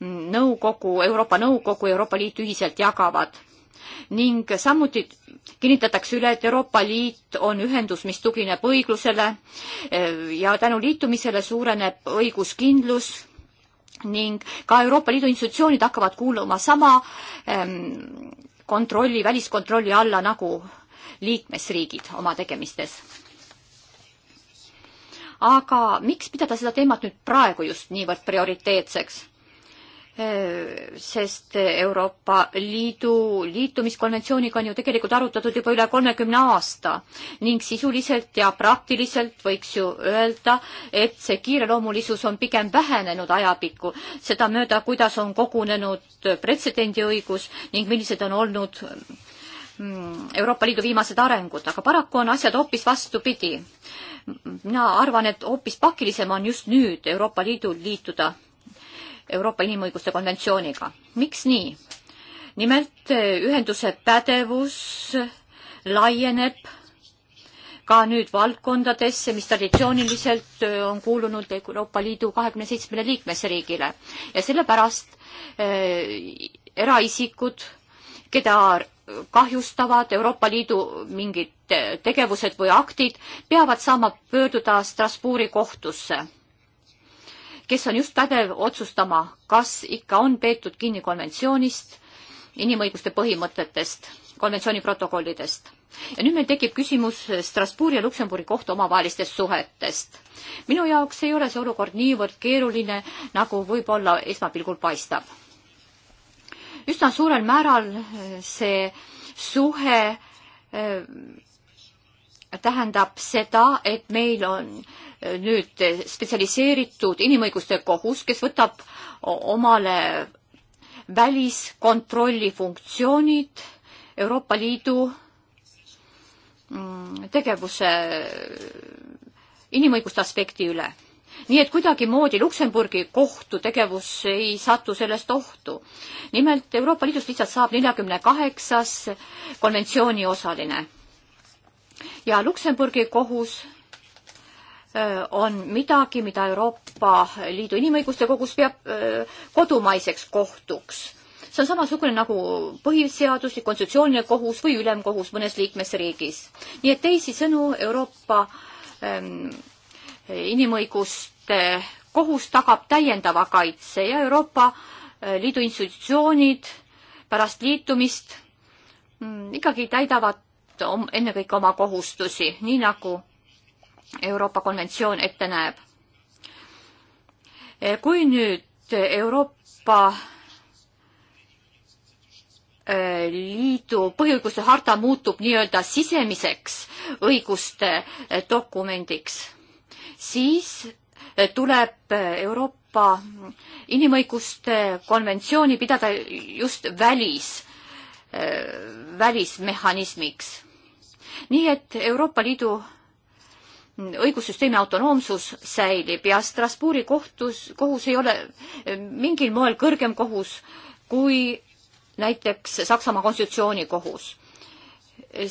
nõukogu, Euroopa Nõukogu, Euroopa Liit ühiselt jagavad. ning samuti kinnitatakse üle, et Euroopa Liit on ühendus, mis tugineb õiglusele eh, ja tänu liitumisele suureneb õiguskindlus ning ka Euroopa Liidu institutsioonid hakkavad kuuluma sama ehm, kontrolli, väliskontrolli alla nagu liikmesriigid oma tegemistes aga miks pidada seda teemat nüüd praegu just niivõrd prioriteetseks? Äh, sest Euroopa Liidu liitumiskonventsiooniga on ju tegelikult arutatud juba üle kolmekümne aasta ning sisuliselt ja praktiliselt võiks ju öelda, et see kiireloomulisus on pigem vähenenud ajapikku, sedamööda, kuidas on kogunenud pretsedendiõigus ning millised on olnud mm, Euroopa Liidu viimased arengud, aga paraku on asjad hoopis vastupidi. mina arvan, et hoopis pakilisem on just nüüd Euroopa Liidul liituda Euroopa Inimõiguste konventsiooniga. miks nii? nimelt eh, ühenduse pädevus laieneb ka nüüd valdkondadesse, mis traditsiooniliselt eh, on kuulunud Euroopa Liidu kahekümne seitsmele liikmesriigile ja sellepärast äh, eraisikud, keda kahjustavad Euroopa Liidu mingid tegevused või aktid, peavad saama pöörduda Strasbourgi kohtusse kes on just pädev otsustama, kas ikka on peetud kinni konventsioonist, inimõiguste põhimõtetest, konventsiooni protokollidest. ja nüüd meil tekib küsimus Strasbourgi ja Luksemburgi kohtu omavahelistest suhetest. minu jaoks ei ole see olukord niivõrd keeruline, nagu võib-olla esmapilgul paistab. üsna suurel määral see suhe eh, tähendab seda, et meil on äh, nüüd spetsialiseeritud inimõiguste kohus, kes võtab omale väliskontrolli funktsioonid Euroopa Liidu mm, tegevuse äh, inimõiguste aspekti üle. nii et kuidagimoodi Luksemburgi kohtu tegevus ei satu sellest ohtu. nimelt Euroopa Liidust lihtsalt saab neljakümne kaheksas konventsiooni osaline ja Luksemburgi kohus äh, on midagi, mida Euroopa Liidu Inimõiguste Kogus peab äh, kodumaiseks kohtuks. see on samasugune nagu põhiseaduslik konstitutsiooniline kohus või ülemkohus mõnes liikmesriigis. nii et teisisõnu Euroopa ähm, inimõiguste kohus tagab täiendava kaitse ja Euroopa äh, Liidu institutsioonid pärast liitumist mm, ikkagi täidavad ennekõike oma kohustusi, nii nagu Euroopa konventsioon ette näeb. Eh, kui nüüd Euroopa eh, Liidu põhiõiguste harta muutub nii-öelda sisemiseks õiguste eh, dokumendiks, siis tuleb Euroopa inimõiguste konventsiooni pidada just välis, välismehhanismiks nii et Euroopa Liidu õigussüsteemi autonoomsus säilib ja Strasbourgi kohtus, kohus ei ole eh, mingil moel kõrgem kohus kui näiteks Saksamaa konstitutsioonikohus.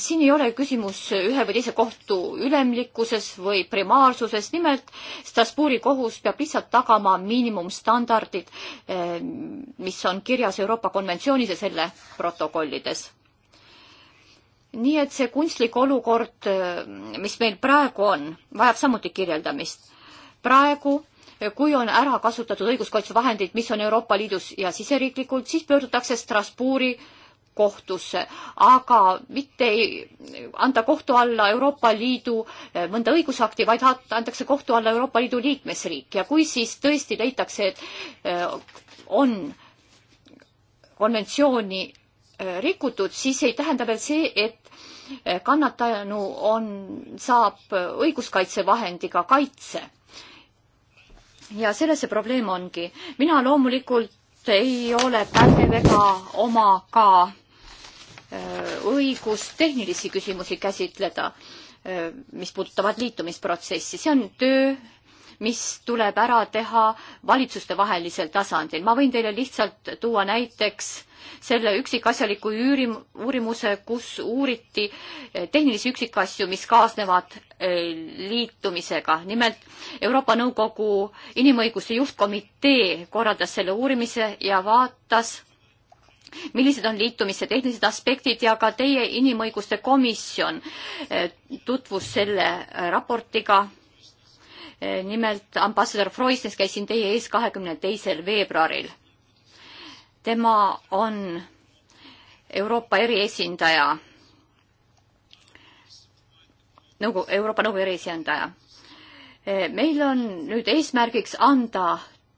siin ei ole küsimus ühe või teise kohtu ülemlikkuses või primaarsuses, nimelt Strasbourgi kohus peab lihtsalt tagama miinimumstandardid, eh, mis on kirjas Euroopa konventsioonis ja selle protokollides nii et see kunstlik olukord, äh, mis meil praegu on, vajab samuti kirjeldamist. praegu, äh, kui on ära kasutatud õiguskaitsevahendid, mis on Euroopa Liidus ja siseriiklikult, siis pöördutakse Strasbourgi kohtusse, aga mitte ei anda kohtu alla Euroopa Liidu äh, mõnda õigusakti, vaid antakse kohtu alla Euroopa Liidu liikmesriik ja kui siis tõesti leitakse, et on konventsiooni Äh, rikutud, siis ei tähenda veel see, et äh, kannatanu on, saab äh, õiguskaitsevahendiga kaitse. ja selles see probleem ongi. mina loomulikult ei ole pädev ega oma ka õigust tehnilisi küsimusi käsitleda, mis puudutavad liitumisprotsessi, see on töö mis tuleb ära teha valitsustevahelisel tasandil. ma võin teile lihtsalt tuua näiteks selle üksikasjaliku üürim-, uurimuse, kus uuriti eh, tehnilisi üksikasju, mis kaasnevad eh, liitumisega. nimelt Euroopa Nõukogu Inimõiguste Juhtkomitee korraldas selle uurimise ja vaatas, millised on liitumise tehnilised aspektid ja ka teie inimõiguste komisjon eh, tutvus selle raportiga Eh, nimelt ambassador Freusnes käis siin teie ees kahekümne teisel veebruaril. tema on Euroopa eriesindaja, nõukogu, Euroopa Nõukogu eriesindaja. Eh, meil on nüüd eesmärgiks anda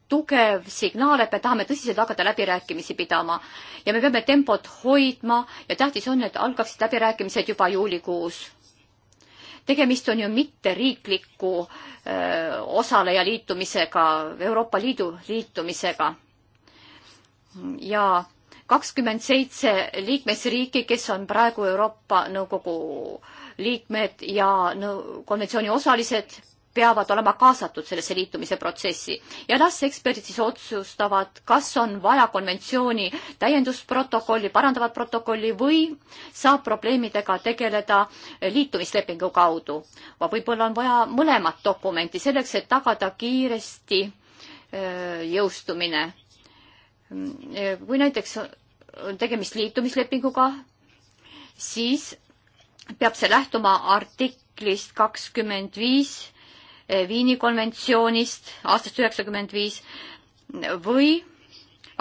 tugev signaal, et me tahame tõsiselt hakata läbirääkimisi pidama ja me peame tempot hoidma ja tähtis on, et algaksid läbirääkimised juba juulikuus tegemist on ju mitteriikliku osaleja liitumisega, Euroopa Liidu liitumisega. ja kakskümmend seitse liikmesriiki, kes on praegu Euroopa Nõukogu liikmed ja konventsiooni osalised, peavad olema kaasatud sellesse liitumise protsessi ja las eksperdid siis otsustavad, kas on vaja konventsiooni täiendusprotokolli, parandavat protokolli või saab probleemidega tegeleda liitumislepingu kaudu. võib-olla on vaja mõlemat dokumenti selleks, et tagada kiiresti jõustumine. kui näiteks on tegemist liitumislepinguga, siis peab see lähtuma artiklist kakskümmend viis Eh, Viini konventsioonist aastast üheksakümmend viis või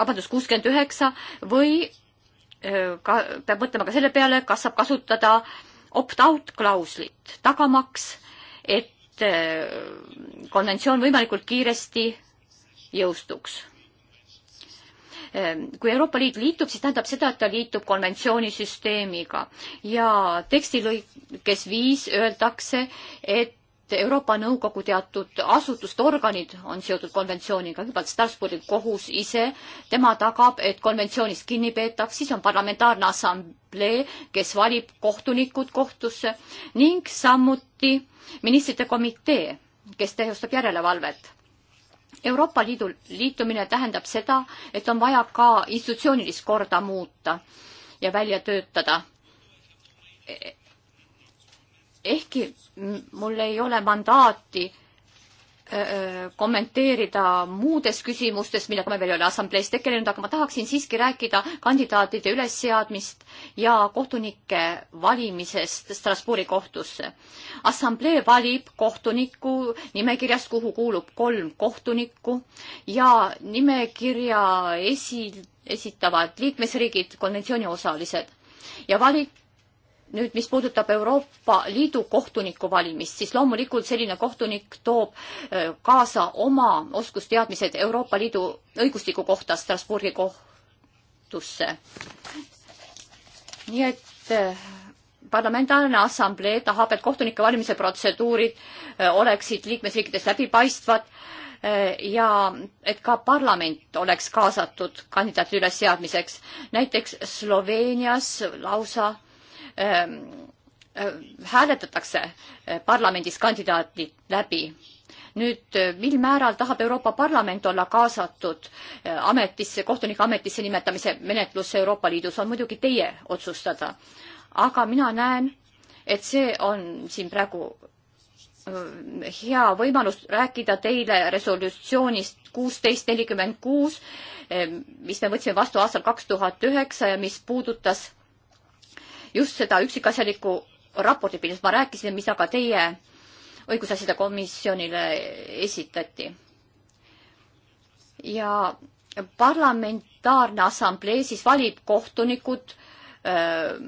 vabandust, kuuskümmend üheksa või eh, ka peab mõtlema ka selle peale, kas saab kasutada opt-out klauslit, tagamaks, et eh, konventsioon võimalikult kiiresti jõustuks. kui Euroopa Liit liitub, siis tähendab seda, et ta liitub konventsioonisüsteemiga ja teksti lõikes viis öeldakse, et Euroopa Nõukogu teatud asutust, organid on seotud konventsiooniga, kõigepealt Strasbourgi kohus ise, tema tagab, et konventsioonist kinni peetaks, siis on parlamentaarne assamblee, kes valib kohtunikud kohtusse ning samuti ministrite komitee, kes teostab järelevalvet Euroopa Liidu liitumine tähendab seda, et on vaja ka institutsioonilist korda muuta ja välja töötada ehkki mul ei ole mandaati kommenteerida muudes küsimustes, millega me veel ei ole assamblees tegelenud, aga ma tahaksin siiski rääkida kandidaatide ülesseadmist ja kohtunike valimisest Strasbourgi kohtusse. assamblee valib kohtuniku nimekirjast, kuhu kuulub kolm kohtunikku ja nimekirja esi, esitavad liikmesriigid, konventsiooni osalised ja valik nüüd, mis puudutab Euroopa Liidu kohtuniku valimist, siis loomulikult selline kohtunik toob äh, kaasa oma oskusteadmised Euroopa Liidu õigustiku kohta Strasbourgi kohtusse. nii et äh, parlamentaarne assamblee tahab, et kohtunike valimise protseduurid äh, oleksid liikmesriikides läbipaistvad ja et ka parlament oleks kaasatud kandidaatide ülesseadmiseks. näiteks Sloveenias lausa Ähm, äh, hääletatakse äh, parlamendis kandidaadid läbi. nüüd, äh, mil määral tahab Euroopa Parlament olla kaasatud ametisse, kohtunike ametisse nimetamise menetlusse Euroopa Liidus, on muidugi teie otsustada. aga mina näen, et see on siin praegu hea võimalus rääkida teile resolutsioonist kuusteist nelikümmend kuus, mis me võtsime vastu aastal kaks tuhat üheksa ja mis puudutas just seda üksikasjalikku raporti pidades ma rääkisin, mis aga teie õigusasjade komisjonile esitati. ja parlamentaarne assamblee siis valib kohtunikud öö,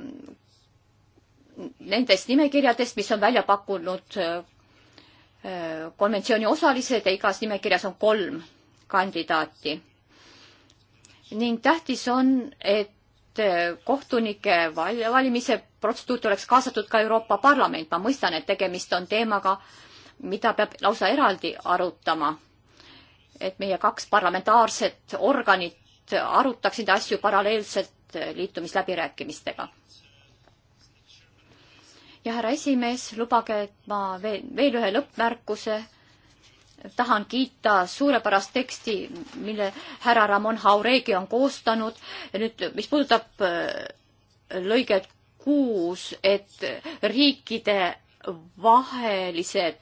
äh, nendest nimekirjadest, mis on välja pakkunud öö, äh, konventsiooni osalised ja igas nimekirjas on kolm kandidaati. ning tähtis on, et et kohtunike valimise protseduuri oleks kaasatud ka Euroopa Parlament. ma mõistan, et tegemist on teemaga, mida peab lausa eraldi arutama. et meie kaks parlamentaarset organit arutaksid asju paralleelselt liitumisläbirääkimistega. ja härra esimees, lubage, et ma veel, veel ühe lõppmärkuse tahan kiita suurepärast teksti, mille härra Ramon Hauregi on koostanud ja nüüd, mis puudutab äh, lõiget kuus, et riikide vahelised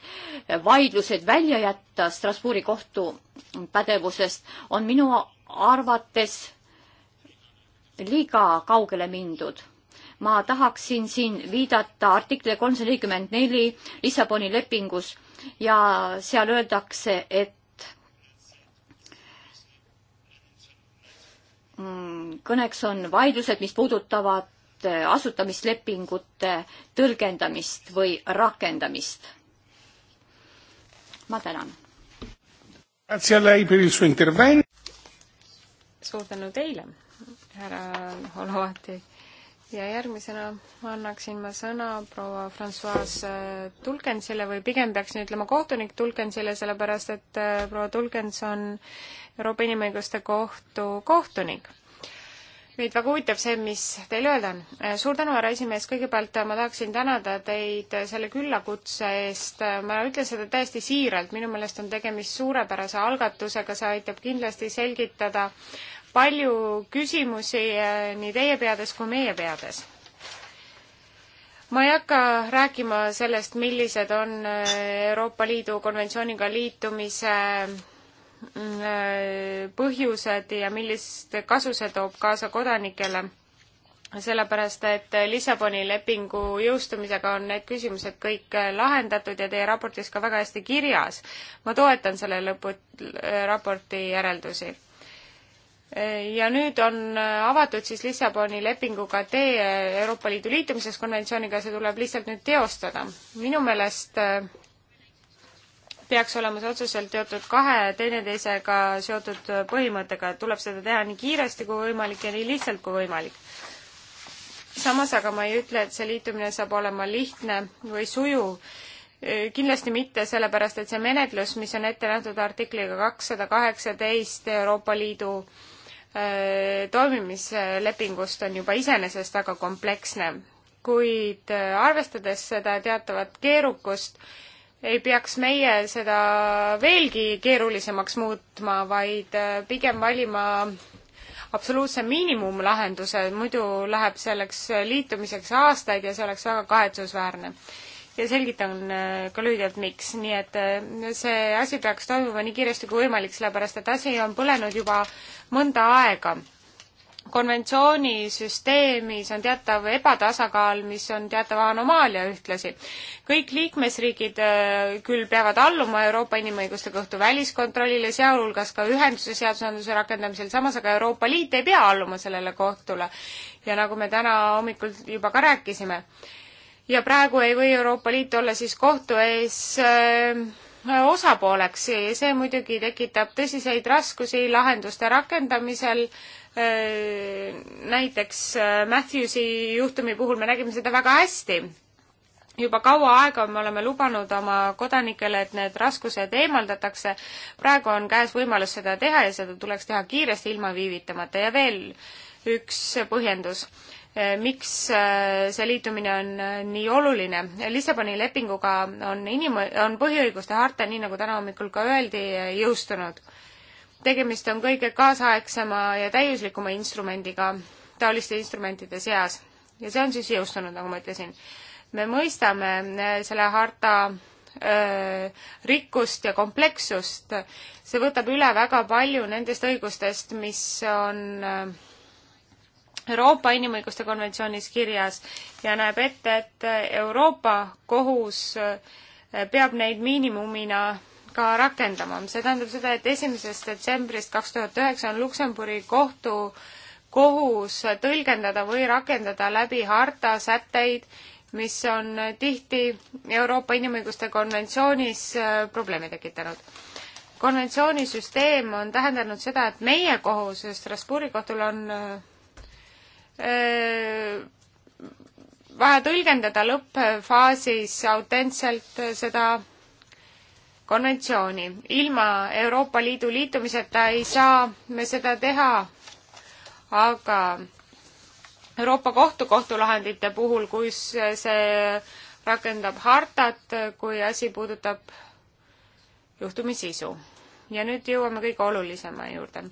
vaidlused välja jätta Strasbourgi kohtu pädevusest, on minu arvates liiga kaugele mindud. ma tahaksin siin viidata artikli kolmsada nelikümmend neli Lissaboni lepingus ja seal öeldakse, et mm, kõneks on vaidlused, mis puudutavad eh, asutamislepingute tõlgendamist või rakendamist. ma tänan. suur tänu teile, härra Holovatik ja järgmisena annaksin ma sõna proua Francoise äh, Tulkensile või pigem peaksin ütlema kohtunik Tulkensile, sellepärast et äh, proua Tulkens on Euroopa Inimõiguste Kohtu kohtunik. mind väga huvitab see, mis teil öelda on. Äh, suur tänu, härra esimees, kõigepealt ma tahaksin tänada teid selle küllakutse eest, ma ütlen seda täiesti siiralt, minu meelest on tegemist suurepärase algatusega, see aitab kindlasti selgitada palju küsimusi eh, nii teie peades kui meie peades. ma ei hakka rääkima sellest, millised on eh, Euroopa Liidu konventsiooniga liitumise mm, eh, põhjused ja millist kasu see toob kaasa kodanikele, sellepärast et Lissaboni lepingu jõustumisega on need küsimused kõik lahendatud ja teie raportis ka väga hästi kirjas. ma toetan selle lõpu, raporti järeldusi ja nüüd on avatud siis Lissaboni lepinguga tee Euroopa Liidu liitumises konventsiooniga, see tuleb lihtsalt nüüd teostada. minu meelest äh, peaks olema see otseselt seotud kahe teineteisega seotud põhimõttega, et tuleb seda teha nii kiiresti kui võimalik ja nii lihtsalt kui võimalik. samas aga ma ei ütle, et see liitumine saab olema lihtne või sujuv äh, kindlasti mitte, sellepärast et see menetlus, mis on ette nähtud artikliga kakssada kaheksateist Euroopa Liidu äh, Äh, toimimislepingust on juba iseenesest väga kompleksne, kuid äh, arvestades seda teatavat keerukust, ei peaks meie seda veelgi keerulisemaks muutma, vaid äh, pigem valima absoluutse miinimumlahenduse, muidu läheb selleks liitumiseks aastaid ja see oleks väga kahetsusväärne ja selgitan äh, ka lühidalt, miks, nii et äh, see asi peaks toimuma nii kiiresti kui võimalik, sellepärast et asi on põlenud juba mõnda aega. konventsiooni süsteemis on teatav ebatasakaal, mis on teatav anomaalia ühtlasi. kõik liikmesriigid äh, küll peavad alluma Euroopa Inimõiguste Kohtu väliskontrollile, sealhulgas ka ühenduse seadusandluse rakendamisel, samas aga Euroopa Liit ei pea alluma sellele kohtule. ja nagu me täna hommikul juba ka rääkisime, ja praegu ei või Euroopa Liit olla siis kohtu ees äh, osapooleks, see muidugi tekitab tõsiseid raskusi lahenduste rakendamisel, äh, näiteks äh, Matthewsi juhtumi puhul me nägime seda väga hästi. juba kaua aega me oleme lubanud oma kodanikele, et need raskused eemaldatakse, praegu on käes võimalus seda teha ja seda tuleks teha kiiresti, ilma viivitamata ja veel üks põhjendus Eh, miks eh, see liitumine on eh, nii oluline. Lissaboni lepinguga on inim-, on põhiõiguste harta, nii nagu täna hommikul ka öeldi, jõustunud. tegemist on kõige kaasaegsema ja täiuslikuma instrumendiga taoliste instrumentide seas ja see on siis jõustunud, nagu ma ütlesin. me mõistame selle harta öö, rikkust ja komplekssust, see võtab üle väga palju nendest õigustest, mis on öö, Euroopa Inimõiguste konventsioonis kirjas ja näeb ette, et Euroopa Kohus äh, peab neid miinimumina ka rakendama. see tähendab seda, et esimesest detsembrist kaks tuhat üheksa on Luksemburi kohtu kohus tõlgendada või rakendada läbi harta sätteid, mis on tihti Euroopa Inimõiguste konventsioonis äh, probleeme tekitanud konventsioonisüsteem on tähendanud seda, et meie kohus Strasbourgi kohtul on äh, Äh, vaja tõlgendada lõppfaasis autentselt seda konventsiooni. ilma Euroopa Liidu liitumiseta ei saa me seda teha, aga Euroopa Kohtu kohtulahendite puhul, kus see rakendab hartat, kui asi puudutab juhtumi sisu. ja nüüd jõuame kõige olulisema juurde.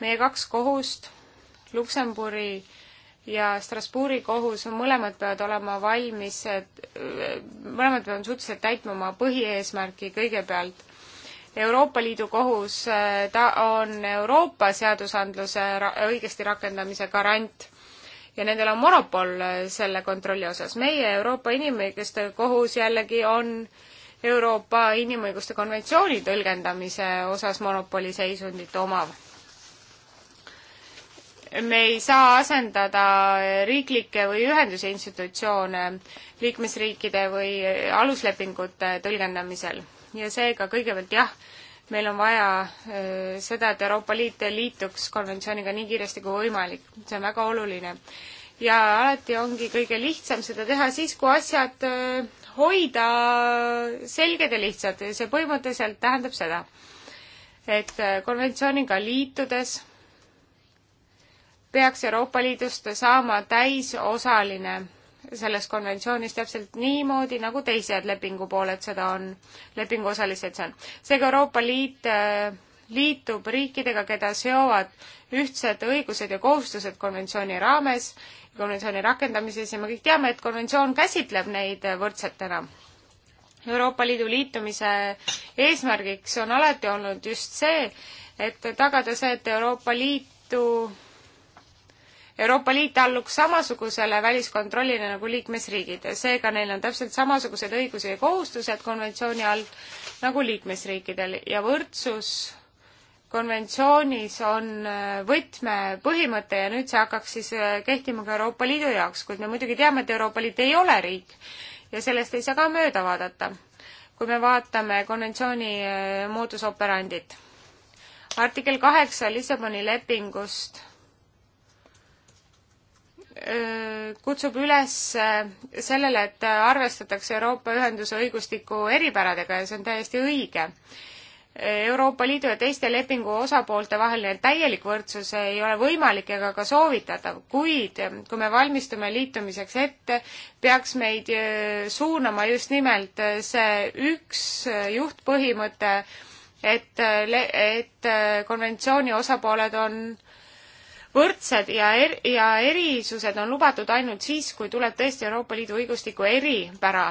meie kaks kohust, Luksemburi äh, ja Strasbourgi kohus, mõlemad peavad olema valmis, mõlemad peavad suhteliselt täitma oma põhieesmärki kõigepealt. Euroopa Liidu kohus, ta on Euroopa seadusandluse ra õigesti rakendamise garant ja nendel on monopol selle kontrolli osas. meie Euroopa Inimõiguste Kohus jällegi on Euroopa Inimõiguste Konventsiooni tõlgendamise osas monopoliseisundit omav me ei saa asendada riiklikke või ühenduse institutsioone liikmesriikide või aluslepingute tõlgendamisel. ja seega kõigepealt jah, meil on vaja äh, seda, et Euroopa Liit liituks konventsiooniga nii kiiresti kui võimalik, see on väga oluline. ja alati ongi kõige lihtsam seda teha siis, kui asjad äh, hoida selged ja lihtsad, see põhimõtteliselt tähendab seda, et äh, konventsiooniga liitudes peaks Euroopa Liidust saama täisosaline selles konventsioonis täpselt niimoodi, nagu teised lepingupooled seda on, lepinguosalised see on. seega Euroopa Liit äh, liitub riikidega, keda seovad ühtsed õigused ja kohustused konventsiooni raames, konventsiooni rakendamises ja me kõik teame, et konventsioon käsitleb neid võrdsetena. Euroopa Liidu liitumise eesmärgiks on alati olnud just see, et tagada see, et Euroopa Liitu Euroopa Liit alluks samasugusele väliskontrollile nagu liikmesriigid, seega neil on täpselt samasugused õigused ja kohustused konventsiooni all nagu liikmesriikidel ja võrdsus konventsioonis on äh, võtmepõhimõte ja nüüd see hakkaks siis äh, kehtima ka Euroopa Liidu jaoks, kuid me muidugi teame, et Euroopa Liit ei ole riik ja sellest ei saa ka mööda vaadata, kui me vaatame konventsiooni äh, modus operandit. artikkel kaheksa Lissaboni lepingust Äh, kutsub üles äh, sellele, et arvestatakse Euroopa Ühenduse õigustiku eripäradega ja see on täiesti õige. Euroopa Liidu ja teiste lepingu osapoolte vaheline täielik võrdsus ei ole võimalik ega ka soovitatav, kuid kui me valmistume liitumiseks ette, peaks meid äh, suunama just nimelt see üks juhtpõhimõte, et, et konventsiooni osapooled on võrdsed ja er-, ja erisused on lubatud ainult siis, kui tuleb tõesti Euroopa Liidu õigustiku eripära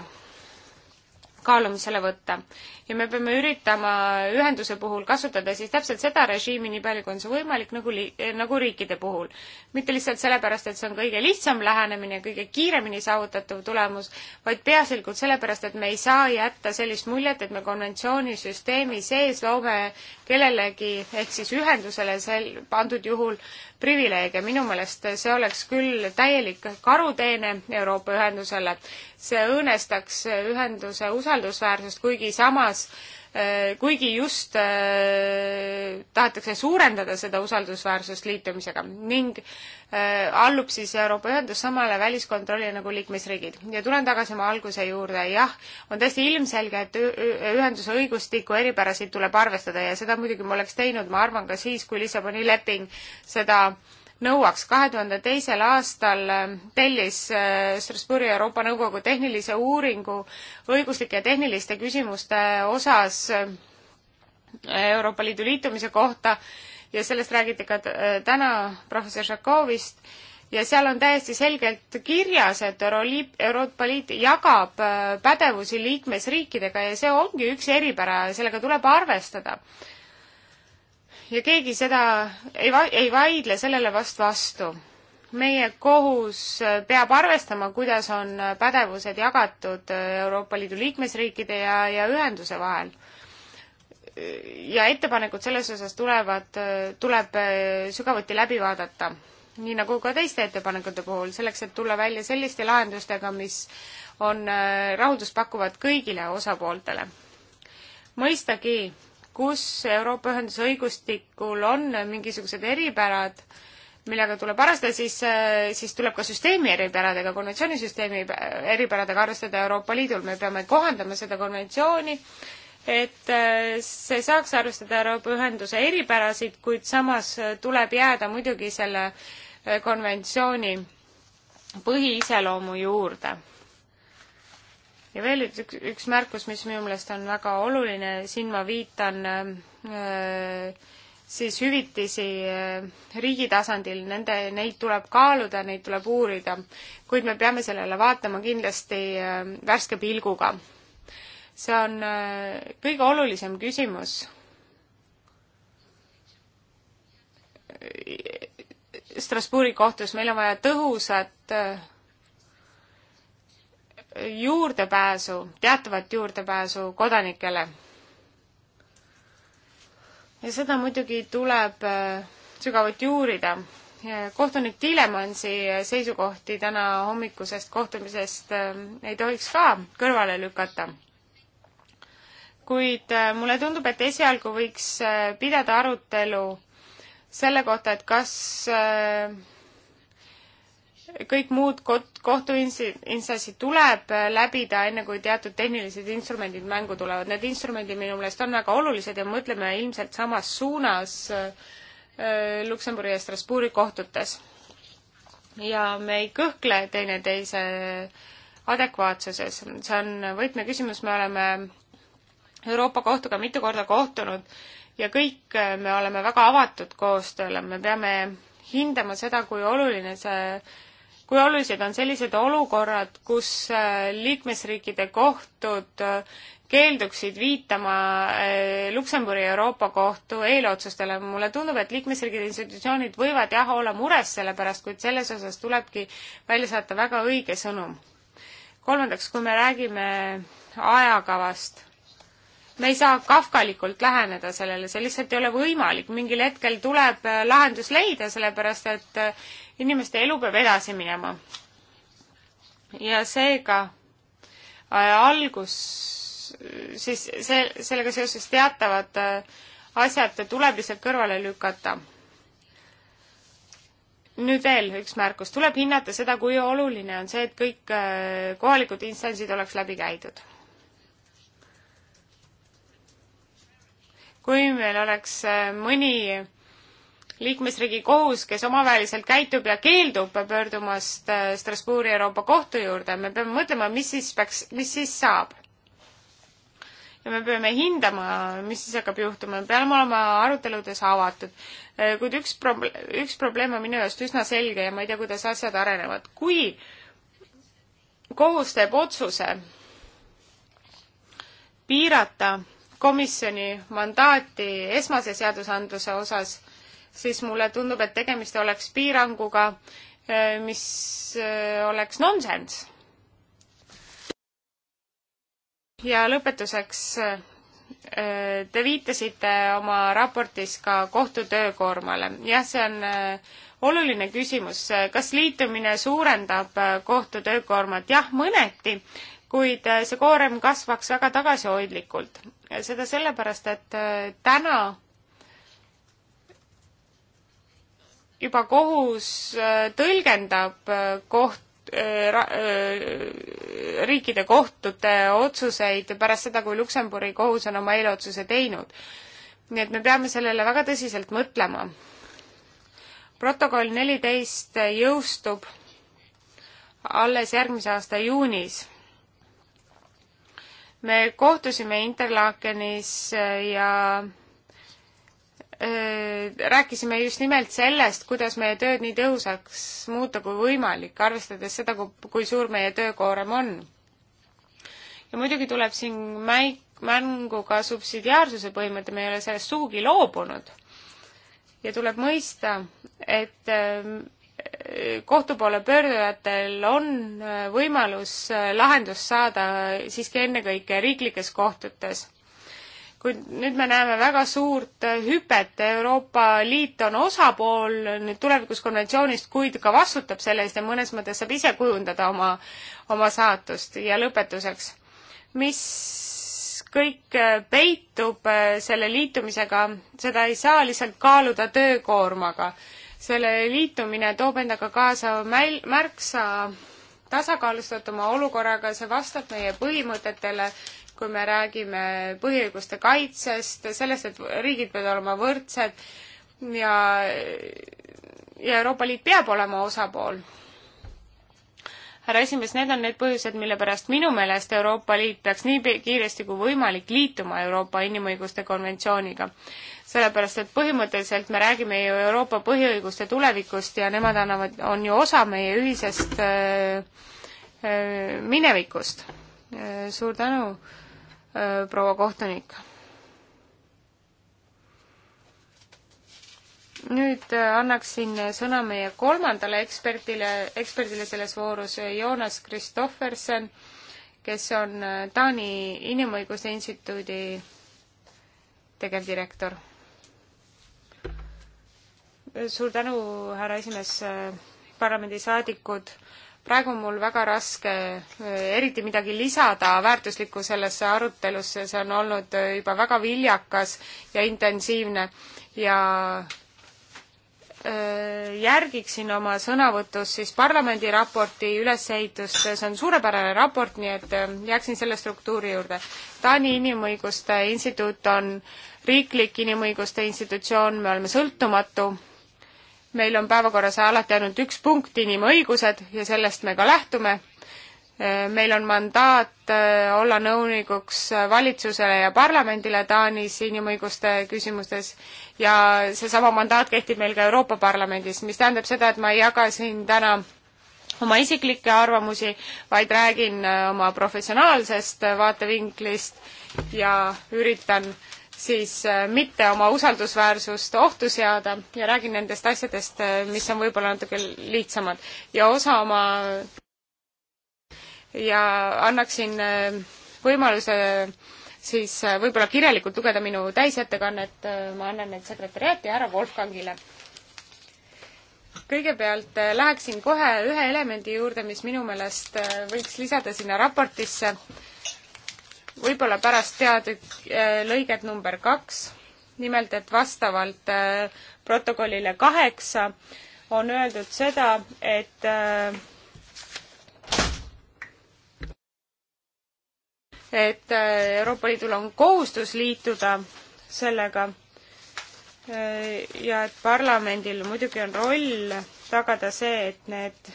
kaalumisele võtta ja me peame üritama ühenduse puhul kasutada siis täpselt seda režiimi, nii palju kui on see võimalik, nagu li-, nagu riikide puhul. mitte lihtsalt sellepärast, et see on kõige lihtsam lähenemine, kõige kiiremini saavutatav tulemus, vaid peaasjalikult sellepärast, et me ei saa jätta sellist muljet, et me konventsioonisüsteemi sees loome kellelegi ehk siis ühendusele sel-, antud juhul privileege, minu meelest see oleks küll täielik karuteene Euroopa ühendusele. see õõnestaks ühenduse usaldusväärsust, kuigi samas osas, eh, kuigi just eh, tahetakse suurendada seda usaldusväärsust liitumisega ning eh, allub siis Euroopa Ühendus samale väliskontrollile nagu liikmesriigid. ja tulen tagasi oma alguse juurde, jah, on täiesti ilmselge, et ühenduse õigustiku eripärasid tuleb arvestada ja seda muidugi ma oleks teinud, ma arvan, ka siis, kui Lissaboni leping seda äh, nõuaks. kahe tuhande teisel aastal äh, tellis äh, Strasbourgi Euroopa Nõukogu tehnilise uuringu õiguslike ja tehniliste küsimuste osas äh, Euroopa Liidu liitumise kohta ja sellest räägiti ka täna professor Žakovist ja seal on täiesti selgelt kirjas, et Euroliit, Euroopa Liit jagab pädevusi liikmesriikidega ja see ongi üks eripära ja sellega tuleb arvestada ja keegi seda ei va-, ei vaidle sellele vast vastu. meie kohus äh, peab arvestama, kuidas on äh, pädevused jagatud äh, Euroopa Liidu liikmesriikide ja, ja ühenduse vahel. ja ettepanekud selles osas tulevad, tuleb sügavuti läbi vaadata. nii nagu ka teiste ettepanekute puhul, selleks, et tulla välja selliste lahendustega, mis on rahuldust pakkuvad kõigile osapooltele. mõistagi kus Euroopa Ühenduse õigustikul on mingisugused eripärad, millega tuleb arvestada, siis, siis tuleb ka süsteemi eripäradega, konventsioonisüsteemi eripäradega arvestada Euroopa Liidul, me peame kohandama seda konventsiooni, et eh, see saaks arvestada Euroopa Ühenduse eripärasid, kuid samas tuleb jääda muidugi selle eh, konventsiooni põhiiseloomu juurde ja veel üks, üks märkus, mis minu meelest on väga oluline, siin ma viitan äh, siis hüvitisi äh, riigi tasandil, nende, neid tuleb kaaluda, neid tuleb uurida, kuid me peame sellele vaatama kindlasti äh, värske pilguga. see on äh, kõige olulisem küsimus. Strasbourgi kohtus meil on vaja tõhusat juurdepääsu, teatavat juurdepääsu kodanikele. ja seda muidugi tuleb äh, sügavalt juurida. kohtunik Tiilemansi seisukohti täna hommikusest kohtumisest äh, ei tohiks ka kõrvale lükata. kuid äh, mulle tundub, et esialgu võiks pidada arutelu selle kohta, et kas äh, kõik muud kohtuinstantsid tuleb äh, läbida, enne kui teatud tehnilised instrumendid mängu tulevad. Need instrumendid minu meelest on väga olulised ja mõtleme ilmselt samas suunas äh, äh, Luksemburgi ja Strasbourgi kohtutes. ja me ei kõhkle teineteise adekvaatsuses, see on võtmeküsimus, me oleme Euroopa Kohtuga mitu korda kohtunud ja kõik me oleme väga avatud koostööle, me peame hindama seda, kui oluline see kui olulised on sellised olukorrad, kus äh, liikmesriikide kohtud äh, keelduksid viitama äh, Luksemburi Euroopa Kohtu eelotsustele. mulle tundub, et liikmesriigid, institutsioonid võivad jah, olla mures selle pärast, kuid selles osas tulebki välja saata väga õige sõnum. kolmandaks, kui me räägime ajakavast, me ei saa kafkalikult läheneda sellele, see lihtsalt ei ole võimalik, mingil hetkel tuleb lahendus leida, sellepärast et inimeste elu peab edasi minema. ja seega äh, algus, siis see, sellega seoses teatavad äh, asjad tuleb lihtsalt kõrvale lükata. nüüd veel üks märkus, tuleb hinnata seda, kui oluline on see, et kõik äh, kohalikud instantsid oleks läbi käidud. kui meil oleks mõni liikmesriigi kohus, kes omavaheliselt käitub ja keeldub pöördumast äh, Strasbourgi Euroopa Kohtu juurde, me peame mõtlema, mis siis peaks, mis siis saab. ja me peame hindama, mis siis hakkab juhtuma, me peame olema aruteludes avatud. Äh, kuid üks proble-, üks probleem on minu jaost üsna selge ja ma ei tea, kuidas asjad arenevad. kui kohus teeb otsuse piirata komisjoni mandaati esmase seadusandluse osas siis mulle tundub, et tegemist oleks piiranguga, eh, mis eh, oleks nonsenss. ja lõpetuseks, eh, te viitasite oma raportis ka kohtu töökoormale. jah, see on oluline küsimus, kas liitumine suurendab kohtu töökoormat? jah, mõneti, kuid see koorem kasvaks väga tagasihoidlikult. seda sellepärast, et täna juba kohus äh, tõlgendab äh, koht, äh, riikide kohtute otsuseid pärast seda, kui Luksemburi kohus on oma eelotsuse teinud. nii et me peame sellele väga tõsiselt mõtlema. protokoll neliteist jõustub alles järgmise aasta juunis. me kohtusime Interlakenis ja Äh, rääkisime just nimelt sellest, kuidas meie tööd nii tõhusaks muuta kui võimalik, arvestades seda, kui suur meie töökoorem on. ja muidugi tuleb siin mäik-, mängu ka subsidiaarsuse põhimõte, me ei ole sellest sugugi loobunud. ja tuleb mõista, et äh, kohtu poole pöördujatel on äh, võimalus lahendust saada siiski ennekõike riiklikes kohtutes kuid nüüd me näeme väga suurt hüpet, Euroopa Liit on osapool nüüd tulevikus konventsioonist, kuid ka vastutab selle eest ja mõnes mõttes saab ise kujundada oma, oma saatust ja lõpetuseks, mis kõik peitub selle liitumisega, seda ei saa lihtsalt kaaluda töökoormaga. selle liitumine toob endaga kaasa mäl-, märksa tasakaalustatuma olukorraga, see vastab meie põhimõtetele kui me räägime põhiõiguste kaitsest, sellest, et riigid peavad olema võrdsed ja, ja Euroopa Liit peab olema osapool. härra esimees, need on need põhjused, mille pärast minu meelest Euroopa Liit peaks nii kiiresti kui võimalik liituma Euroopa Inimõiguste konventsiooniga. sellepärast, et põhimõtteliselt me räägime ju Euroopa põhiõiguste tulevikust ja nemad annavad, on ju osa meie ühisest äh, äh minevikust. Äh, suur tänu Äh, proua kohtunik. nüüd äh, annaksin sõna meie kolmandale eksperdile, eksperdile selles voorus, Joonas Kristoffersen, kes on äh, Taani Inimõiguste Instituudi tegevdirektor. suur tänu, härra esimees, parlamendisaadikud praegu on mul väga raske eh, eriti midagi lisada väärtuslikku sellesse arutelusse, see on olnud eh, juba väga viljakas ja intensiivne ja eh, järgiksin oma sõnavõtus siis parlamendi raporti ülesehitust, see on suurepärane raport, nii et jääksin selle struktuuri juurde. Taani Inimõiguste Instituut on riiklik inimõiguste institutsioon, me oleme sõltumatu meil on päevakorras alati ainult üks punkt, inimõigused, ja sellest me ka lähtume. meil on mandaat äh, olla nõunikuks valitsusele ja parlamendile Taanis inimõiguste küsimustes ja seesama mandaat kehtib meil ka Euroopa Parlamendis, mis tähendab seda, et ma ei jaga siin täna oma isiklikke arvamusi, vaid räägin äh, oma professionaalsest vaatevinklist ja üritan äh, siis äh, mitte oma usaldusväärsust ohtu seada ja räägin nendest asjadest, äh, mis on võib-olla natuke lihtsamad ja osa oma ja annaksin äh, võimaluse siis võib-olla kirjalikult lugeda minu täisettekannet, ma annan need sekretäriaati härra Wolfgangile. kõigepealt läheksin kohe ühe elemendi juurde, mis minu meelest võiks lisada sinna raportisse võib-olla pärast peatükk äh, lõiget number kaks, nimelt et vastavalt äh, protokollile kaheksa on öeldud seda, et äh, et Euroopa Liidul on kohustus liituda sellega ja et parlamendil muidugi on roll tagada see, et need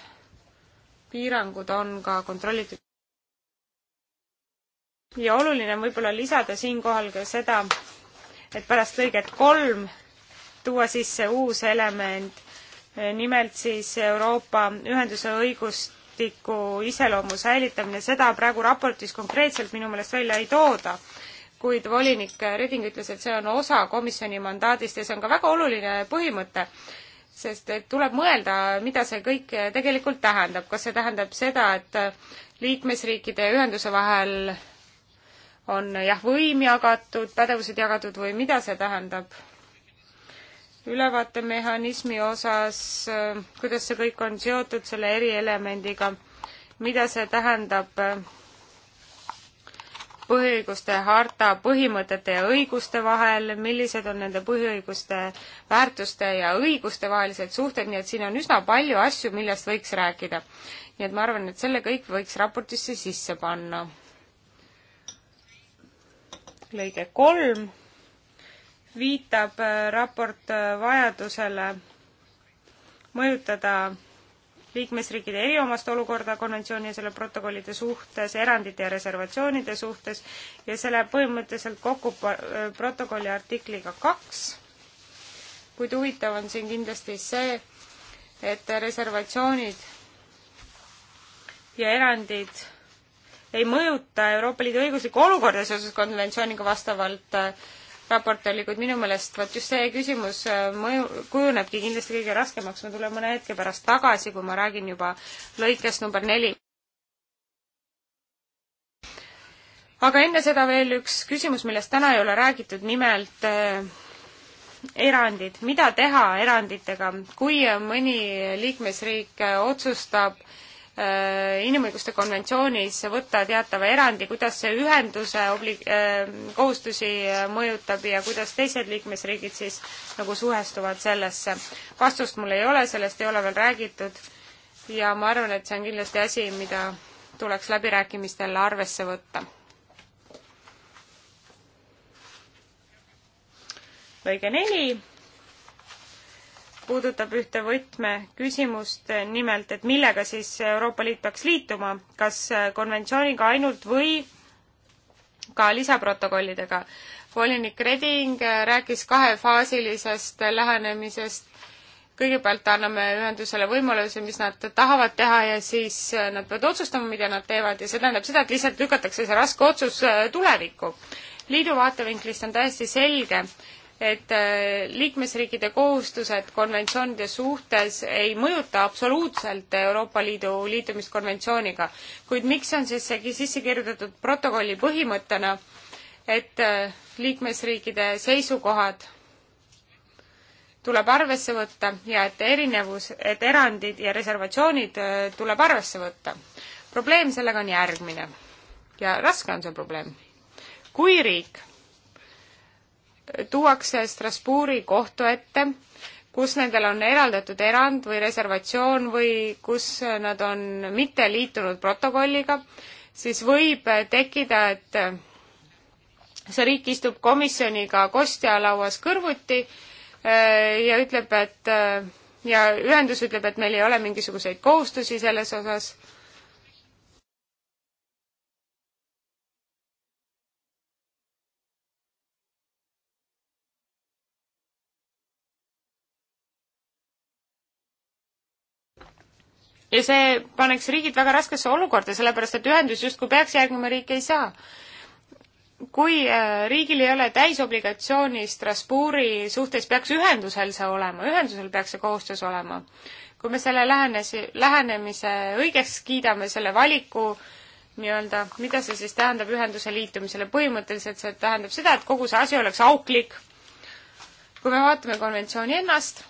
piirangud on ka kontrollitud ja oluline on võib-olla lisada siinkohal ka seda, et pärast lõiget kolm tuua sisse uus element, eh, nimelt siis Euroopa ühenduse õigustiku iseloomu säilitamine, seda praegu raportis konkreetselt minu meelest välja ei tooda, kuid volinik Reding ütles, et see on osa komisjoni mandaadist ja see on ka väga oluline põhimõte, sest et tuleb mõelda, mida see kõik tegelikult tähendab, kas see tähendab seda, et liikmesriikide ja ühenduse vahel on jah, võim jagatud, pädevused jagatud või mida see tähendab? ülevaatemehhanismi osas, äh, kuidas see kõik on seotud selle erielemendiga, mida see tähendab äh, põhiõiguste harta põhimõtete ja õiguste vahel, millised on nende põhiõiguste, väärtuste ja õiguste vahelised suhted, nii et siin on üsna palju asju, millest võiks rääkida. nii et ma arvan, et selle kõik võiks raportisse sisse panna lõige kolm viitab äh, raport äh, vajadusele mõjutada liikmesriikide eriomast olukorda konventsiooni ja selle protokollide suhtes, erandite ja reservatsioonide suhtes ja selle põhimõtteliselt kokku äh, protokolli artikliga kaks, kuid huvitav on siin kindlasti see, et reservatsioonid ja erandid ei mõjuta Euroopa Liidu õiguslikku olukorda seoses konventsiooniga vastavalt äh, raportööri, kuid minu meelest vot just see küsimus äh, mõju, kujunebki kindlasti kõige raskemaks, ma tulen mõne hetke pärast tagasi, kui ma räägin juba lõikest number neli. aga enne seda veel üks küsimus, millest täna ei ole räägitud, nimelt äh, erandid, mida teha eranditega, kui mõni liikmesriik otsustab äh, Äh, inimõiguste konventsioonis võtta teatava erandi, kuidas see ühenduse obli-, äh, kohustusi mõjutab ja kuidas teised liikmesriigid siis nagu suhestuvad sellesse. vastust mul ei ole, sellest ei ole veel räägitud ja ma arvan, et see on kindlasti asi, mida tuleks läbirääkimistel arvesse võtta. lõige neli puudutab ühte võtmeküsimust, nimelt, et millega siis Euroopa Liit peaks liituma, kas konventsiooniga ainult või ka lisaprotokollidega. volinik Reding rääkis kahefaasilisest lähenemisest. kõigepealt anname ühendusele võimaluse, mis nad tahavad teha ja siis nad peavad otsustama, mida nad teevad ja see tähendab seda, et lihtsalt lükatakse see raske otsus äh, tulevikku. liidu vaatevinklist on täiesti selge, et äh, liikmesriikide kohustused konventsioonide suhtes ei mõjuta absoluutselt Euroopa Liidu liitumist konventsiooniga. kuid miks on siis see sisse kirjutatud protokolli põhimõttena, et äh, liikmesriikide seisukohad tuleb arvesse võtta ja et erinevus, et erandid ja reservatsioonid äh, tuleb arvesse võtta. probleem sellega on järgmine ja raske on see probleem. kui riik tuuakse Strasbourgi kohtu ette, kus nendel on eraldatud erand või reservatsioon või kus nad on mitte liitunud protokolliga, siis võib tekkida, et see riik istub komisjoniga kostjalauas kõrvuti äh, ja ütleb, et äh, ja ühendus ütleb, et meil ei ole mingisuguseid kohustusi selles osas ja see paneks riigid väga raskesse olukorda, sellepärast et ühendus justkui peaks järgnema, riik ei saa. kui äh, riigil ei ole täisobligatsiooni Strasbourgi suhtes, peaks ühendusel see olema, ühendusel peaks see kohustus olema. kui me selle lähenes, lähenemise õigeks kiidame, selle valiku nii-öelda, mida see siis tähendab ühenduse liitumisele, põhimõtteliselt see tähendab seda, et kogu see asi oleks auklik. kui me vaatame konventsiooni ennast,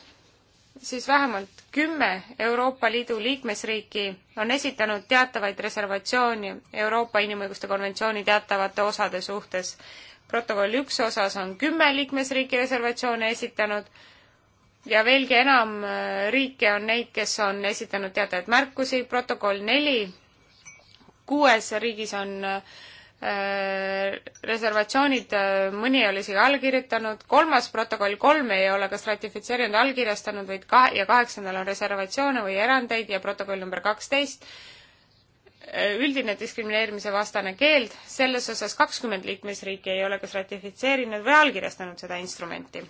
siis vähemalt kümme Euroopa Liidu liikmesriiki on esitanud teatavaid reservatsiooni Euroopa Inimõiguste konventsiooni teatavate osade suhtes. protokoll üks osas on kümme liikmesriiki reservatsioone esitanud ja veelgi enam äh, riike on neid, kes on esitanud teatavaid märkusi. protokoll neli, kuues riigis on äh, Äh, reservatsioonid, äh, mõni ei ole isegi allkirjutanud, kolmas protokoll, kolm ei ole kas ratifitseerinud, allkirjastanud, vaid kahe, ja kaheksandal on reservatsioone või erandeid ja protokoll number kaksteist, äh, üldine diskrimineerimise vastane keeld, selles osas kakskümmend liikmesriiki ei ole kas ratifitseerinud või allkirjastanud seda instrumenti.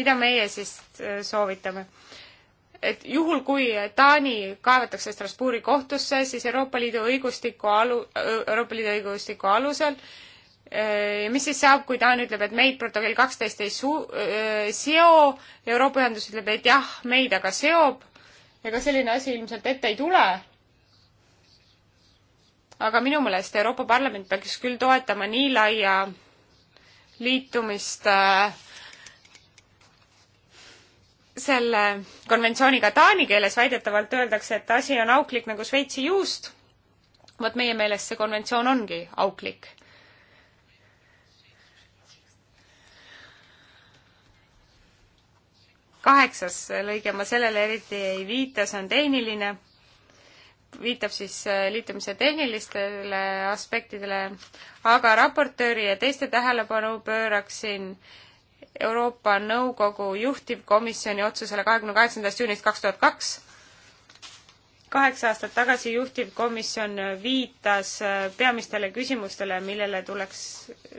mida meie siis soovitame? et juhul, kui Taani kaevatakse Strasbourgi kohtusse, siis Euroopa Liidu õigustiku alu, Euroopa Liidu õigustiku alusel eh, mis siis saab, kui Taani ütleb, et meid protokoll kaksteist ei su-, eh, seo, Euroopa Ühendus ütleb, et jah, meid aga seob, ega selline asi ilmselt ette ei tule. aga minu meelest Euroopa Parlament peaks küll toetama nii laia liitumist äh, selle konventsiooniga taani keeles väidetavalt öeldakse, et asi on auklik nagu Šveitsi juust. vot meie meelest see konventsioon ongi auklik. kaheksas lõige, ma sellele eriti ei viita, see on tehniline, viitab siis äh, liitumise tehnilistele aspektidele, aga raportööri ja teiste tähelepanu pööraksin äh, Euroopa Nõukogu juhtivkomisjoni otsusele kahekümne kaheksandast juunist kaks tuhat kaks. kaheksa aastat tagasi juhtivkomisjon viitas äh, peamistele küsimustele, millele tuleks,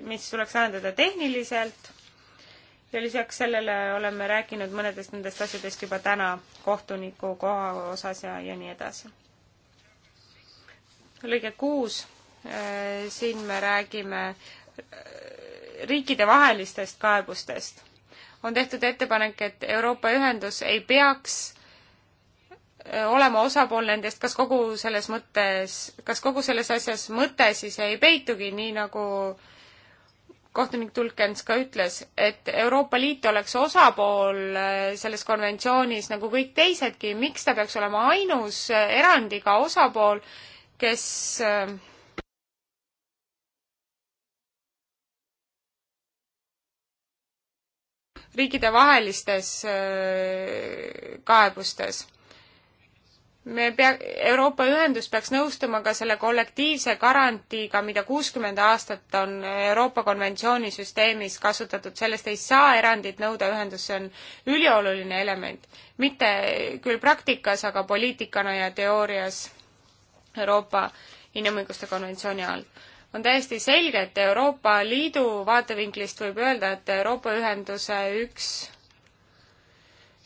mis tuleks lahendada tehniliselt ja lisaks sellele oleme rääkinud mõnedest nendest asjadest juba täna kohtuniku koha osas ja, ja nii edasi. lõige kuus, äh, siin me räägime äh, riikidevahelistest kaebustest. on tehtud ettepanek, et Euroopa Ühendus ei peaks äh, olema osapool nendest, kas kogu selles mõttes, kas kogu selles asjas mõte siis ei peitugi, nii nagu kohtunik Tulkens ka ütles, et Euroopa Liit oleks osapool äh, selles konventsioonis nagu kõik teisedki, miks ta peaks olema ainus äh, erandiga osapool, kes äh, riikidevahelistes kaebustes. me pea, Euroopa Ühendus peaks nõustuma ka selle kollektiivse garantiiga, mida kuuskümmend aastat on Euroopa konventsiooni süsteemis kasutatud, sellest ei saa erandit nõuda ühendus, see on ülioluline element. mitte küll praktikas, aga poliitikana ja teoorias Euroopa inimõiguste konventsiooni all on täiesti selge, et Euroopa Liidu vaatevinklist võib öelda, et Euroopa Ühenduse üks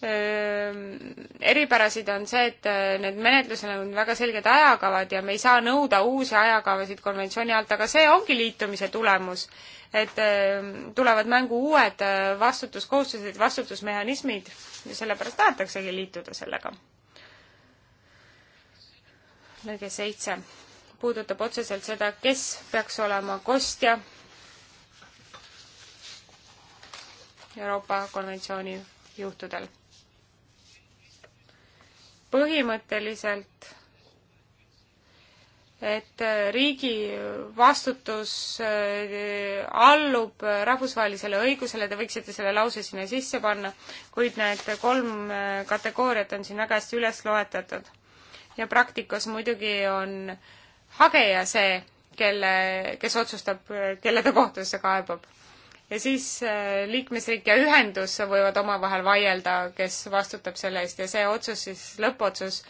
eripärasid on see, et need menetlused on väga selged ajakavad ja me ei saa nõuda uusi ajakavasid konventsiooni alt, aga see ongi liitumise tulemus. et tulevad mängu uued vastutuskohustused, vastutusmehhanismid ja sellepärast tahetaksegi liituda sellega. lõige seitse puudutab otseselt seda, kes peaks olema kostja Euroopa konventsiooni juhtudel. põhimõtteliselt et riigi vastutus äh, allub rahvusvahelisele õigusele, te võiksite selle lause sinna sisse panna, kuid need kolm äh, kategooriat on siin väga hästi üles loetletud. ja praktikas muidugi on äh, hageja see, kelle, kes otsustab, kelle ta kohtusse kaebab. ja siis äh, liikmesriik ja ühendus võivad omavahel vaielda, kes vastutab selle eest ja see otsus siis, lõppotsus,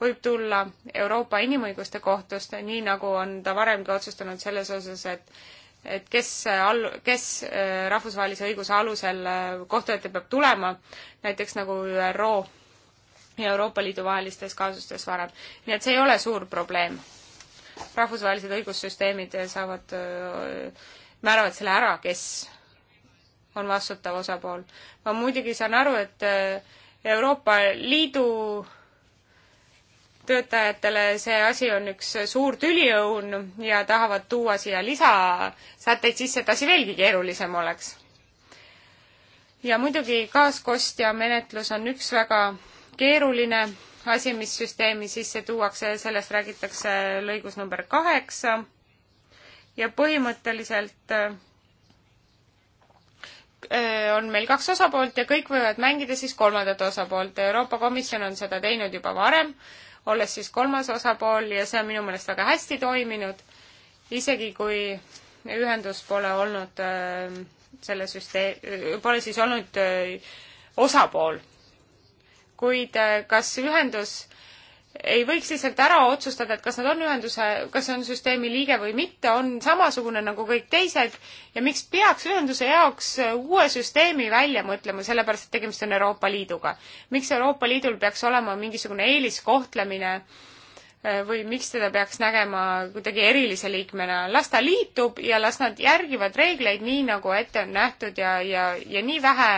võib tulla Euroopa Inimõiguste Kohtust, nii nagu on ta varemgi otsustanud selles osas, et et kes all-, kes äh, rahvusvahelise õiguse alusel äh, kohtu ette peab tulema, näiteks nagu ÜRO ja Euroopa Liidu vahelistes kaasustes varem. nii et see ei ole suur probleem rahvusvahelised õigussüsteemid saavad, määravad selle ära, kes on vastutav osapool. ma muidugi saan aru, et Euroopa Liidu töötajatele see asi on üks suur tüliõun ja tahavad tuua siia lisasätteid sisse, et asi veelgi keerulisem oleks. ja muidugi kaaskostja menetlus on üks väga keeruline asi, mis süsteemi sisse tuuakse, sellest räägitakse lõigus number kaheksa ja põhimõtteliselt äh, äh, on meil kaks osapoolt ja kõik võivad mängida siis kolmandat osapoolt. Euroopa Komisjon on seda teinud juba varem, olles siis kolmas osapool ja see on minu meelest väga hästi toiminud, isegi kui ühendus pole olnud äh, selle süsteem, pole siis olnud osapool kuid äh, kas ühendus ei võiks lihtsalt ära otsustada, et kas nad on ühenduse, kas see on süsteemi liige või mitte, on samasugune nagu kõik teised ja miks peaks ühenduse jaoks äh, uue süsteemi välja mõtlema, sellepärast et tegemist on Euroopa Liiduga. miks Euroopa Liidul peaks olema mingisugune eeliskohtlemine äh, Eh, või miks teda peaks nägema kuidagi erilise liikmena. las ta liitub ja las nad järgivad reegleid nii, nagu ette on nähtud ja, ja, ja nii vähe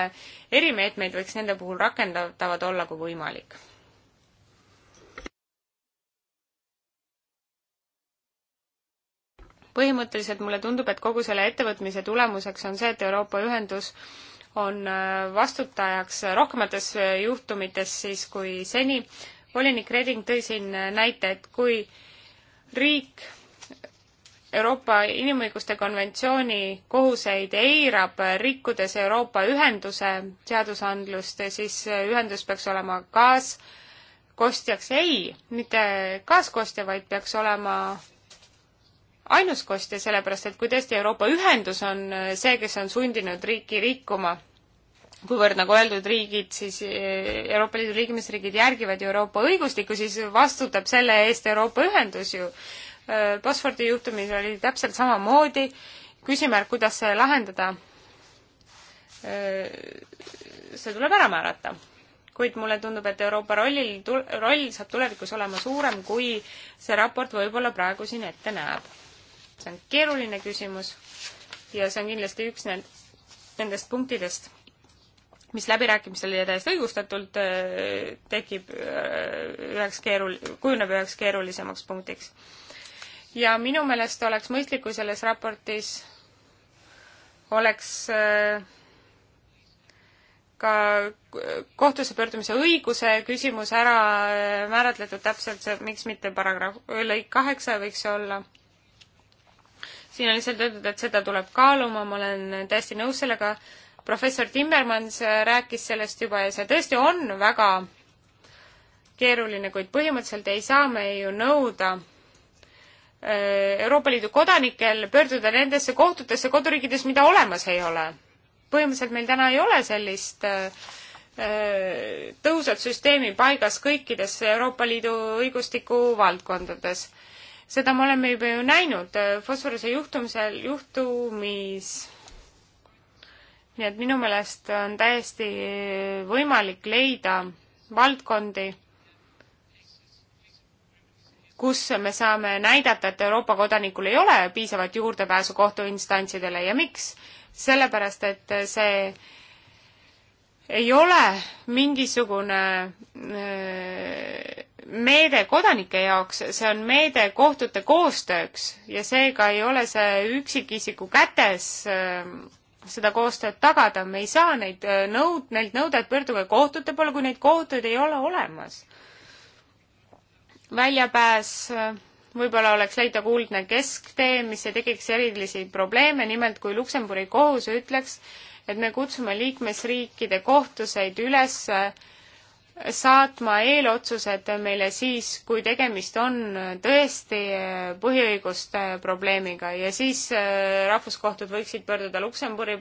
erimeetmeid võiks nende puhul rakendatavad olla kui võimalik. põhimõtteliselt mulle tundub, et kogu selle ettevõtmise tulemuseks on see, et Euroopa Ühendus on eh, vastutajaks rohkemates eh, juhtumites siis kui seni, volinik Reding tõi siin äh, näite, et kui riik Euroopa Inimõiguste Konventsiooni kohuseid eirab, äh, rikkudes Euroopa Ühenduse seadusandlust, siis äh, ühendus peaks olema kaaskostjaks, ei, mitte kaaskostja, vaid peaks olema ainus kostja, sellepärast et kui tõesti Euroopa Ühendus on see, kes on sundinud riiki rikkuma kuivõrd nagu öeldud, riigid siis, Euroopa Liidu liikmesriigid järgivad Euroopa õigustikku, siis vastutab selle eest Euroopa Ühendus ju. Bosfordi juhtumis oli täpselt samamoodi küsimärk, kuidas see lahendada. see tuleb ära määrata. kuid mulle tundub, et Euroopa rollil, roll saab tulevikus olema suurem, kui see raport võib-olla praegu siin ette näeb. see on keeruline küsimus ja see on kindlasti üks need, nendest punktidest mis läbirääkimistel ja täiesti õigustatult äh, tekib äh, üheks keerul-, kujuneb üheks keerulisemaks punktiks. ja minu meelest oleks mõistlik, kui selles raportis oleks äh, ka kohtusse pöördumise õiguse küsimus ära määratletud täpselt, see miks mitte paragrahv, lõik kaheksa võiks see olla. siin on lihtsalt öeldud, et seda tuleb kaaluma, ma olen täiesti nõus sellega, professor Timmermans rääkis sellest juba ja see tõesti on väga keeruline, kuid põhimõtteliselt ei saa me ju nõuda äh, Euroopa Liidu kodanikel pöörduda nendesse kohtutesse koduriikides, mida olemas ei ole. põhimõtteliselt meil täna ei ole sellist äh, äh, tõhusat süsteemi paigas kõikides Euroopa Liidu õigustiku valdkondades. seda me oleme juba ju näinud fosforuse juhtumisel, juhtumis nii et minu meelest on täiesti võimalik leida valdkondi, kus me saame näidata, et Euroopa kodanikul ei ole piisavat juurdepääsu kohtuinstantsidele ja miks? sellepärast, et see ei ole mingisugune äh, meede kodanike jaoks, see on meede kohtute koostööks ja seega ei ole see üksikisiku kätes äh, seda koostööd tagada, me ei saa neid äh, nõud, neilt nõuda, et pöörduge kohtute poole, kui neid kohtuid ei ole olemas. väljapääs äh, võib-olla oleks leida kuldne kesktee, mis ei tekiks erilisi probleeme, nimelt kui Luksemburi kohus ütleks, et me kutsume liikmesriikide kohtuseid üles äh, saatma eelotsused meile siis, kui tegemist on tõesti põhiõiguste probleemiga ja siis äh, rahvuskohtud võiksid pöörduda Luksemburi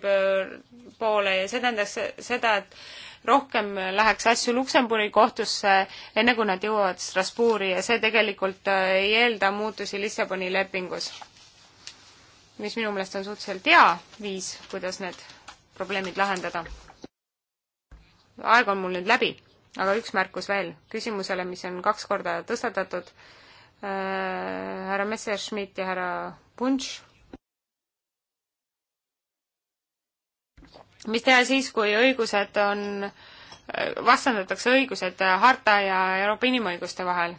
poole ja see tähendaks seda, et rohkem läheks asju Luksemburi kohtusse, enne kui nad jõuavad Strasbourgi ja see tegelikult äh, ei eelda muutusi Lissaboni lepingus. mis minu meelest on suhteliselt hea viis, kuidas need probleemid lahendada. aeg on mul nüüd läbi aga üks märkus veel küsimusele, mis on kaks korda tõstatatud äh,, härra Messerschmidt ja härra Punš. mis teha siis, kui õigused on, äh, vastandatakse õigused äh, harta ja Euroopa inimõiguste vahel?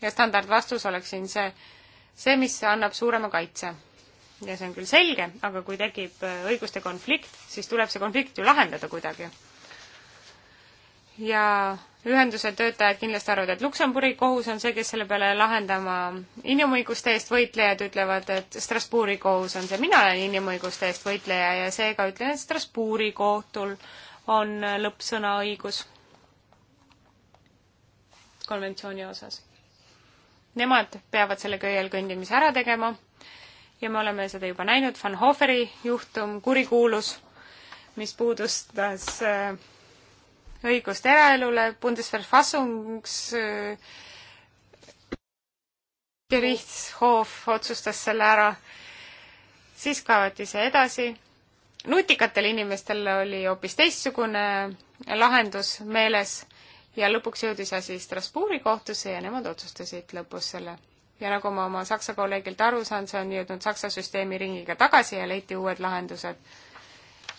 ja standardvastus oleks siin see, see, mis annab suurema kaitse ja see on küll selge, aga kui tekib äh, õiguste konflikt, siis tuleb see konflikt ju lahendada kuidagi ja ühenduse töötajad kindlasti arvavad, et Luksemburgi kohus on see, kes selle peale lahendama inimõiguste eest võitlejad ütlevad, et Strasbourgi kohus on see, mina olen inimõiguste eest võitleja ja seega ütlen, et Strasbourgi kohtul on lõppsõnaõigus konventsiooni osas. Nemad peavad selle köiel kõndimise ära tegema ja me oleme seda juba näinud, Van Hoferi juhtum, kurikuulus, mis puudustas äh, õigust eraelule, Bundesverfassungsgerichtshof otsustas selle ära, siis kaevati see edasi. nutikatel inimestel oli hoopis teistsugune lahendus meeles ja lõpuks jõudis asi Strasbourgi kohtusse ja nemad otsustasid lõpus selle. ja nagu ma oma saksa kolleegilt aru saan, see on jõudnud saksa süsteemi ringiga tagasi ja leiti uued lahendused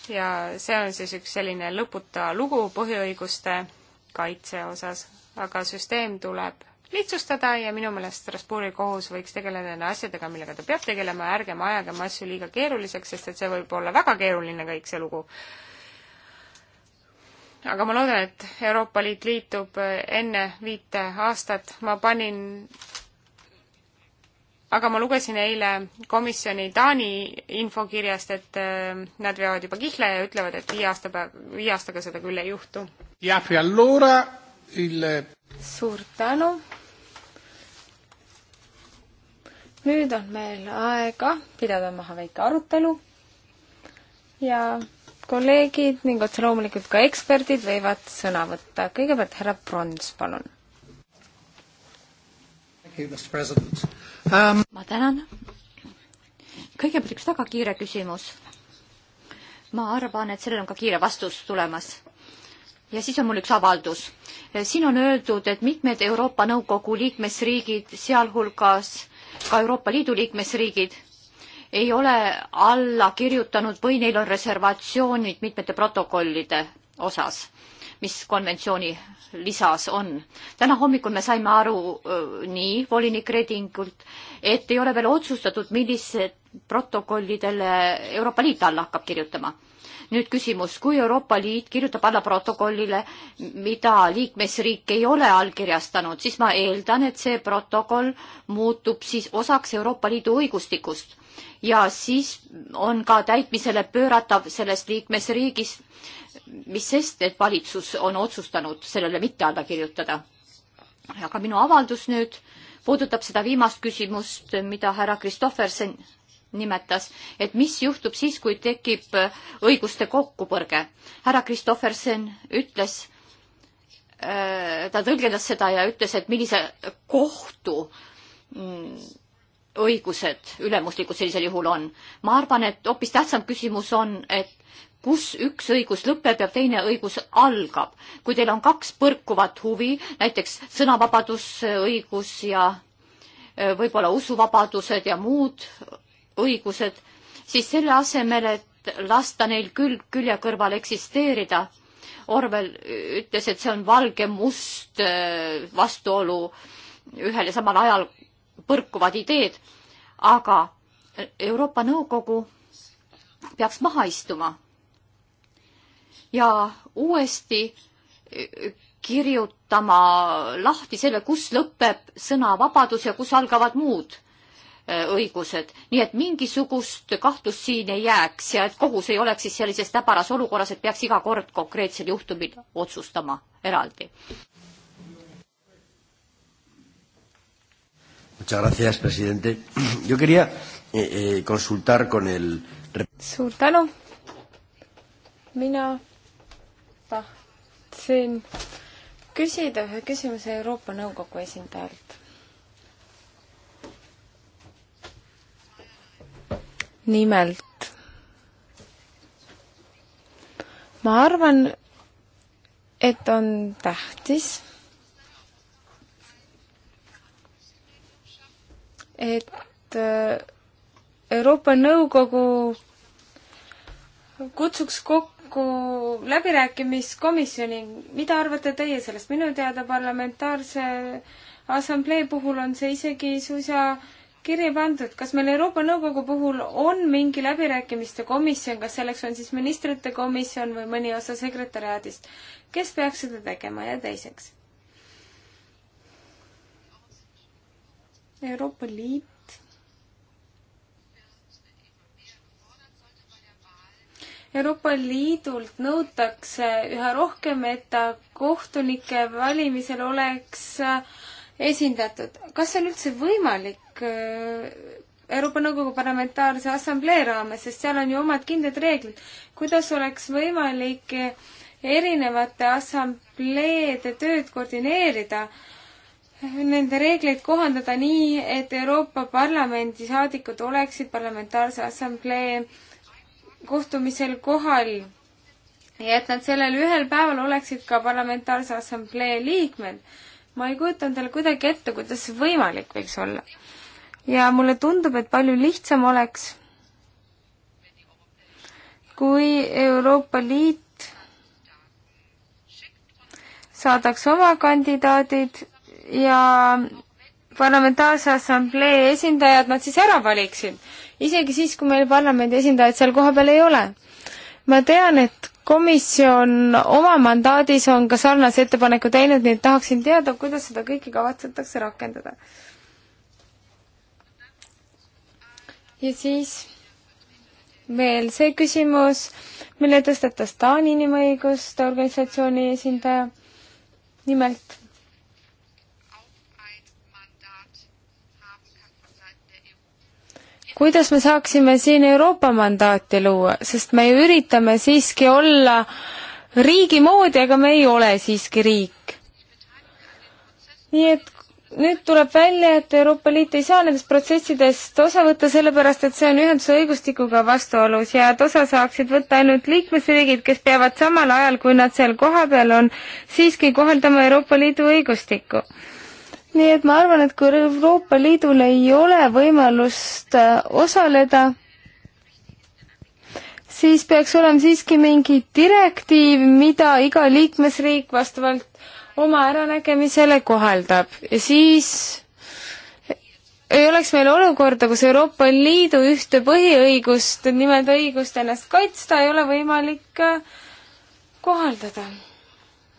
ja see on siis üks selline lõputa lugu põhiõiguste kaitse osas, aga süsteem tuleb lihtsustada ja minu meelest Strasbourgi kohus võiks tegeleda nende asjadega, millega ta peab tegelema, ärgem ajagem asju liiga keeruliseks, sest et see võib olla väga keeruline, kõik see lugu. aga ma loodan, et Euroopa Liit liitub enne viite aastat, ma panin aga ma lugesin eile komisjoni Taani infokirjast, et äh, nad veavad juba kihla ja ütlevad, et viie aasta päeva, viie aastaga seda küll ei juhtu. suur tänu. nüüd on meil aega pidada maha väike arutelu ja kolleegid ning otse loomulikult ka eksperdid võivad sõna võtta. kõigepealt härra Prons, palun. Thank you, Mr President um.... ma tänan. kõigepealt üks väga kiire küsimus. ma arvan, et sellel on ka kiire vastus tulemas. ja siis on mul üks avaldus. siin on öeldud, et mitmed Euroopa Nõukogu liikmesriigid, sealhulgas ka Euroopa Liidu liikmesriigid, ei ole alla kirjutanud või neil on reservatsioonid mitmete protokollide osas mis konventsiooni lisas on. täna hommikul me saime aru nii volinik Redingult, et ei ole veel otsustatud, millised protokollidele Euroopa Liit alla hakkab kirjutama. nüüd küsimus, kui Euroopa Liit kirjutab alla protokollile, mida liikmesriik ei ole allkirjastanud, siis ma eeldan, et see protokoll muutub siis osaks Euroopa Liidu õigustikust ja siis on ka täitmisele pööratav selles liikmesriigis, mis sest, et valitsus on otsustanud sellele mitte alla kirjutada. aga minu avaldus nüüd puudutab seda viimast küsimust, mida härra Kristoffersen nimetas, et mis juhtub siis, kui tekib õiguste kokkupõrge. härra Kristoffersen ütles, äh, ta tõlgendas seda ja ütles, et millise kohtu mm, õigused ülemuslikud sellisel juhul on. ma arvan, et hoopis tähtsam küsimus on, et kus üks õigus lõpeb ja teine õigus algab. kui teil on kaks põrkuvat huvi, näiteks sõnavabadusõigus ja e, võib-olla usuvabadused ja muud õigused, siis selle asemel, et lasta neil külg külje kõrval eksisteerida, Orwell ütles, et see on valge-must e, vastuolu ühel ja samal ajal põrkuvad ideed, aga Euroopa Nõukogu peaks maha istuma ja uuesti kirjutama lahti selle, kus lõpeb sõnavabadus ja kus algavad muud äh, õigused. nii et mingisugust kahtlust siin ei jääks ja et kohus ei oleks siis sellises täbaras olukorras, et peaks iga kord konkreetsel juhtumil otsustama eraldi. Muchas gracias, presidente. Yo quería eh, eh, consultar con el. suur tänu. mina tahtsin küsida ühe küsimuse Euroopa Nõukogu esindajalt. nimelt, ma arvan, et on tähtis et äh, Euroopa Nõukogu kutsuks kokku läbirääkimiskomisjoni. mida arvate teie sellest? minu teada parlamentaarse assamblee puhul on see isegi suisa kirja pandud. kas meil Euroopa Nõukogu puhul on mingi läbirääkimiste komisjon, kas selleks on siis ministrite komisjon või mõni osa sekretäriaadist? kes peaks seda tegema ja teiseks? Euroopa Liit Euroopa Liidult nõutakse üha rohkem, et ta kohtunike valimisel oleks äh, esindatud. kas see on üldse võimalik äh, Euroopa Nõukogu Parlamentaarse Assamblee raames, sest seal on ju omad kindlad reeglid. kuidas oleks võimalik erinevate assambleede tööd koordineerida nende reegleid kohandada nii, et Euroopa Parlamendi saadikud oleksid parlamentaarse assamblee kohtumisel kohal ja et nad sellel ühel päeval oleksid ka parlamentaarse assamblee liikmed. ma ei kujuta endale kuidagi ette, kuidas see võimalik võiks olla. ja mulle tundub, et palju lihtsam oleks, kui Euroopa Liit saadaks oma kandidaadid ja parlamentaarse assamblee esindajad nad siis ära valiksid, isegi siis, kui meil parlamendi esindajaid seal kohapeal ei ole. ma tean, et komisjon oma mandaadis on ka sarnase ettepaneku teinud, nii et tahaksin teada, kuidas seda kõike kavatsetakse rakendada. ja siis veel see küsimus, mille tõstatas Taani inimõiguste organisatsiooni esindaja. nimelt kuidas me saaksime siin Euroopa mandaati luua, sest me ju üritame siiski olla riigi moodi, aga me ei ole siiski riik. nii et nüüd tuleb välja, et Euroopa Liit ei saa nendest protsessidest osa võtta, sellepärast et see on ühenduse õigustikuga vastuolus ja et osa saaksid võtta ainult liikmesriigid, kes peavad samal ajal, kui nad seal kohapeal on, siiski kohaldama Euroopa Liidu õigustikku nii et ma arvan, et kui Euroopa Liidul ei ole võimalust äh, osaleda, siis peaks olema siiski mingi direktiiv, mida iga liikmesriik vastavalt oma äranägemisele kohaldab ja siis ei oleks meil olukorda, kus Euroopa Liidu ühte põhiõigust, nimelt õigust ennast kaitsta, ei ole võimalik äh, kohaldada.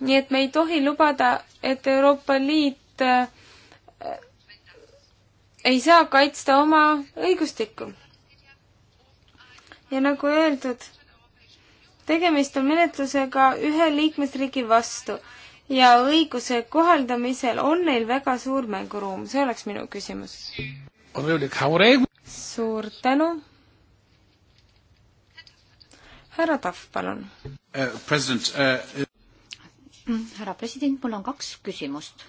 nii et me ei tohi lubada, et Euroopa Liit äh, ei saa kaitsta oma õigustikku. ja nagu öeldud, tegemist on menetlusega ühe liikmesriigi vastu ja õiguse kohaldamisel on neil väga suur mänguruum, see oleks minu küsimus. suur tänu. härra Tahv, palun uh,. uh mm, härra president uh,, uh... mul on kaks küsimust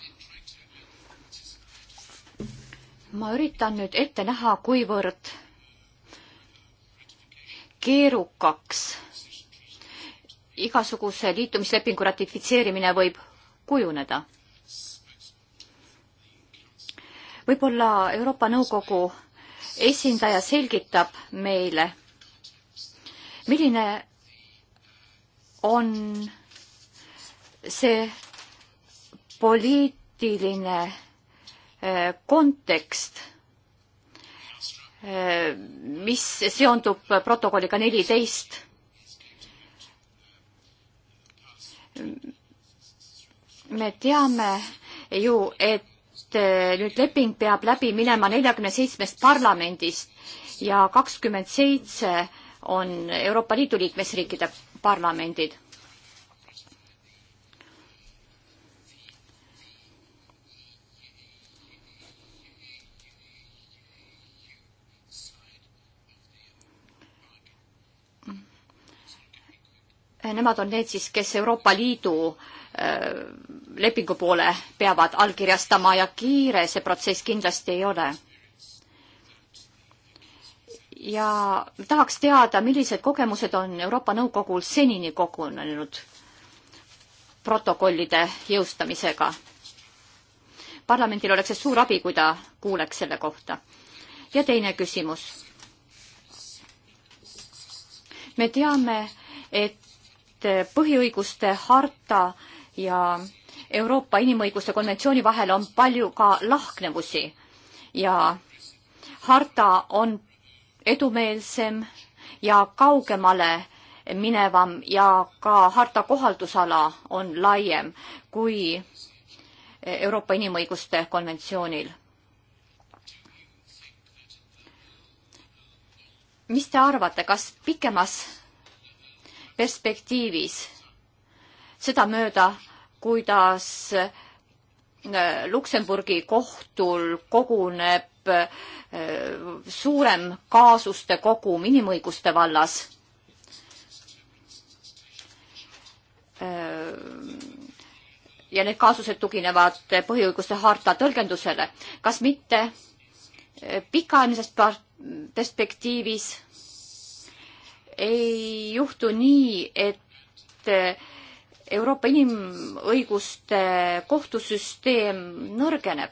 ma üritan nüüd ette näha, kuivõrd keerukaks igasuguse liitumislepingu ratifitseerimine võib kujuneda. võib-olla Euroopa Nõukogu esindaja selgitab meile, milline on see poliitiline Eh, kontekst, eh, mis seondub protokolliga neliteist, me teame ju, et eh, nüüd leping peab läbi minema neljakümne seitsmest parlamendist ja kakskümmend seitse on Euroopa Liidu liikmesriikide parlamendid. Eh, nemad on need siis, kes Euroopa Liidu eh, lepingu poole peavad allkirjastama ja kiire see protsess kindlasti ei ole ja tahaks teada, millised kogemused on Euroopa Nõukogul senini kogunenud protokollide jõustamisega. parlamendil oleks see suur abi, kui ta kuuleks selle kohta. ja teine küsimus. me teame, et et põhiõiguste harta ja Euroopa Inimõiguste Konventsiooni vahel on palju ka lahknevusi ja harta on edumeelsem ja kaugemale minevam ja ka harta kohaldusala on laiem kui Euroopa Inimõiguste Konventsioonil. mis te arvate, kas pikemas perspektiivis sedamööda, kuidas äh, Luksemburgi kohtul koguneb äh, suurem kaasuste kogum inimõiguste vallas äh, ja need kaasused tuginevad põhiõiguste harta tõlgendusele, kas mitte pikaajalises perspektiivis ei juhtu nii, et Euroopa inimõiguste kohtusüsteem nõrgeneb.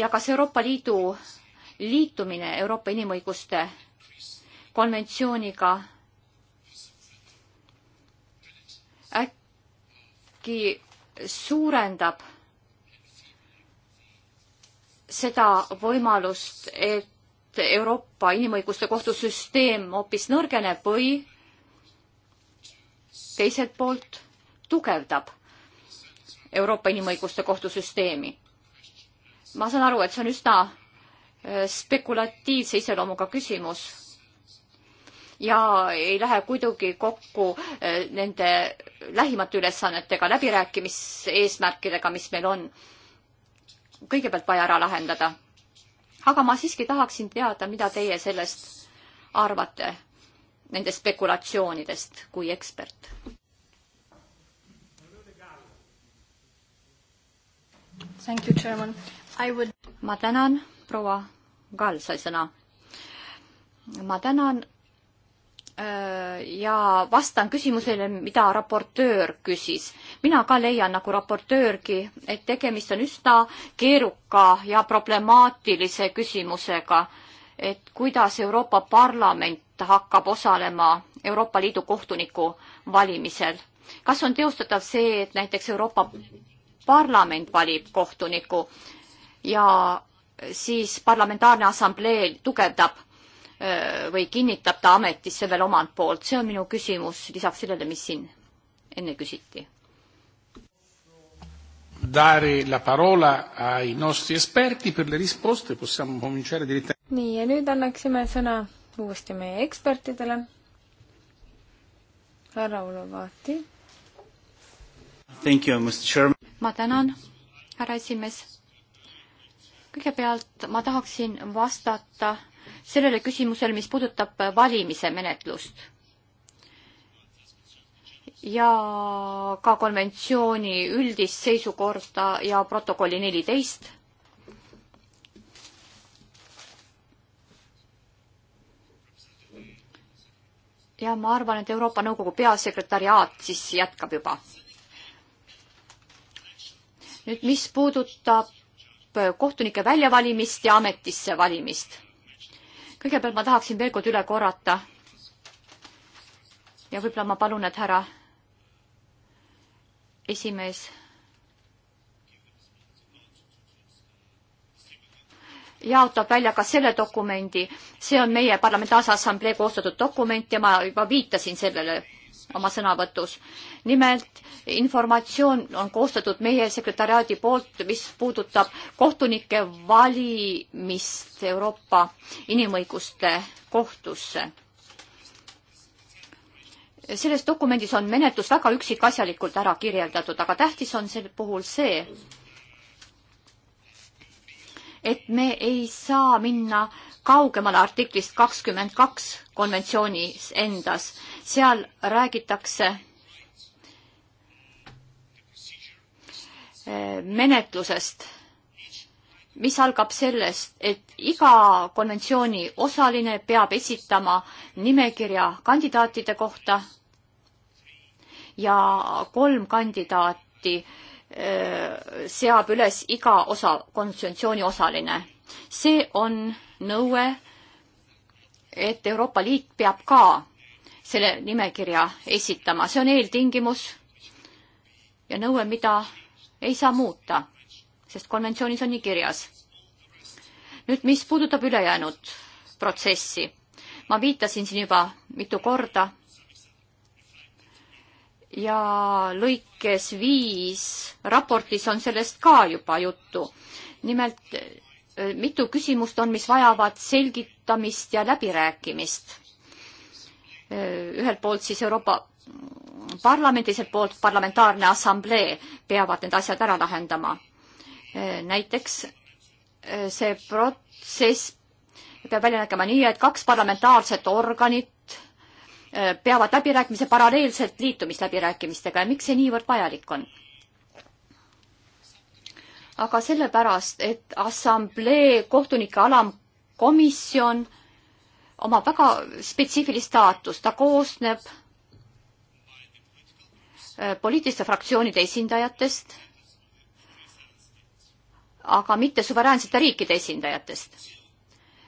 ja kas Euroopa Liidu liitumine Euroopa inimõiguste konventsiooniga äkki suurendab seda võimalust, et Euroopa Inimõiguste Kohtusüsteem hoopis nõrgeneb või teiselt poolt tugevdab Euroopa Inimõiguste Kohtusüsteemi. ma saan aru, et see on üsna äh, spekulatiivse iseloomuga küsimus ja ei lähe kuidagi kokku äh, nende lähimate ülesannetega, läbirääkimiseesmärkidega, mis meil on kõigepealt vaja ära lahendada. aga ma siiski tahaksin teada, mida teie sellest arvate, nendest spekulatsioonidest kui ekspert? Would... ma tänan, proua Kall sai sõna. ma tänan, Äh, ja vastan küsimusele, mida raportöör küsis. mina ka leian nagu raportöörgi, et tegemist on üsna keeruka ja problemaatilise küsimusega, et kuidas Euroopa Parlament hakkab osalema Euroopa Liidu kohtuniku valimisel. kas on teostatav see, et näiteks Euroopa Parlament valib kohtuniku ja siis parlamentaarne assamblee tugevdab Äh, või kinnitab ta ametisse veel omalt poolt, see on minu küsimus lisaks sellele, mis siin enne küsiti. Dare la parola ai nostri esperti per le risposte, possiamo cominciare direttamente. nii, ja nüüd annaksime sõna uuesti meie ekspertidele. härra Ulovati. Thank you, Mr Chairman. ma tänan, härra esimees. kõigepealt ma tahaksin vastata sellele küsimusele, mis puudutab valimise menetlust ja ka konventsiooni üldist seisukorda ja protokolli neliteist. ja ma arvan, et Euroopa Nõukogu peasekretäriaat siis jätkab juba. nüüd, mis puudutab kohtunike väljavalimist ja ametisse valimist kõigepealt ma tahaksin veel kord üle korrata ja võib-olla ma palun, et härra esimees jaotab välja ka selle dokumendi, see on meie Parlamentaarse Assamblee koostatud dokument ja ma juba viitasin sellele oma sõnavõtus. nimelt informatsioon on koostatud meie sekretäriaadi poolt, mis puudutab kohtunike valimist Euroopa Inimõiguste Kohtusse. selles dokumendis on menetlus väga üksikasjalikult ära kirjeldatud, aga tähtis on sel puhul see, et me ei saa minna äh, kaugemale artiklist kakskümmend kaks konventsioonis endas. seal räägitakse eh, menetlusest, mis algab sellest, et iga konventsiooni osaline peab esitama nimekirja kandidaatide kohta ja kolm kandidaati eh, seab üles iga osa, konventsiooni osaline see on nõue, et Euroopa Liit peab ka selle nimekirja esitama, see on eeltingimus ja nõue, mida ei saa muuta, sest konventsioonis on nii kirjas. nüüd, mis puudutab ülejäänud protsessi, ma viitasin siin juba mitu korda ja lõikes viis raportis on sellest ka juba juttu. nimelt mitu küsimust on, mis vajavad selgitamist ja läbirääkimist. ühelt poolt siis Euroopa Parlament, teiselt poolt Parlamentaarne Assamblee peavad need asjad ära lahendama. näiteks eh, see protsess peab välja nägema nii, et kaks parlamentaarset organit eh, peavad läbirääkimise paralleelselt liitumisläbirääkimistega ja miks see niivõrd vajalik on? aga sellepärast, et assamblee kohtunike alamkomisjon omab väga spetsiifilist staatust, ta koosneb äh, poliitiliste fraktsioonide esindajatest, aga mitte suveräänsete riikide esindajatest.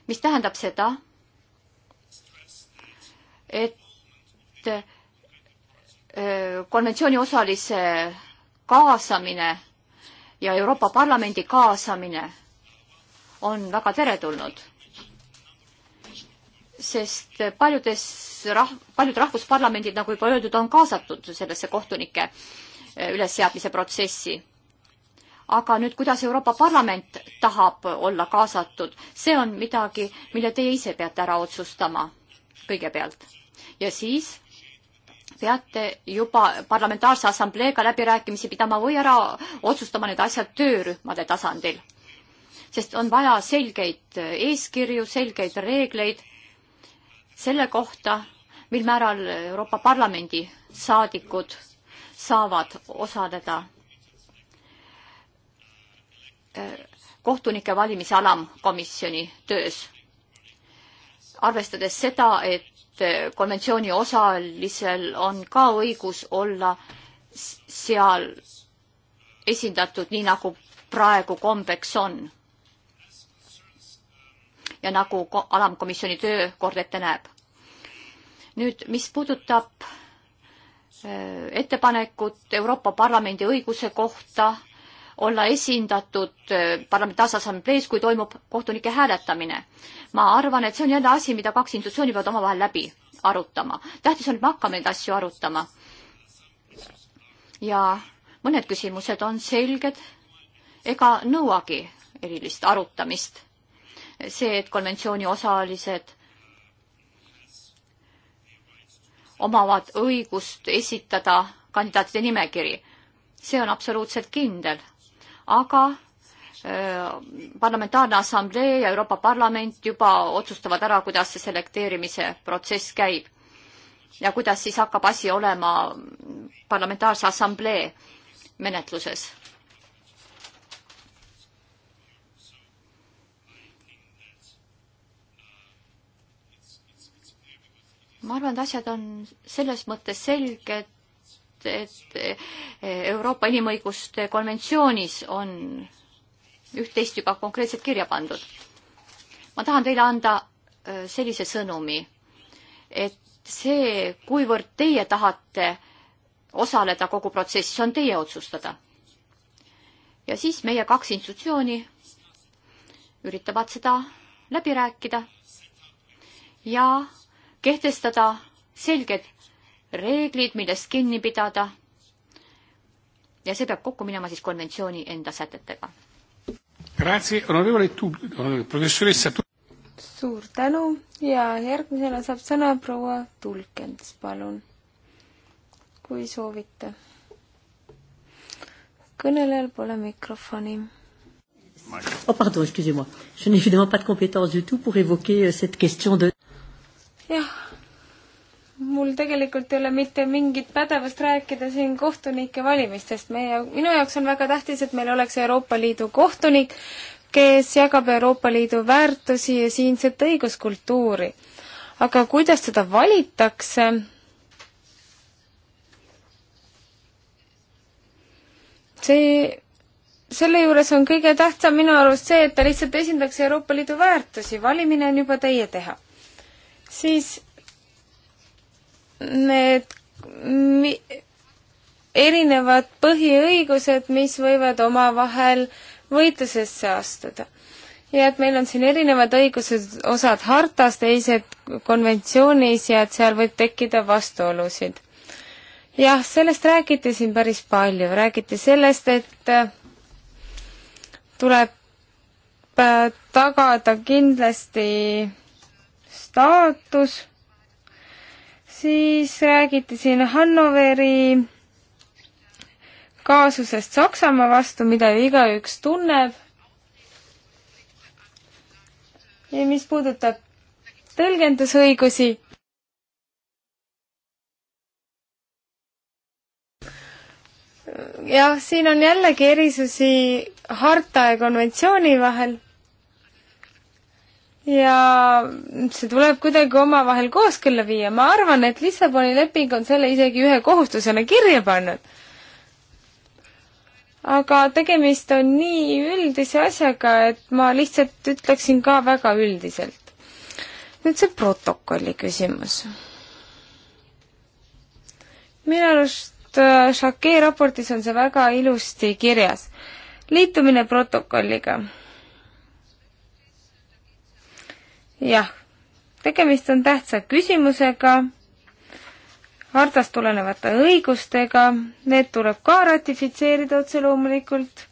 mis tähendab seda, et äh, konventsiooni osalise kaasamine ja Euroopa Parlamendi kaasamine on väga teretulnud. sest paljudes rah-, paljud rahvusparlamendid, nagu juba öeldud, on kaasatud sellesse kohtunike äh, ülesseadmise protsessi. aga nüüd, kuidas Euroopa Parlament tahab olla kaasatud, see on midagi, mille teie ise peate ära otsustama kõigepealt. ja siis peate juba parlamentaarse assambleega läbirääkimisi pidama või ära otsustama need asjad töörühmade tasandil. sest on vaja selgeid eeskirju, selgeid reegleid selle kohta, mil määral Euroopa Parlamendi saadikud saavad osaleda äh, kohtunike valimise alamkomisjoni töös. arvestades seda, et konventsiooni osalisel on ka õigus olla seal esindatud, nii nagu praegu kombeks on. ja nagu alamkomisjoni töökord ette näeb. nüüd, mis puudutab äh, ettepanekut Euroopa Parlamendi õiguse kohta olla esindatud äh, parlamentaarse assamblees, kui toimub kohtunike hääletamine. ma arvan, et see on jälle asi, mida kaks institutsiooni peavad omavahel läbi arutama. tähtis on, et me hakkame neid asju arutama. ja mõned küsimused on selged ega nõuagi erilist arutamist. see, et konventsiooni osalised omavad õigust esitada kandidaatide nimekiri. see on absoluutselt kindel aga äh, parlamentaarne assamblee ja Euroopa Parlament juba otsustavad ära, kuidas see selekteerimise protsess käib. ja kuidas siis hakkab asi olema parlamentaarse assamblee menetluses. ma arvan, et asjad on selles mõttes selged, sellepärast et Euroopa Inimõiguste konventsioonis on üht-teist juba konkreetselt kirja pandud. ma tahan teile anda äh, sellise sõnumi, et see, kuivõrd teie tahate osaleda kogu protsessis, on teie otsustada. ja siis meie kaks institutsiooni üritavad seda läbi rääkida ja kehtestada selged reeglid, millest kinni pidada. ja see peab kokku minema siis konventsiooni enda sätetega. suur tänu ja järgmisena saab sõna proua Tulkens, palun, kui soovite. kõnelejal pole mikrofoni. Oh pardon, excusez-moi. Je n'ai évidemment pas de compétence du tout pour évoquer euh, cette question de... jah, mul tegelikult ei ole mitte mingit pädevust rääkida siin kohtunike valimistest. meie, minu jaoks on väga tähtis, et meil oleks Euroopa Liidu kohtunik, kes jagab Euroopa Liidu väärtusi ja siinset õiguskultuuri. aga kuidas teda valitakse, see, selle juures on kõige tähtsam minu arust see, et ta lihtsalt esindaks Euroopa Liidu väärtusi, valimine on juba teie teha. siis need mi, erinevad põhiõigused, mis võivad omavahel võitlusesse astuda. ja et meil on siin erinevad õigused, osad hartas, teised konventsioonis ja et seal võib tekkida vastuolusid. jah, sellest räägiti siin päris palju, räägiti sellest, et äh, tuleb äh, tagada kindlasti staatus siis räägiti siin Hannoveri kaasusest Saksamaa vastu, mida ju igaüks tunneb. ja mis puudutab tõlgendusõigusi, jah, siin on jällegi erisusi harta ja konventsiooni vahel ja see tuleb kuidagi omavahel kooskõlla viia. ma arvan, et Lissaboni leping on selle isegi ühe kohustusena kirja pannud. aga tegemist on nii üldise asjaga, et ma lihtsalt ütleksin ka väga üldiselt. nüüd see protokolli küsimus. minu arust Shakee äh, raportis on see väga ilusti kirjas. liitumine protokolliga jah, tegemist on tähtsa küsimusega, hardast tulenevate õigustega, need tuleb ka ratifitseerida otse loomulikult,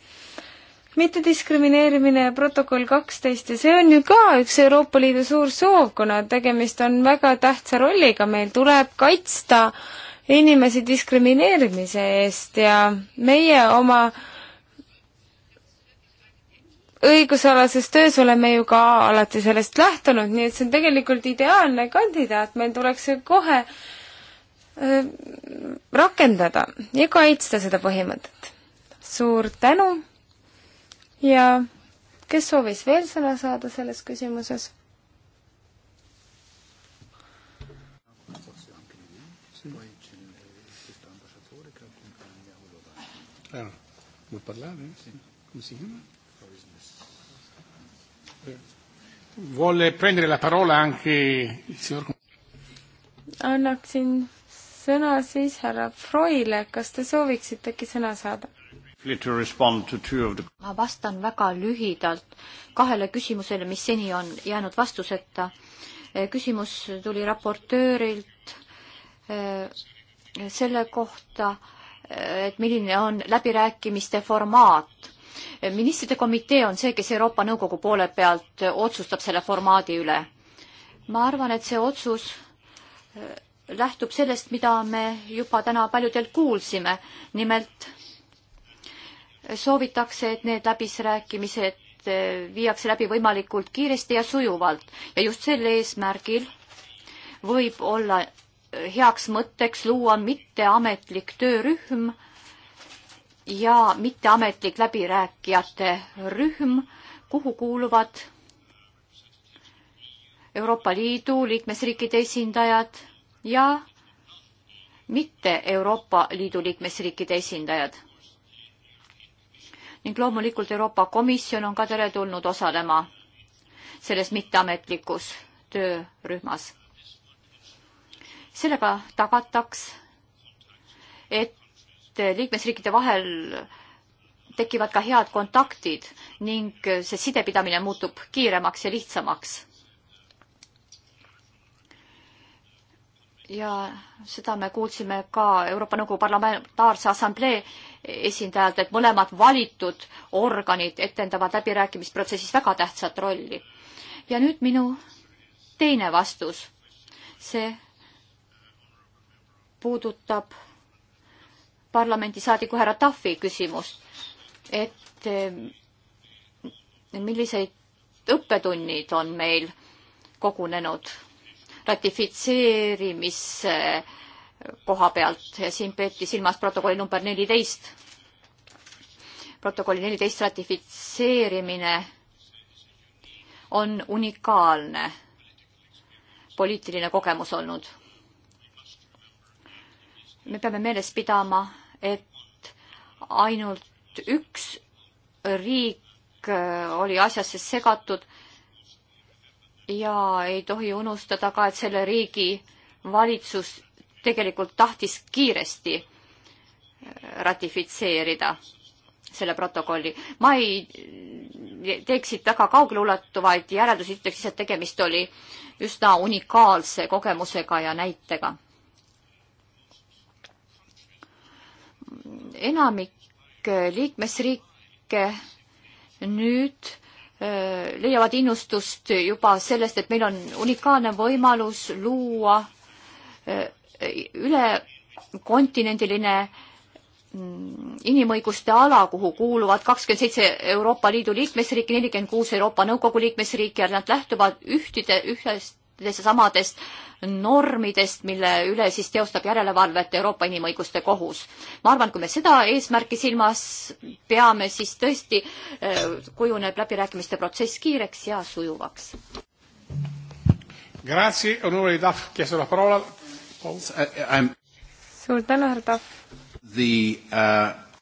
mittediskrimineerimine ja protokoll kaksteist ja see on ju ka üks Euroopa Liidu suur soov, kuna tegemist on väga tähtsa rolliga, meil tuleb kaitsta inimesi diskrimineerimise eest ja meie oma äh, õigusalases töös oleme ju ka alati sellest lähtunud, nii et see on tegelikult ideaalne kandidaat, meil tuleks see kohe öö, rakendada ja kaitsta seda põhimõtet. suur tänu ja kes soovis veel sõna saada selles küsimuses? Ah, vuoi parlare? Eh? Sì. Come si chiama? Vuole prendere la parola anche il signor... annaksin sõna siis härra Froile, kas te sooviksite äkki sõna saada? ma vastan väga lühidalt kahele küsimusele, mis seni on jäänud vastuseta. Eh, küsimus tuli raportöörilt eh, selle kohta, eh, et milline on läbirääkimiste formaat ministrite komitee on see, kes Euroopa Nõukogu poole pealt otsustab selle formaadi üle. ma arvan, et see otsus äh, lähtub sellest, mida me juba täna paljudelt kuulsime. nimelt soovitakse, et need läbisrääkimised äh, viiakse läbi võimalikult kiiresti ja sujuvalt ja just sel eesmärgil võib olla äh, heaks mõtteks luua mitteametlik töörühm ja mitteametlik läbirääkijate rühm, kuhu kuuluvad Euroopa Liidu liikmesriikide esindajad ja mitte Euroopa Liidu liikmesriikide esindajad. ning loomulikult Euroopa Komisjon on ka teretulnud osalema selles mitteametlikus töörühmas. sellega tagataks, et et liikmesriikide vahel tekivad ka head kontaktid ning see sidepidamine muutub kiiremaks ja lihtsamaks. ja seda me kuulsime ka Euroopa Nõukogu Parlamentaarse Assamblee esindajalt, et mõlemad valitud organid etendavad läbirääkimisprotsessis väga tähtsat rolli. ja nüüd minu teine vastus. see puudutab parlamendisaadiku härra Tafi küsimust, et eh, millised õppetunnid on meil kogunenud ratifitseerimise eh, koha pealt ja siin peeti silmas protokolli number neliteist. protokolli neliteist ratifitseerimine on unikaalne poliitiline kogemus olnud. me peame meeles pidama, et ainult üks riik äh, oli asjasse segatud ja ei tohi unustada ka, et selle riigi valitsus tegelikult tahtis kiiresti äh, ratifitseerida selle protokolli. ma ei teeks siit väga kaugeleulatuvaid järeldusi, ütleks lihtsalt, tegemist oli üsna unikaalse kogemusega ja näitega enamik äh, liikmesriike nüüd äh, leiavad innustust juba sellest, et meil on unikaalne võimalus luua äh, ülekontinendiline mm, inimõiguste ala, kuhu kuuluvad kakskümmend seitse Euroopa Liidu liikmesriiki, nelikümmend kuus Euroopa Nõukogu liikmesriiki ja nad lähtuvad ühtide, ühest nendest samadest normidest, mille üle siis teostab järelevalvet Euroopa Inimõiguste Kohus. ma arvan, kui me seda eesmärki silmas peame, siis tõesti eh, kujuneb läbirääkimiste protsess kiireks ja sujuvaks. suur tänu, härra Tahv. Uh,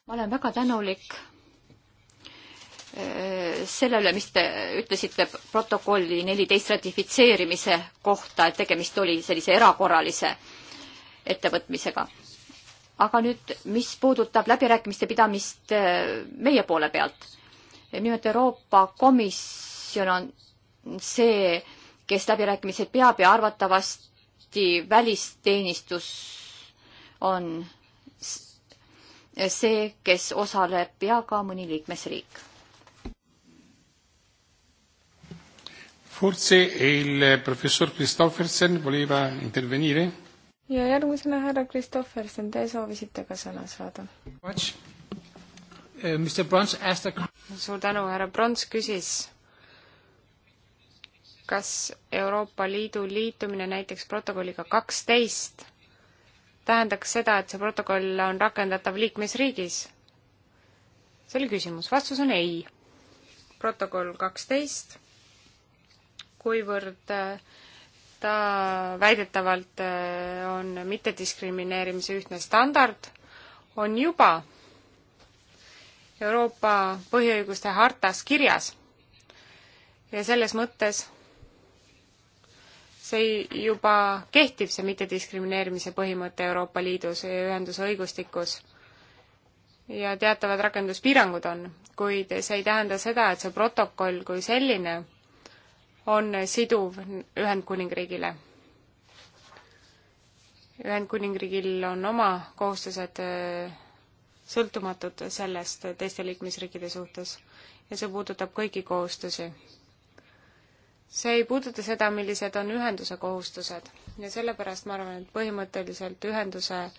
ma olen väga tänulik selle üle, mis te ütlesite protokolli neliteist ratifitseerimise kohta, et tegemist oli sellise erakorralise ettevõtmisega. aga nüüd, mis puudutab läbirääkimiste pidamist eh, meie poole pealt. nimelt Euroopa Komisjon on see, kes läbirääkimised peab ja arvatavasti välisteenistus on see, kes osaleb ja ka mõni liikmesriik Forse il professor Christoffersen voleva intervenire? ja järgmisena härra Christoffersen, te soovisite ka sõna saada. Eh, Mr Brons asked a... suur tänu, härra Brons küsis, kas Euroopa Liidu liitumine näiteks protokolliga kaksteist tähendaks seda, et see protokoll on rakendatav liikmesriigis? see oli küsimus, vastus on ei. protokoll kaksteist 12 kuivõrd äh, ta väidetavalt äh, on mittediskrimineerimise ühtne standard, on juba Euroopa põhiõiguste hartas kirjas. ja selles mõttes see juba kehtib, see mittediskrimineerimise põhimõte Euroopa Liidus ja ühenduse õigustikus ja teatavad rakenduspiirangud on, kuid see ei tähenda seda, et see protokoll kui selline on siduv Ühendkuningriigile. Ühendkuningriigil on oma kohustused äh, sõltumatud sellest teiste liikmesriikide suhtes ja see puudutab kõiki kohustusi. see ei puuduta seda, millised on ühenduse kohustused ja sellepärast ma arvan, et põhimõtteliselt ühenduse äh,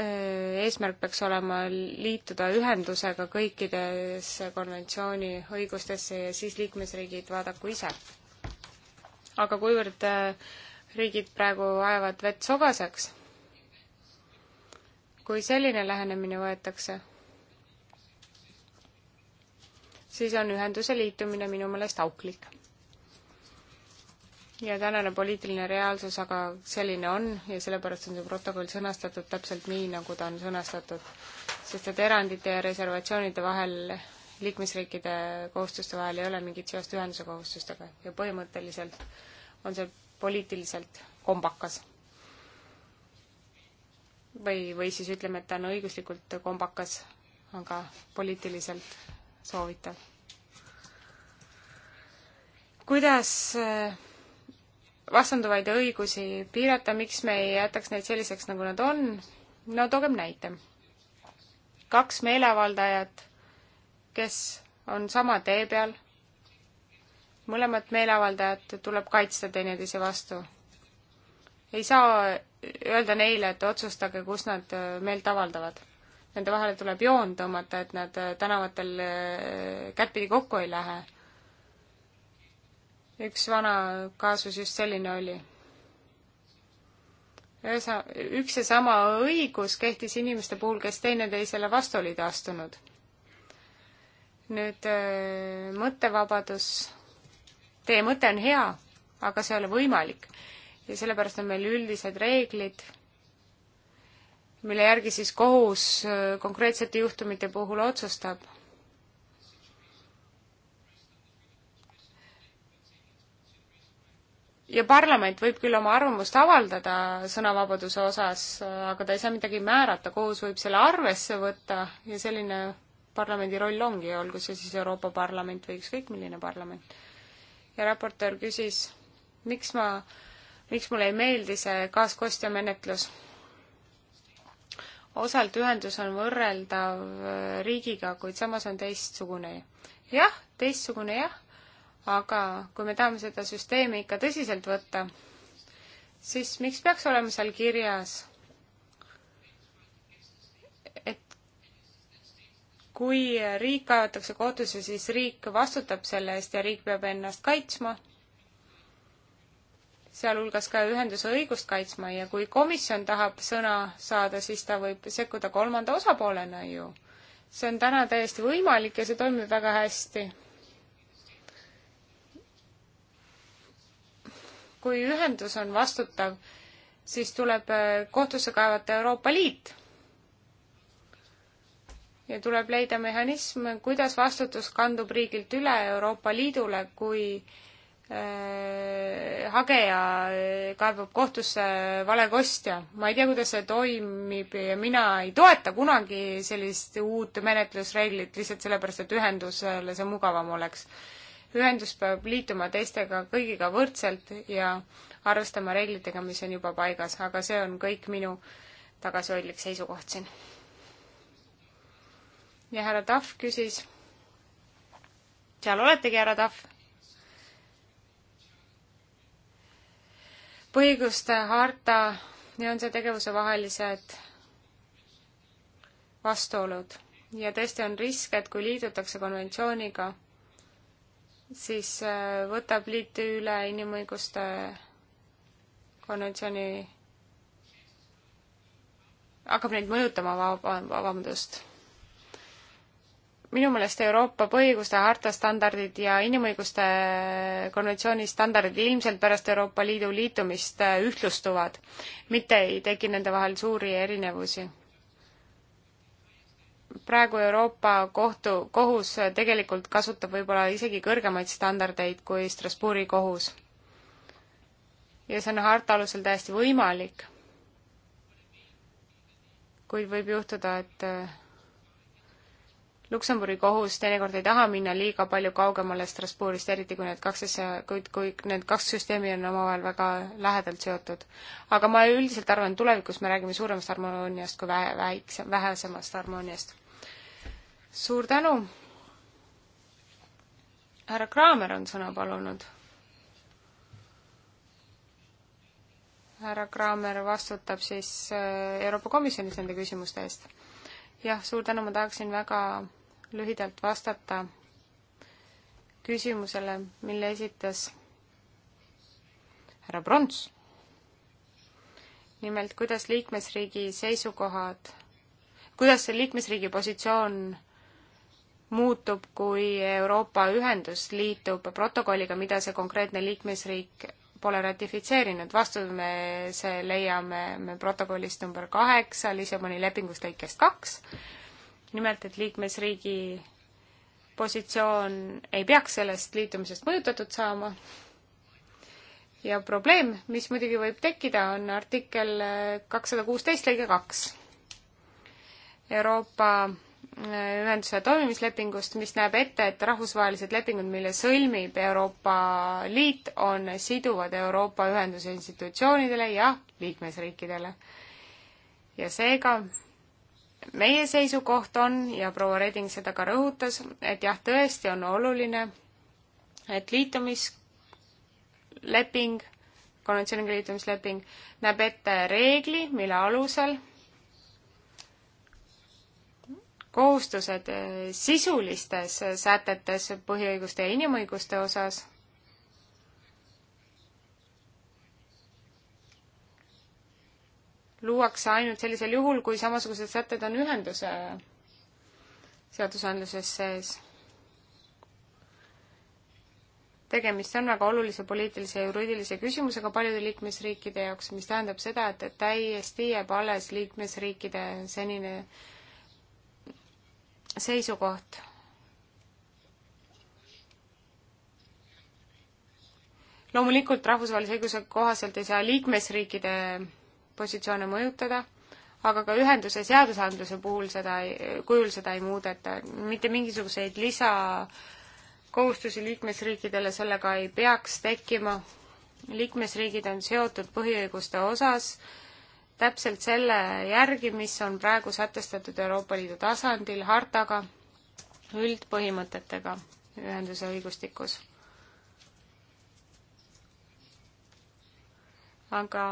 eesmärk peaks olema liituda ühendusega kõikidesse konventsiooni õigustesse ja siis liikmesriigid vaadaku ise. aga kuivõrd äh, riigid praegu ajavad vett sogaseks, kui selline lähenemine võetakse, siis on ühenduse liitumine minu meelest auklik ja tänane poliitiline reaalsus aga selline on ja sellepärast on see protokoll sõnastatud täpselt nii, nagu ta on sõnastatud. sest et erandite ja reservatsioonide vahel, liikmesriikide kohustuste vahel ei ole mingit seost ühenduse kohustustega ja põhimõtteliselt on see poliitiliselt kombakas. või, või siis ütleme, et ta on õiguslikult kombakas, aga poliitiliselt soovitav. kuidas äh, vastanduvaid õigusi piirata, miks me ei jätaks neid selliseks, nagu nad on? no toogem näite. kaks meeleavaldajat, kes on sama tee peal, mõlemat meeleavaldajat tuleb kaitsta teineteise vastu. ei saa öelda neile, et otsustage, kus nad äh, meelt avaldavad. Nende vahele tuleb joon tõmmata, et nad äh, tänavatel äh, kättpidi kokku ei lähe üks vana kaasus just selline oli. ühesa, üks ja sama õigus kehtis inimeste puhul, kes teineteisele vastu olid astunud. nüüd äh, mõttevabadus, teie mõte on hea, aga see ei ole võimalik. ja sellepärast on meil üldised reeglid, mille järgi siis kohus äh, konkreetsete juhtumite puhul otsustab ja parlament võib küll oma arvamust avaldada sõnavabaduse osas, aga ta ei saa midagi määrata, kohus võib selle arvesse võtta ja selline parlamendi roll ongi, olgu see siis Euroopa Parlament või ükskõik milline parlament. ja raportöör küsis, miks ma, miks mulle ei meeldi see kaaskostja menetlus. osalt ühendus on võrreldav riigiga, kuid samas on teistsugune. jah, teistsugune jah, aga kui me tahame seda süsteemi ikka tõsiselt võtta, siis miks peaks olema seal kirjas, et kui riik kaevatakse kohtusse, siis riik vastutab selle eest ja riik peab ennast kaitsma, sealhulgas ka ühenduse õigust kaitsma ja kui komisjon tahab sõna saada, siis ta võib sekkuda kolmanda osapoolena ju. see on täna täiesti võimalik ja see toimib väga hästi kui ühendus on vastutav, siis tuleb äh, kohtusse kaevata Euroopa Liit. ja tuleb leida mehhanism, kuidas vastutus kandub riigilt üle Euroopa Liidule, kui äh, hageja äh, kaebab kohtusse valekostja. ma ei tea, kuidas see toimib ja mina ei toeta kunagi sellist uut menetlusreeglit lihtsalt sellepärast, et ühendusele see mugavam oleks ühendus peab liituma teistega kõigiga võrdselt ja arvestama reeglitega, mis on juba paigas, aga see on kõik minu tagasihoidlik seisukoht siin. ja härra Tahv küsis, seal oletegi, härra Tahv? põhiõiguste harta ja on see tegevusevahelised vastuolud ja tõesti on risk, et kui liidutakse konventsiooniga, siis äh, võtab liit üle inimõiguste konventsiooni, hakkab neid mõjutama, vaba, vabandust. minu meelest Euroopa põhiõiguste harta standardid ja inimõiguste konventsiooni standardid ilmselt pärast Euroopa Liidu liitumist äh, ühtlustuvad, mitte ei teki nende vahel suuri erinevusi praegu Euroopa kohtu, kohus tegelikult kasutab võib-olla isegi kõrgemaid standardeid kui Strasbourgi kohus. ja see on harta alusel täiesti võimalik. kuid võib juhtuda, et äh, Luksemburgi kohus teinekord ei taha minna liiga palju kaugemale Strasbourgist, eriti kui need kaks asja, kuid kui need kaks süsteemi on omavahel väga lähedalt seotud. aga ma üldiselt arvan, et tulevikus me räägime suuremast harmooniast kui vähe, väiksem, vähesemast harmooniast suur tänu. härra Kraamer on sõna palunud. härra Kraamer vastutab siis äh, Euroopa Komisjonis nende küsimuste eest. jah, suur tänu, ma tahaksin väga lühidalt vastata küsimusele, mille esitas härra Prants. nimelt, kuidas liikmesriigi seisukohad, kuidas see liikmesriigi positsioon muutub, kui Euroopa ühendus liitub protokolliga, mida see konkreetne liikmesriik pole ratifitseerinud. vastuse me see leiame me protokollist number kaheksa Lissaboni lepingust lõikest kaks. nimelt, et liikmesriigi positsioon ei peaks sellest liitumisest mõjutatud saama. ja probleem, mis muidugi võib tekkida, on artikkel kakssada kuusteist lõige kaks. Euroopa ühenduse toimimislepingust, mis näeb ette, et rahvusvahelised lepingud, mille sõlmib Euroopa Liit, on siduvad Euroopa Ühenduse institutsioonidele ja liikmesriikidele. ja seega meie seisukoht on ja proua Reding seda ka rõhutas, et jah, tõesti on oluline, et liitumisleping, konventsiooniga liitumisleping näeb ette reegli, mille alusel kohustused äh, sisulistes äh, sätetes põhiõiguste ja inimõiguste osas. luuakse ainult sellisel juhul, kui samasugused sätted on ühenduse seadusandluses sees. tegemist on väga olulise poliitilise ja juriidilise küsimusega paljude liikmesriikide jaoks, mis tähendab seda, et, et täiesti jääb alles liikmesriikide senine äh, seisukoht loomulikult rahvusvahelise õiguse kohaselt ei saa liikmesriikide positsioone mõjutada, aga ka ühenduse seadusandluse puhul seda ei, kujul seda ei muudeta, mitte mingisuguseid lisakohustusi liikmesriikidele sellega ei peaks tekkima. liikmesriigid on seotud põhiõiguste osas täpselt selle järgi, mis on praegu sätestatud Euroopa Liidu tasandil hartaga, üldpõhimõtetega ühenduse õigustikus. aga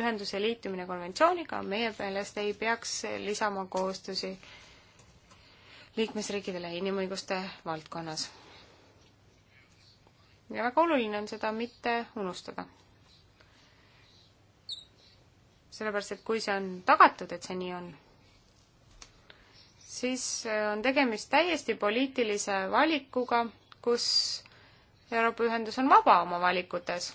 ühenduse liitumine konventsiooniga meie meelest ei peaks lisama kohustusi liikmesriikidele inimõiguste valdkonnas. ja väga oluline on seda mitte unustada sellepärast et kui see on tagatud, et see nii on, siis äh, on tegemist täiesti poliitilise valikuga, kus Euroopa Ühendus on vaba oma valikutes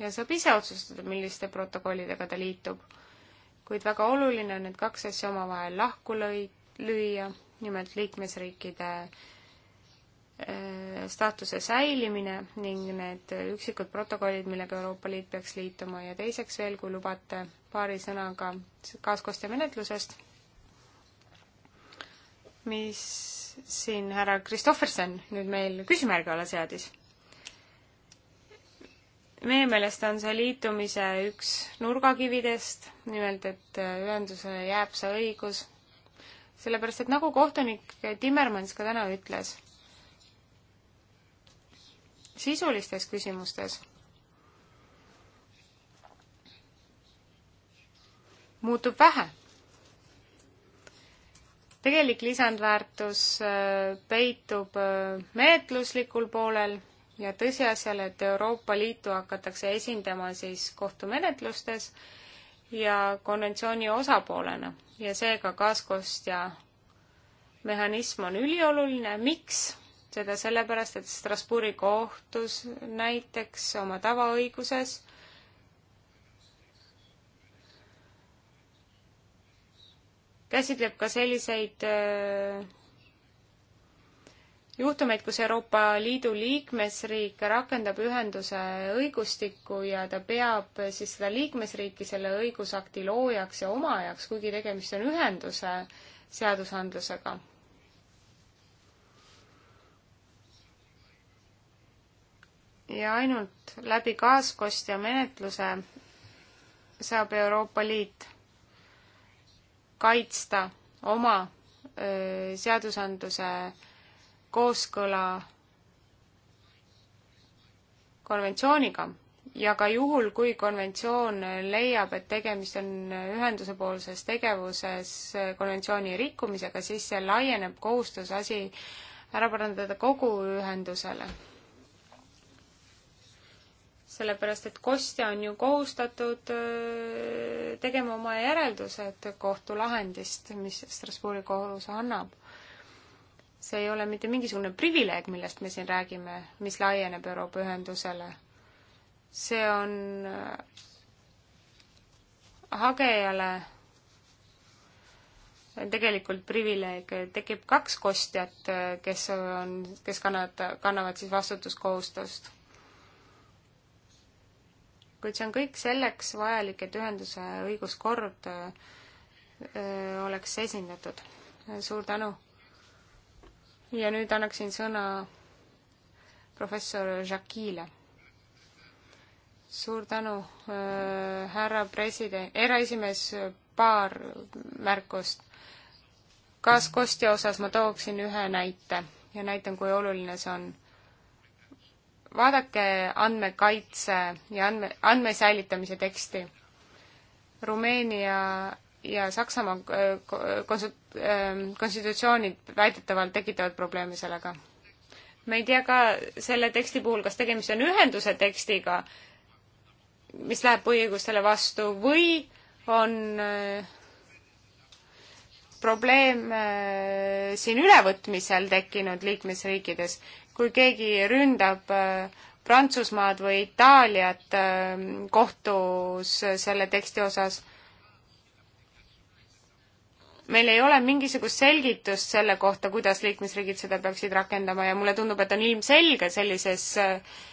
ja saab ise otsustada, milliste protokollidega ta liitub. kuid väga oluline on need kaks asja omavahel lahku lõi-, lüüa, nimelt liikmesriikide äh, Äh, staatuse säilimine ning need üksikud protokollid, millega Euroopa Liit peaks liituma ja teiseks veel, kui lubate paari sõnaga kaaskoostöömenetlusest, mis siin härra Kristoffersen nüüd meil küsimärgi alla seadis. meie meelest on see liitumise üks nurgakividest, nimelt et ühendusele jääb see õigus, sellepärast et nagu kohtunik Timmermans ka täna ütles sisulistes küsimustes muutub vähe. tegelik lisandväärtus äh, peitub äh, menetluslikul poolel ja tõsiasjal, et Euroopa Liitu hakatakse esindama siis kohtumenetlustes ja konventsiooni osapoolena ja seega kaaskostja mehhanism on ülioluline. miks? seda sellepärast, et Strasbourgi kohtus näiteks oma tavaõiguses käsitleb ka selliseid äh, juhtumeid, kus Euroopa Liidu liikmesriik rakendab ühenduse õigustikku ja ta peab siis seda liikmesriiki selle õigusakti loojaks ja omajaks, kuigi tegemist on ühenduse seadusandlusega ja ainult läbi kaaskostja menetluse saab Euroopa Liit kaitsta oma öö, seadusandluse kooskõla konventsiooniga ja ka juhul, kui konventsioon leiab, et tegemist on ühenduse poolses tegevuses konventsiooni rikkumisega, siis see laieneb kohustus asi ära parandada kogu ühendusele sellepärast et kostja on ju kohustatud äh, tegema oma järeldused kohtulahendist, mis Strasbourgi kohus annab. see ei ole mitte mingisugune privileeg, millest me siin räägime, mis laieneb Euroopa Ühendusele. see on äh, hagejale tegelikult privileeg, tekib kaks kostjat, äh, kes on, kes kannavad, kannavad siis vastutuskohustust kuid see on kõik selleks vajalik, et ühenduse õiguskord äh, oleks esindatud. suur tänu! ja nüüd annaksin sõna professor Jacquile. suur tänu, äh, härra president, eraesimees, paar märkust. kaaskostja osas ma tooksin ühe näite ja näitan, kui oluline see on vaadake andmekaitse ja andme, andme säilitamise teksti. Rumeenia ja Saksamaa äh, konsult-, ähm, konstitutsioonid väidetavalt tekitavad probleeme sellega. me ei tea ka selle teksti puhul, kas tegemist on ühenduse tekstiga, mis läheb põhiõigustele vastu või on äh, probleem äh, siin ülevõtmisel tekkinud liikmesriikides kui keegi ründab äh, Prantsusmaad või Itaaliat äh, kohtus selle teksti osas. meil ei ole mingisugust selgitust selle kohta, kuidas liikmesriigid seda peaksid rakendama ja mulle tundub, et on ilmselge sellises äh,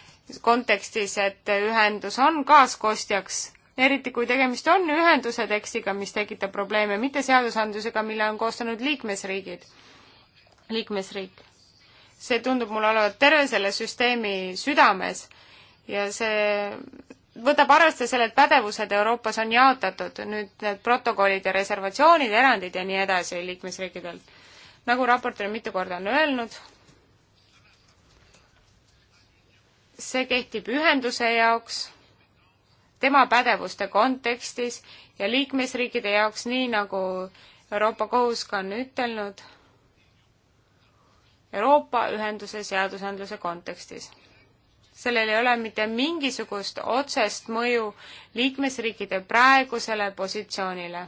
kontekstis, et ühendus on kaaskostjaks, eriti kui tegemist on ühenduse tekstiga, mis tekitab probleeme, mitte seadusandlusega, mille on koostanud liikmesriigid, liikmesriik see tundub mulle olevat terve selle süsteemi südames ja see võtab arvesse selle, et pädevused Euroopas on jaotatud, nüüd need protokollid ja reservatsioonid, erandid ja nii edasi liikmesriikidel. nagu raportöör mitu korda on öelnud, see kehtib ühenduse jaoks, tema pädevuste kontekstis ja liikmesriikide jaoks, nii nagu Euroopa Kohus ka on ütelnud Euroopa ühenduse seadusandluse kontekstis. sellel ei ole mitte mingisugust otsest mõju liikmesriikide praegusele positsioonile.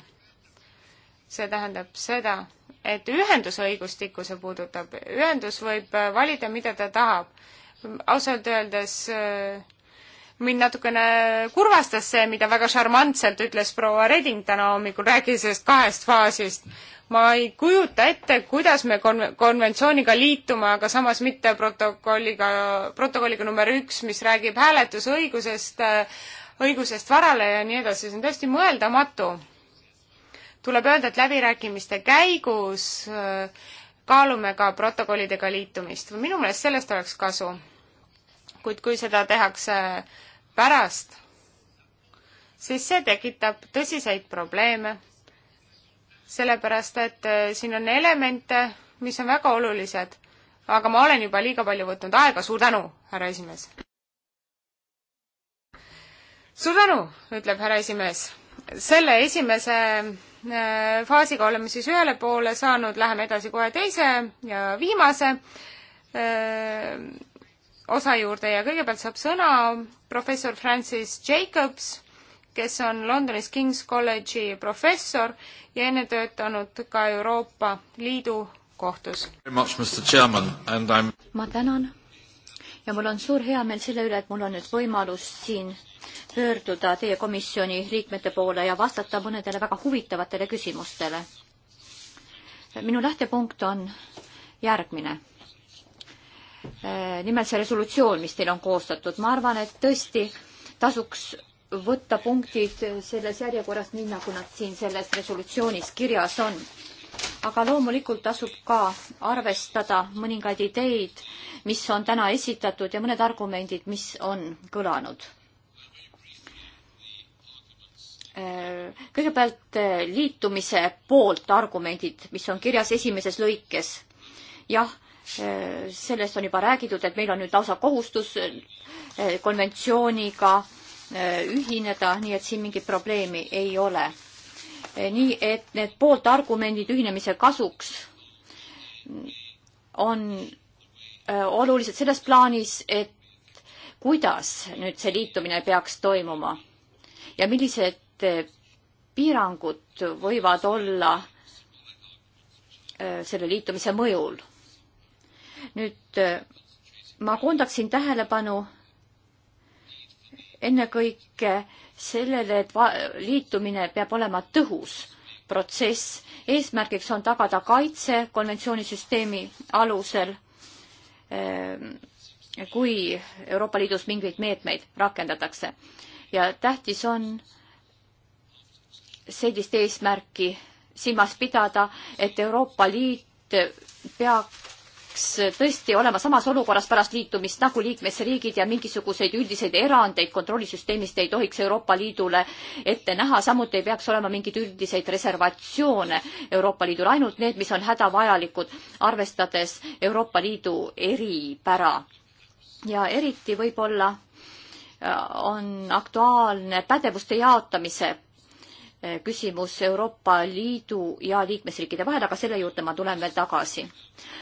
see tähendab seda, et ühendusõigustikku see puudutab, ühendus võib valida, mida ta tahab. ausalt öeldes äh, mind natukene kurvastas see, mida väga šarmantselt ütles proua Reding täna hommikul, rääkides sellest kahest faasist. ma ei kujuta ette, kuidas me kon-, konventsiooniga liitume, aga samas mitte protokolliga, protokolliga number üks, mis räägib hääletusõigusest, õigusest varale ja nii edasi, see on tõesti mõeldamatu. tuleb öelda, et läbirääkimiste käigus äh, kaalume ka protokollidega liitumist või minu meelest sellest oleks kasu kuid kui seda tehakse pärast, siis see tekitab tõsiseid probleeme, sellepärast et äh, siin on elemente, mis on väga olulised, aga ma olen juba liiga palju võtnud aega, suur tänu, härra esimees! suur tänu, ütleb härra esimees. selle esimese äh, faasiga oleme siis ühele poole saanud, läheme edasi kohe teise ja viimase äh, osa juurde ja kõigepealt saab sõna professor Francis Jacobs, kes on Londonis King's College'i professor ja enne töötanud ka Euroopa Liidu kohtus. ma tänan ja mul on suur heameel selle üle, et mul on nüüd võimalus siin pöörduda teie komisjoni liikmete poole ja vastata mõnedele väga huvitavatele küsimustele. minu lähtepunkt on järgmine. Eh, nimelt see resolutsioon, mis teil on koostatud. ma arvan, et tõesti tasuks võtta punktid selles järjekorras, nii nagu nad siin selles resolutsioonis kirjas on. aga loomulikult tasub ka arvestada mõningaid ideid, mis on täna esitatud ja mõned argumendid, mis on kõlanud. Eh, kõigepealt eh, liitumise poolt argumendid, mis on kirjas esimeses lõikes. jah sellest on juba räägitud, et meil on nüüd lausa kohustus eh, konventsiooniga eh, ühineda, nii et siin mingit probleemi ei ole. Eh, nii et need pooltargumendid ühinemise kasuks on olulised selles plaanis, et kuidas nüüd see liitumine peaks toimuma ja millised piirangud võivad olla selle liitumise mõjul nüüd äh, ma koondaksin tähelepanu ennekõike sellele, et liitumine peab olema tõhus protsess. eesmärgiks on tagada kaitse konventsioonisüsteemi alusel, äh, kui Euroopa Liidus mingeid meetmeid rakendatakse. ja tähtis on sellist eesmärki silmas pidada, et Euroopa Liit peaks peaks tõesti olema samas olukorras pärast liitumist nagu liikmesriigid ja mingisuguseid üldiseid erandeid kontrollisüsteemist ei tohiks Euroopa Liidule ette näha, samuti ei peaks olema mingeid üldiseid reservatsioone Euroopa Liidul, ainult need, mis on hädavajalikud, arvestades Euroopa Liidu eripära. ja eriti võib-olla äh, on aktuaalne pädevuste jaotamise Eh, küsimus Euroopa Liidu ja liikmesriikide vahel, aga selle juurde ma tulen veel tagasi.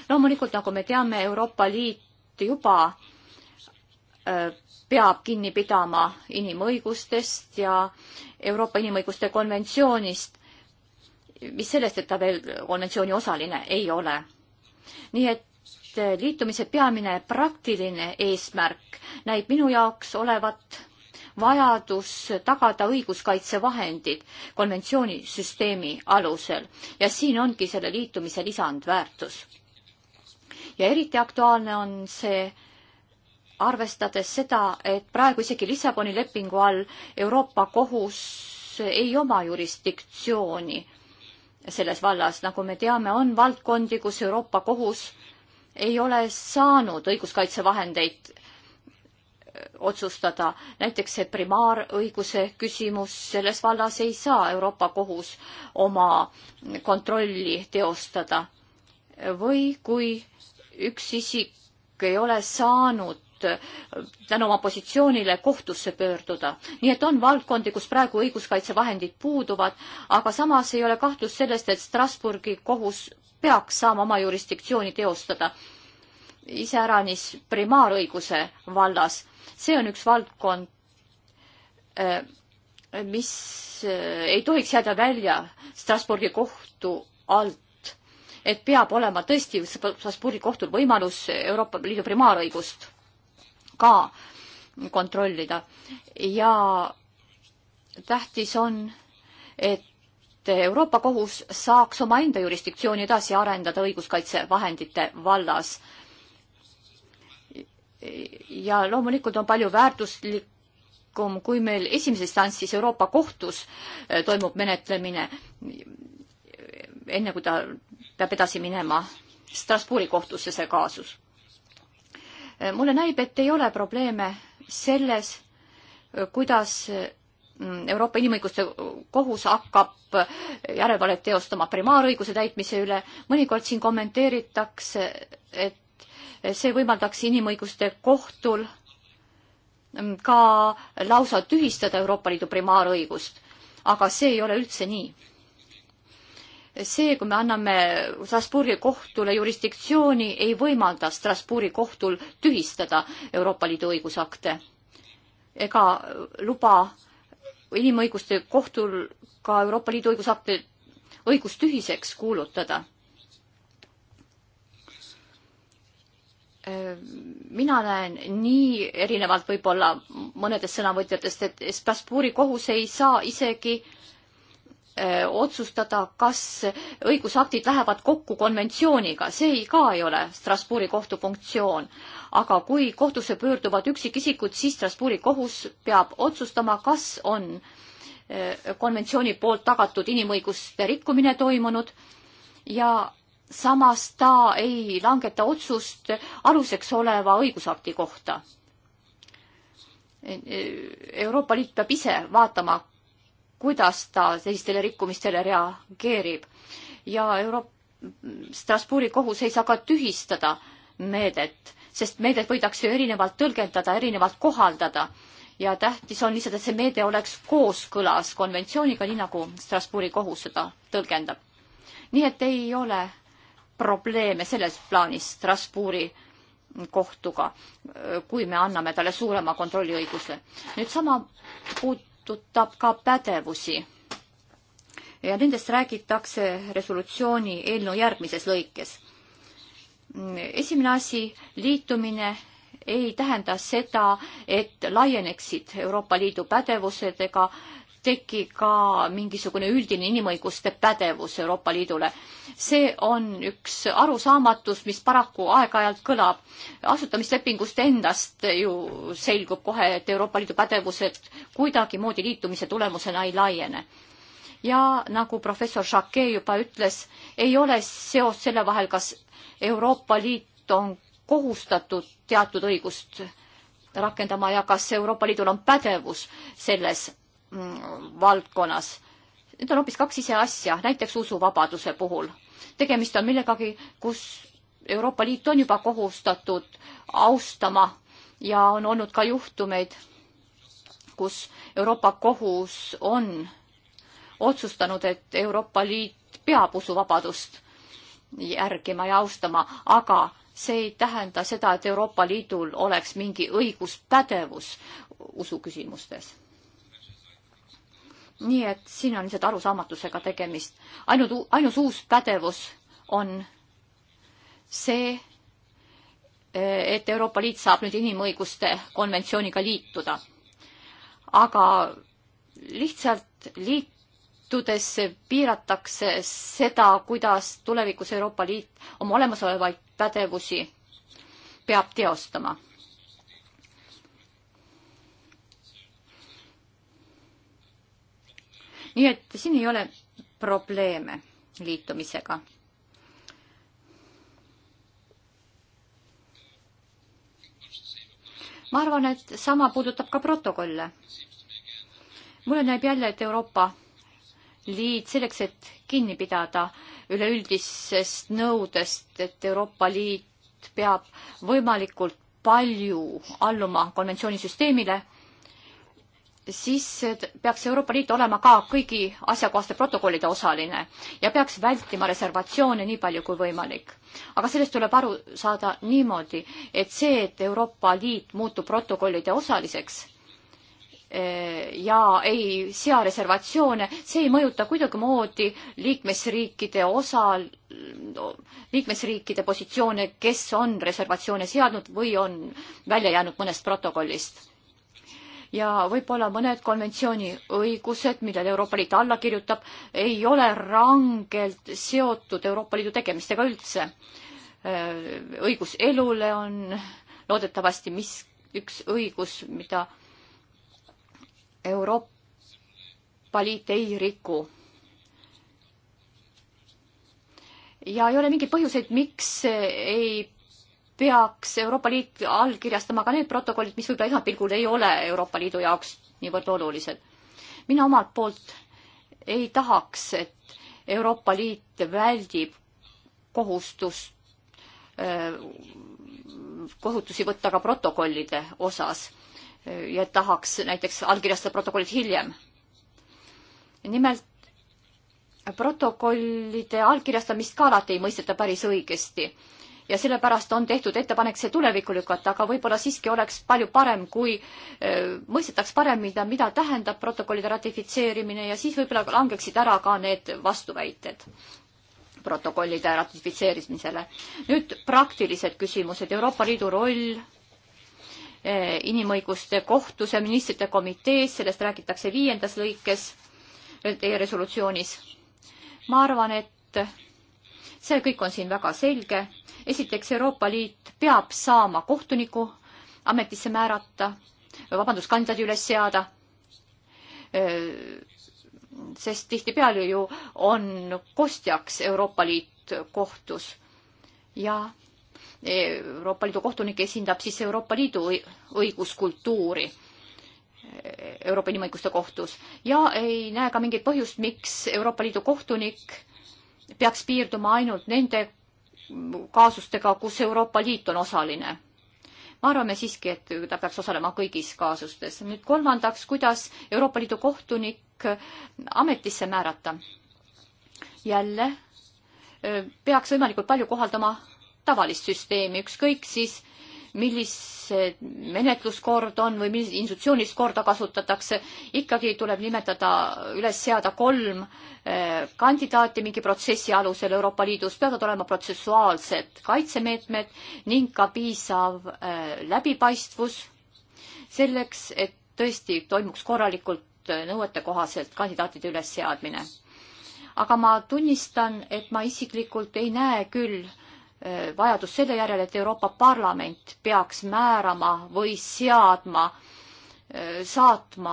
loomulikult, nagu me teame, Euroopa Liit juba eh, peab kinni pidama inimõigustest ja Euroopa Inimõiguste konventsioonist, mis sellest, et ta veel konventsiooni osaline ei ole. nii et eh, liitumise peamine praktiline eesmärk näib minu jaoks olevat vajadus tagada õiguskaitsevahendid konventsiooni süsteemi alusel ja siin ongi selle liitumise lisandväärtus. ja eriti aktuaalne on see arvestades seda, et praegu isegi Lissaboni lepingu all Euroopa Kohus ei oma jurisdiktsiooni selles vallas, nagu me teame, on valdkondi, kus Euroopa Kohus ei ole saanud õiguskaitsevahendeid otsustada. näiteks see primaarõiguse küsimus, selles vallas ei saa Euroopa Kohus oma kontrolli teostada. või kui üks isik ei ole saanud tänu oma positsioonile kohtusse pöörduda. nii et on valdkondi, kus praegu õiguskaitsevahendid puuduvad, aga samas ei ole kahtlust sellest, et Strasburgi kohus peaks saama oma jurisdiktsiooni teostada iseäranis primaarõiguse vallas see on üks valdkond, äh, mis äh, ei tohiks jääda välja Strasbourgi kohtu alt, et peab olema tõesti Strasbourgi kohtul võimalus Euroopa Liidu primaarõigust ka kontrollida ja tähtis on, et Euroopa Kohus saaks omaenda jurisdiktsiooni edasi arendada õiguskaitsevahendite vallas ja loomulikult on palju väärtuslikum, kui meil esimeses instantsis Euroopa Kohtus äh, toimub menetlemine, enne kui ta peab edasi minema Strasbourgi kohtusse, see kaasus. Äh, mulle näib, et ei ole probleeme selles, äh, kuidas Euroopa Inimõiguste Kohus hakkab järelevalvet teostama primaarõiguse täitmise üle. mõnikord siin kommenteeritakse, et see võimaldaks inimõiguste kohtul ka lausa tühistada Euroopa Liidu primaarõigust, aga see ei ole üldse nii. see, kui me anname Strasbourgi kohtule jurisdiktsiooni, ei võimalda Strasbourgi kohtul tühistada Euroopa Liidu õigusakte ega luba inimõiguste kohtul ka Euroopa Liidu õigusakte õigustühiseks kuulutada mina näen nii erinevalt võib-olla mõnedest sõnavõtjatest, et Strasbourgi kohus ei saa isegi äh, otsustada, kas õigusaktid lähevad kokku konventsiooniga, see ka ei ole Strasbourgi kohtu funktsioon. aga kui kohtusse pöörduvad üksikisikud, siis Strasbourgi kohus peab otsustama, kas on äh, konventsiooni poolt tagatud inimõiguste rikkumine toimunud ja samas ta ei langeta otsust aluseks oleva õigusakti kohta. Euroopa Liit peab ise vaatama, kuidas ta sellistele rikkumistele reageerib ja Euroopa Strasbourgi kohus ei saa ka tühistada meedet, sest meedet võidakse ju erinevalt tõlgendada, erinevalt kohaldada ja tähtis on lihtsalt, et see meede oleks kooskõlas konventsiooniga, nii nagu Strasbourgi kohus seda tõlgendab. nii et ei ole probleeme selles plaanis Strasbourgi kohtuga, kui me anname talle suurema kontrolliõiguse. nüüd sama puudutab ka pädevusi. ja nendest räägitakse resolutsiooni eelnõu järgmises lõikes. esimene asi, liitumine ei tähenda seda, et laieneksid Euroopa Liidu pädevused ega teki ka mingisugune üldine inimõiguste pädevus Euroopa Liidule. see on üks arusaamatus, mis paraku aeg-ajalt kõlab. asutamislepingust endast ju selgub kohe, et Euroopa Liidu pädevused kuidagimoodi liitumise tulemusena ei laiene ja nagu professor Jacquet juba ütles, ei ole seost selle vahel, kas Euroopa Liit on kohustatud teatud õigust rakendama ja kas Euroopa Liidul on pädevus selles Mm, valdkonnas. Need on hoopis kaks ise asja, näiteks usuvabaduse puhul. tegemist on millegagi, kus Euroopa Liit on juba kohustatud austama ja on olnud ka juhtumeid, kus Euroopa Kohus on otsustanud, et Euroopa Liit peab usuvabadust järgima ja austama, aga see ei tähenda seda, et Euroopa Liidul oleks mingi õiguspädevus usuküsimustes nii et siin on lihtsalt arusaamatusega tegemist. ainult, ainus uus pädevus on see, e, et Euroopa Liit saab nüüd inimõiguste konventsiooniga liituda. aga lihtsalt liitudes piiratakse seda, kuidas tulevikus Euroopa Liit oma olemasolevaid pädevusi peab teostama nii et siin ei ole probleeme liitumisega. ma arvan, et sama puudutab ka protokolle. mulle näib jälle, et Euroopa Liit selleks, et kinni pidada üleüldisest nõudest, et Euroopa Liit peab võimalikult palju alluma konventsioonisüsteemile siis peaks Euroopa Liit olema ka kõigi asjakohaste protokollide osaline ja peaks vältima reservatsioone nii palju kui võimalik. aga sellest tuleb aru saada niimoodi, et see, et Euroopa Liit muutub protokollide osaliseks eh, ja ei sea reservatsioone, see ei mõjuta kuidagimoodi liikmesriikide osal, liikmesriikide positsioone, kes on reservatsioone seadnud või on välja jäänud mõnest protokollist ja võib-olla mõned konventsiooni õigused, millele Euroopa Liit alla kirjutab, ei ole rangelt seotud Euroopa Liidu tegemistega üldse. Äh, õigus elule on loodetavasti mis, üks õigus, mida Euroopa Liit ei riku ja ei ole mingeid põhjuseid, miks ei peaks Euroopa Liit allkirjastama ka need protokollid, mis võib-olla esmapilgul ei ole Euroopa Liidu jaoks niivõrd olulised. mina omalt poolt ei tahaks, et Euroopa Liit väldib kohustust, äh, kohutusi võtta ka protokollide osas ja tahaks näiteks allkirjastada protokollid hiljem. nimelt protokollide allkirjastamist ka alati ei mõisteta päris õigesti ja sellepärast on tehtud ettepanek see tulevikku lükata, aga võib-olla siiski oleks palju parem, kui äh, mõistetaks paremini, mida tähendab protokollide ratifitseerimine ja siis võib-olla langeksid ära ka need vastuväited protokollide ratifitseerimisele. nüüd praktilised küsimused, Euroopa Liidu roll äh, inimõiguste kohtuse ministrite komitees, sellest räägitakse viiendas lõikes äh, teie resolutsioonis. ma arvan, et see kõik on siin väga selge esiteks, Euroopa Liit peab saama kohtuniku ametisse määrata, vabandust, kandidaadi üles seada, sest tihtipeale ju on kostjaks Euroopa Liit kohtus ja Euroopa Liidu kohtunik esindab siis Euroopa Liidu õiguskultuuri Euroopa Inimõiguste Kohtus ja ei näe ka mingit põhjust, miks Euroopa Liidu kohtunik peaks piirduma ainult nende kaasustega, kus Euroopa Liit on osaline. ma arvame siiski, et ta peaks osalema kõigis kaasustes. nüüd kolmandaks, kuidas Euroopa Liidu kohtunik ametisse määrata? jälle peaks võimalikult palju kohaldama tavalist süsteemi, ükskõik siis millise menetluskord on või millises institutsioonis korda kasutatakse, ikkagi tuleb nimetada, üles seada kolm eh, kandidaati mingi protsessi alusel Euroopa Liidus, peavad olema protsessuaalsed kaitsemeetmed ning ka piisav eh, läbipaistvus selleks, et tõesti toimuks korralikult eh, nõuetekohaselt kandidaatide ülesseadmine. aga ma tunnistan, et ma isiklikult ei näe küll, Äh, vajadus selle järele, et Euroopa Parlament peaks määrama või seadma, äh, saatma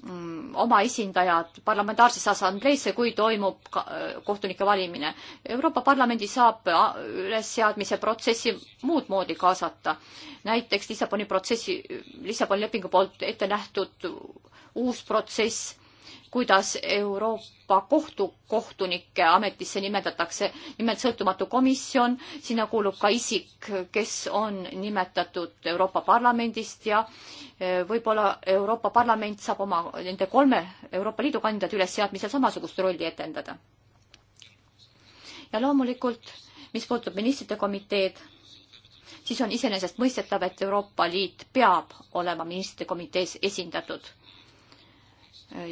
mm, oma esindajad parlamentaarsesse assambleesse, kui toimub äh, kohtunike valimine. Euroopa Parlamendi saab ülesseadmise protsessi muud moodi kaasata. näiteks Lissaboni protsessi, Lissaboni lepingu poolt ette nähtud uus protsess kuidas Euroopa kohtu kohtunikke ametisse nimetatakse. nimelt sõltumatu komisjon, sinna kuulub ka isik, kes on nimetatud Euroopa Parlamendist ja e, võib-olla Euroopa Parlament saab oma nende kolme Euroopa Liidu kandidaadi ülesseadmisel samasugust rolli etendada. ja loomulikult, mis puutub ministrite komiteed, siis on iseenesestmõistetav, et Euroopa Liit peab olema ministrite komitees esindatud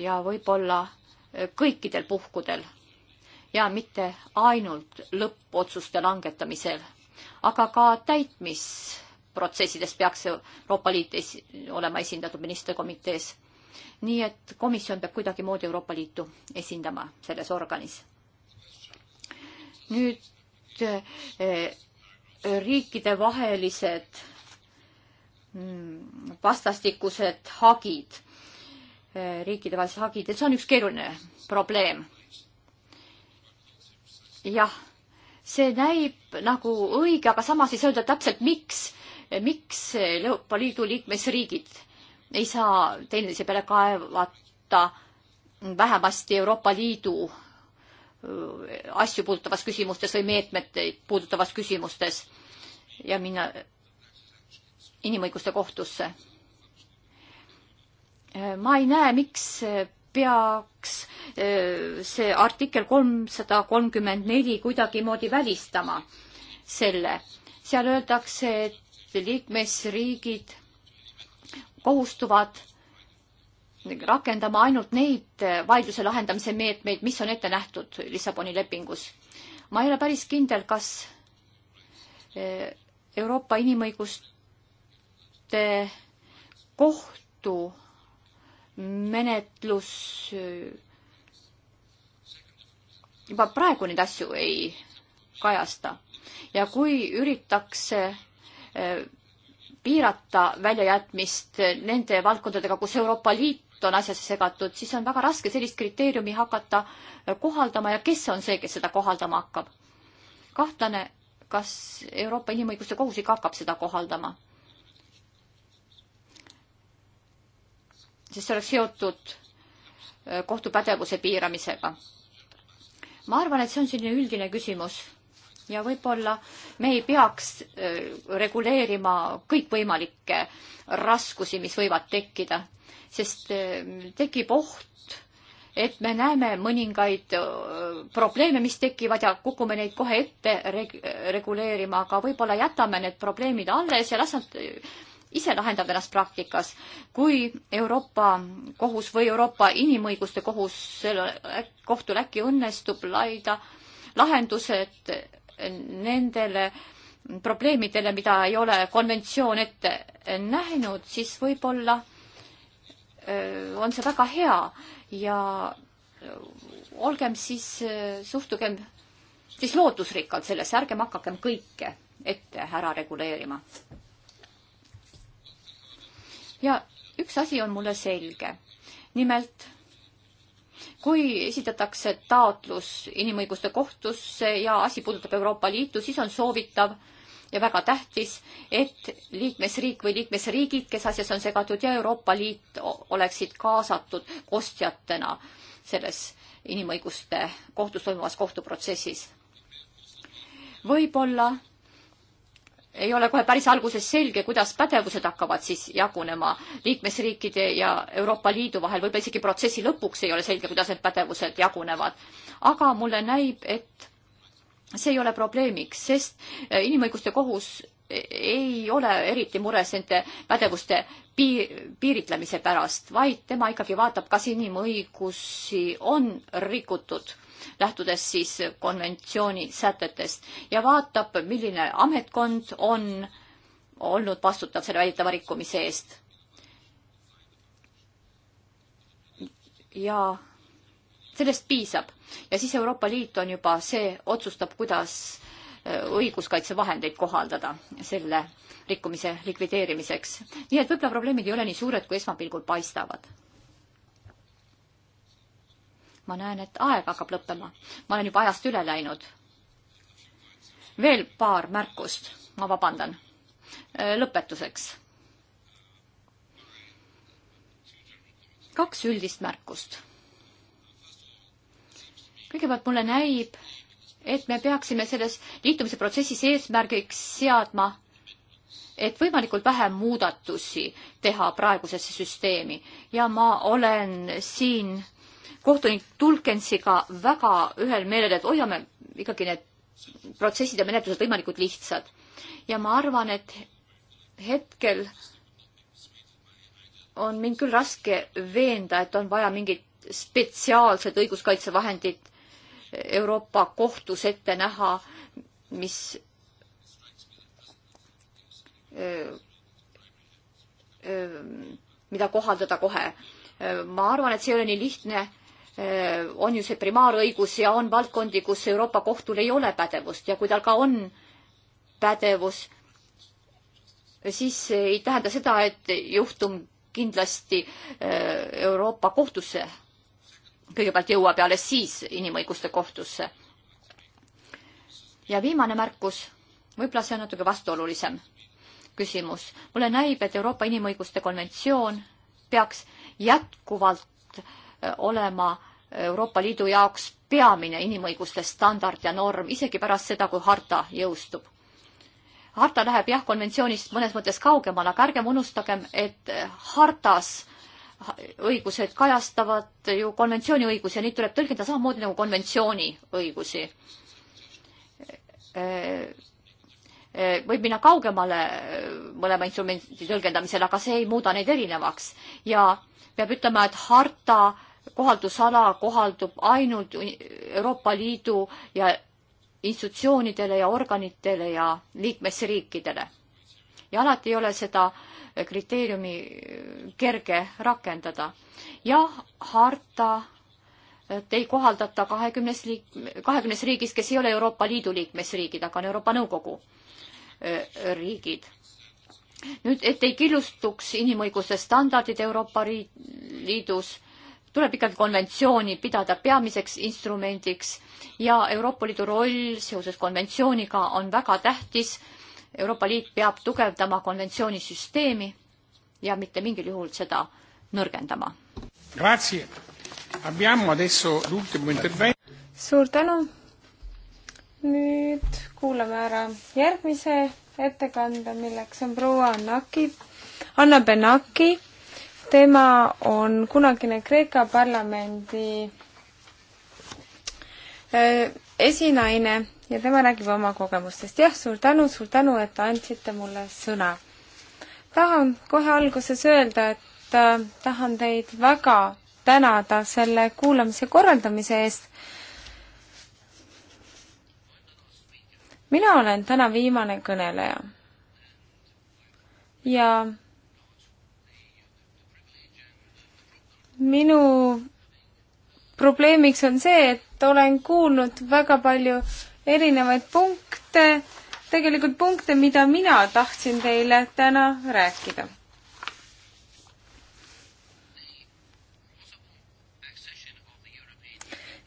ja võib-olla kõikidel puhkudel ja mitte ainult lõppotsuste langetamisel, aga ka täitmisprotsessides peaks Euroopa Liit esi olema esindatud ministerkomitees. nii et komisjon peab kuidagimoodi Euroopa Liitu esindama selles organis. nüüd eh, riikidevahelised mm, vastastikused hagid riikidevahelised hagid, et see on üks keeruline probleem. jah, see näib nagu õige, aga samas ei saa öelda täpselt, miks, miks Euroopa Liidu liikmesriigid ei saa teineteise peale kaevata vähemasti Euroopa Liidu äh, asju puudutavas küsimustes või meetmeid puudutavas küsimustes ja minna inimõiguste kohtusse Äh, ma ei näe, miks äh, peaks äh, see artikkel kolmsada kolmkümmend neli kuidagimoodi välistama selle. seal öeldakse, et liikmesriigid kohustuvad rakendama ainult neid vaidluse lahendamise meetmeid, mis on ette nähtud Lissaboni lepingus. ma ei ole päris kindel, kas Euroopa Inimõiguste Kohtu menetlus juba praegu neid asju ei kajasta ja kui üritatakse eh, piirata väljajätmist nende valdkondadega, kus Euroopa Liit on asjasse segatud, siis on väga raske sellist kriteeriumi hakata eh, kohaldama ja kes on see, kes seda kohaldama hakkab. kahtlane, kas Euroopa Inimõiguste Kohus ikka hakkab seda kohaldama sest see oleks seotud äh, kohtupädevuse piiramisega. ma arvan, et see on selline üldine küsimus ja võib-olla me ei peaks äh, reguleerima kõikvõimalikke raskusi, mis võivad tekkida, sest äh, tekib oht, et me näeme mõningaid probleeme, mis tekivad ja kukume neid kohe ette reg reguleerima, aga võib-olla jätame need probleemid alles ja las nad ise lahendab ennast praktikas. kui Euroopa kohus või Euroopa Inimõiguste kohus, selle kohtul äkki õnnestub laida lahendused nendele probleemidele, mida ei ole konventsioon ette näinud, siis võib-olla on see väga hea ja olgem siis, suhtugem siis lootusrikkalt sellesse, ärgem hakakem kõike ette ära reguleerima ja üks asi on mulle selge. nimelt, kui esitatakse taotlus inimõiguste kohtusse ja asi puudutab Euroopa Liitu, siis on soovitav ja väga tähtis, et liikmesriik või liikmesriigid, kes asjas on segatud ja Euroopa Liit oleksid kaasatud kostjatena selles inimõiguste kohtus toimuvas kohtuprotsessis. võib-olla ei ole kohe päris alguses selge, kuidas pädevused hakkavad siis jagunema liikmesriikide ja Euroopa Liidu vahel, võib-olla isegi protsessi lõpuks ei ole selge, kuidas need pädevused jagunevad. aga mulle näib, et see ei ole probleemiks, sest eh, inimõiguste kohus ei ole eriti mures nende pädevuste piir, piiritlemise pärast, vaid tema ikkagi vaatab, kas inimõigusi on rikutud lähtudes siis konventsiooni sätetest ja vaatab, milline ametkond on olnud vastutav selle väidetava rikkumise eest. ja sellest piisab ja siis Euroopa Liit on juba see, otsustab, kuidas äh, õiguskaitsevahendeid kohaldada selle rikkumise likvideerimiseks. nii et võib-olla probleemid ei ole nii suured, kui esmapilgul paistavad ma näen, et aeg hakkab lõppema. ma olen juba ajast üle läinud. veel paar märkust, ma vabandan. Äh, lõpetuseks. kaks üldist märkust. kõigepealt mulle näib, et me peaksime selles liitumise protsessis eesmärgiks seadma et võimalikult vähe muudatusi teha praegusesse süsteemi ja ma olen siin kohtunik Tulkensiga väga ühel meelel, et hoiame ikkagi need protsessid ja menetlused võimalikult lihtsad. ja ma arvan, et hetkel on mind küll raske veenda, et on vaja mingit spetsiaalsed õiguskaitsevahendid Euroopa kohtus ette näha, mis mida kohaldada kohe. ma arvan, et see ei ole nii lihtne Äh, on ju see primaarõigus ja on valdkondi, kus Euroopa Kohtul ei ole pädevust ja kui tal ka on pädevus, siis ei tähenda seda, et juhtum kindlasti äh, Euroopa kohtusse kõigepealt jõuab ja alles siis inimõiguste kohtusse. ja viimane märkus, võib-olla see on natuke vastuolulisem küsimus. mulle näib, et Euroopa Inimõiguste Konventsioon peaks jätkuvalt olema Euroopa Liidu jaoks peamine inimõiguste standard ja norm, isegi pärast seda, kui harta jõustub. harta läheb jah, konventsioonist mõnes mõttes kaugemale, aga ärgem unustagem, et hartas õigused kajastavad ju konventsiooni õigusi ja neid tuleb tõlgendada samamoodi nagu konventsiooni õigusi. võib minna kaugemale mõlema instrumendi tõlgendamisel, aga see ei muuda neid erinevaks ja peab ütlema, et harta kohaldusala kohaldub ainult Euroopa Liidu ja institutsioonidele ja organitele ja liikmesriikidele. ja alati ei ole seda kriteeriumi äh, kerge rakendada. jah, harta ei kohaldata kahekümnes liik-, kahekümnes riigis, kes ei ole Euroopa Liidu liikmesriigid, aga on Euroopa Nõukogu äh, riigid. nüüd, et ei killustuks inimõiguste standardid Euroopa Liidus tuleb ikkagi konventsiooni pidada peamiseks instrumendiks ja Euroopa Liidu roll seoses konventsiooniga on väga tähtis. Euroopa Liit peab tugevdama konventsiooni süsteemi ja mitte mingil juhul seda nõrgendama. suur tänu. nüüd kuulame ära järgmise ettekande, milleks on proua Annaki, Anna Benaki tema on kunagine Kreeka parlamendi äh, esinaine ja tema räägib oma kogemustest. jah, suur tänu, suur tänu, et andsite mulle sõna. tahan kohe alguses öelda, et äh, tahan teid väga tänada selle kuulamise korraldamise eest. mina olen täna viimane kõneleja. ja minu probleemiks on see, et olen kuulnud väga palju erinevaid punkte, tegelikult punkte, mida mina tahtsin teile täna rääkida.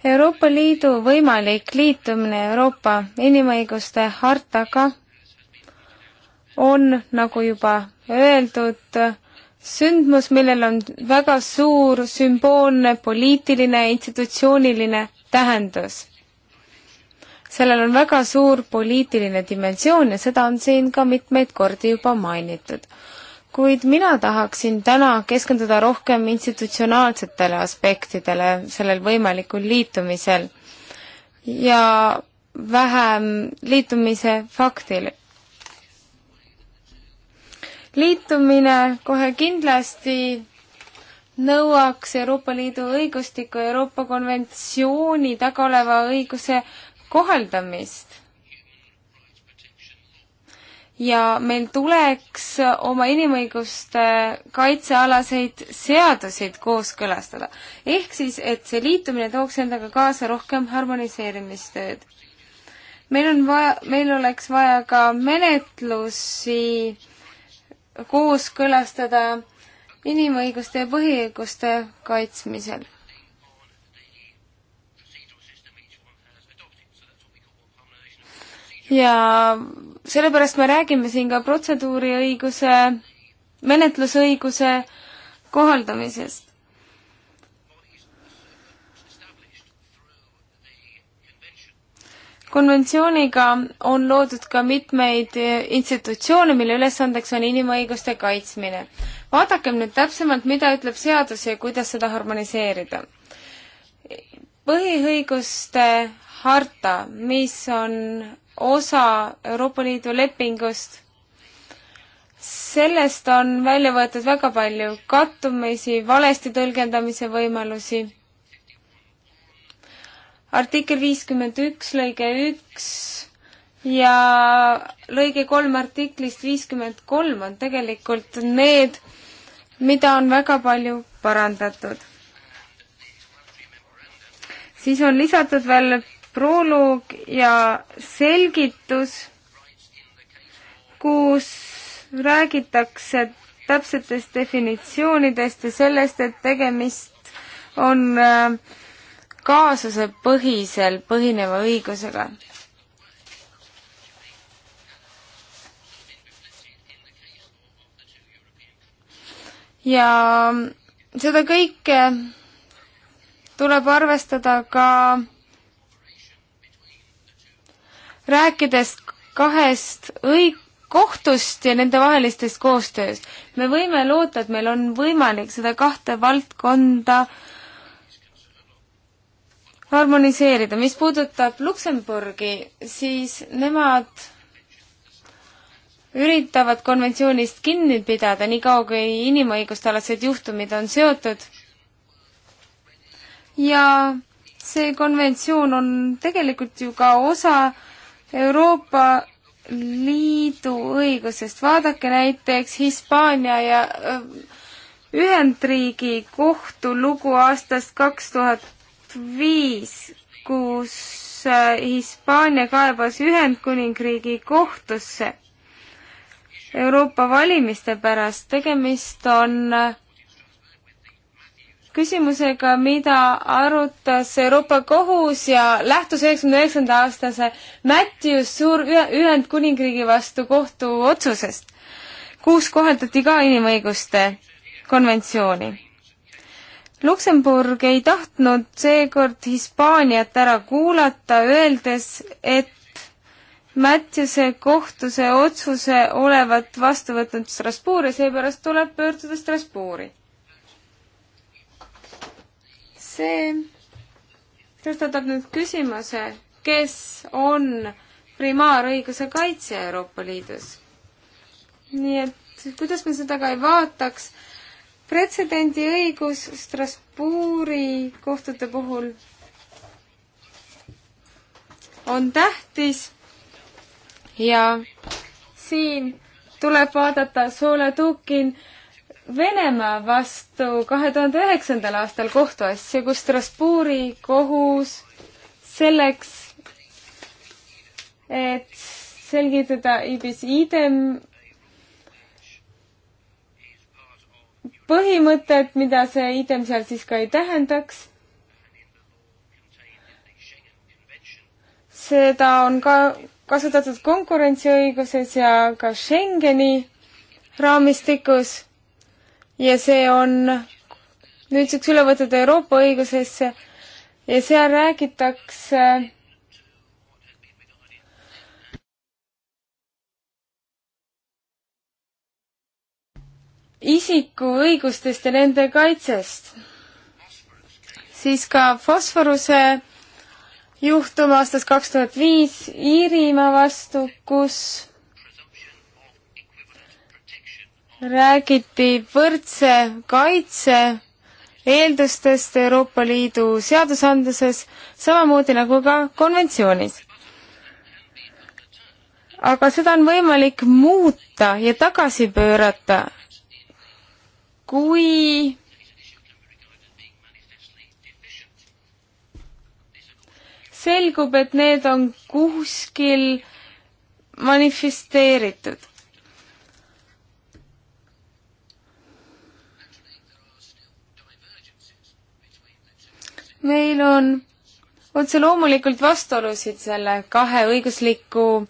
Euroopa Liidu võimalik liitumine Euroopa inimõiguste hartaga on, nagu juba öeldud, sündmus, millel on väga suur sümboolne poliitiline institutsiooniline tähendus. sellel on väga suur poliitiline dimensioon ja seda on siin ka mitmeid kordi juba mainitud. kuid mina tahaksin täna keskenduda rohkem institutsionaalsetele aspektidele sellel võimalikul liitumisel ja vähem liitumise faktile liitumine kohe kindlasti nõuaks Euroopa Liidu õigustiku Euroopa konventsiooni taga oleva õiguse kohaldamist. ja meil tuleks oma inimõiguste kaitsealaseid seaduseid kooskõlastada. ehk siis, et see liitumine tooks endaga kaasa rohkem harmoniseerimistööd. meil on vaja, meil oleks vaja ka menetlusi äh, kooskõlastada inimõiguste ja põhiõiguste kaitsmisel. ja sellepärast me räägime siin ka protseduuriõiguse, menetlusõiguse kohaldamisest. konventsiooniga on loodud ka mitmeid eh, institutsioone, mille ülesandeks on inimõiguste kaitsmine. vaadakem nüüd täpsemalt, mida ütleb seadus ja kuidas seda harmoniseerida. põhiõiguste harta, mis on osa Euroopa Liidu lepingust, sellest on välja võetud väga palju kattumisi, valesti tõlgendamise võimalusi artikkel viiskümmend üks lõige üks ja lõige kolm artiklist viiskümmend kolm on tegelikult need, mida on väga palju parandatud. siis on lisatud veel proloog ja selgitus, kus räägitakse täpsetest definitsioonidest ja sellest, et tegemist on äh, kaasusepõhisel põhineva õigusega. ja seda kõike tuleb arvestada ka rääkides kahest õig-, kohtust ja nendevahelistest koostööst. me võime loota, et meil on võimalik seda kahte valdkonda äh, harmoniseerida. mis puudutab Luksemburgi, siis nemad üritavad konventsioonist kinni pidada, niikaua kui inimõigustealased juhtumid on seotud. ja see konventsioon on tegelikult ju ka osa Euroopa Liidu õigusest. vaadake näiteks Hispaania ja äh, Ühendriigi kohtu lugu aastast kaks tuhat viis, kus äh, Hispaania kaebas Ühendkuningriigi kohtusse Euroopa valimiste pärast. tegemist on äh, küsimusega, mida arutas Euroopa Kohus ja lähtus üheksakümne üheksanda aastase Matthews suur Ühendkuningriigi vastu kohtuotsusest, kus kohaldati ka inimõiguste konventsiooni. Luksemburg ei tahtnud seekord Hispaaniat ära kuulata, öeldes, et Mattiuse kohtuse otsuse olevat vastu võtnud Strasbourgi, seepärast tuleb pöörduda Strasbourgi. see tõstatab nüüd küsimuse, kes on primaarõiguse kaitsja Euroopa Liidus. nii et kuidas me seda ka ei vaataks, pretsedendi õigus Strasbourgi kohtute puhul on tähtis ja siin tuleb vaadata Soletukin Venemaa vastu kahe tuhande üheksandal aastal kohtuasja, kus Strasbourgi kohus selleks, et selgitada IBIS idem põhimõtet, mida see item seal siis ka ei tähendaks. seda on ka kasutatud konkurentsiõiguses ja ka Schengeni raamistikus ja see on nüüdseks üle võetud Euroopa õigusesse ja seal räägitakse äh, isiku õigustest ja nende kaitsest. siis ka fosforuse juhtum aastast kaks tuhat viis Iirimaa vastu, kus räägiti võrdse kaitse eeldustest Euroopa Liidu seadusandluses, samamoodi nagu ka konventsioonis. aga seda on võimalik muuta ja tagasi pöörata kui selgub, et need on kuskil manifesteeritud. meil on otse loomulikult vastuolusid selle kahe õigusliku äh,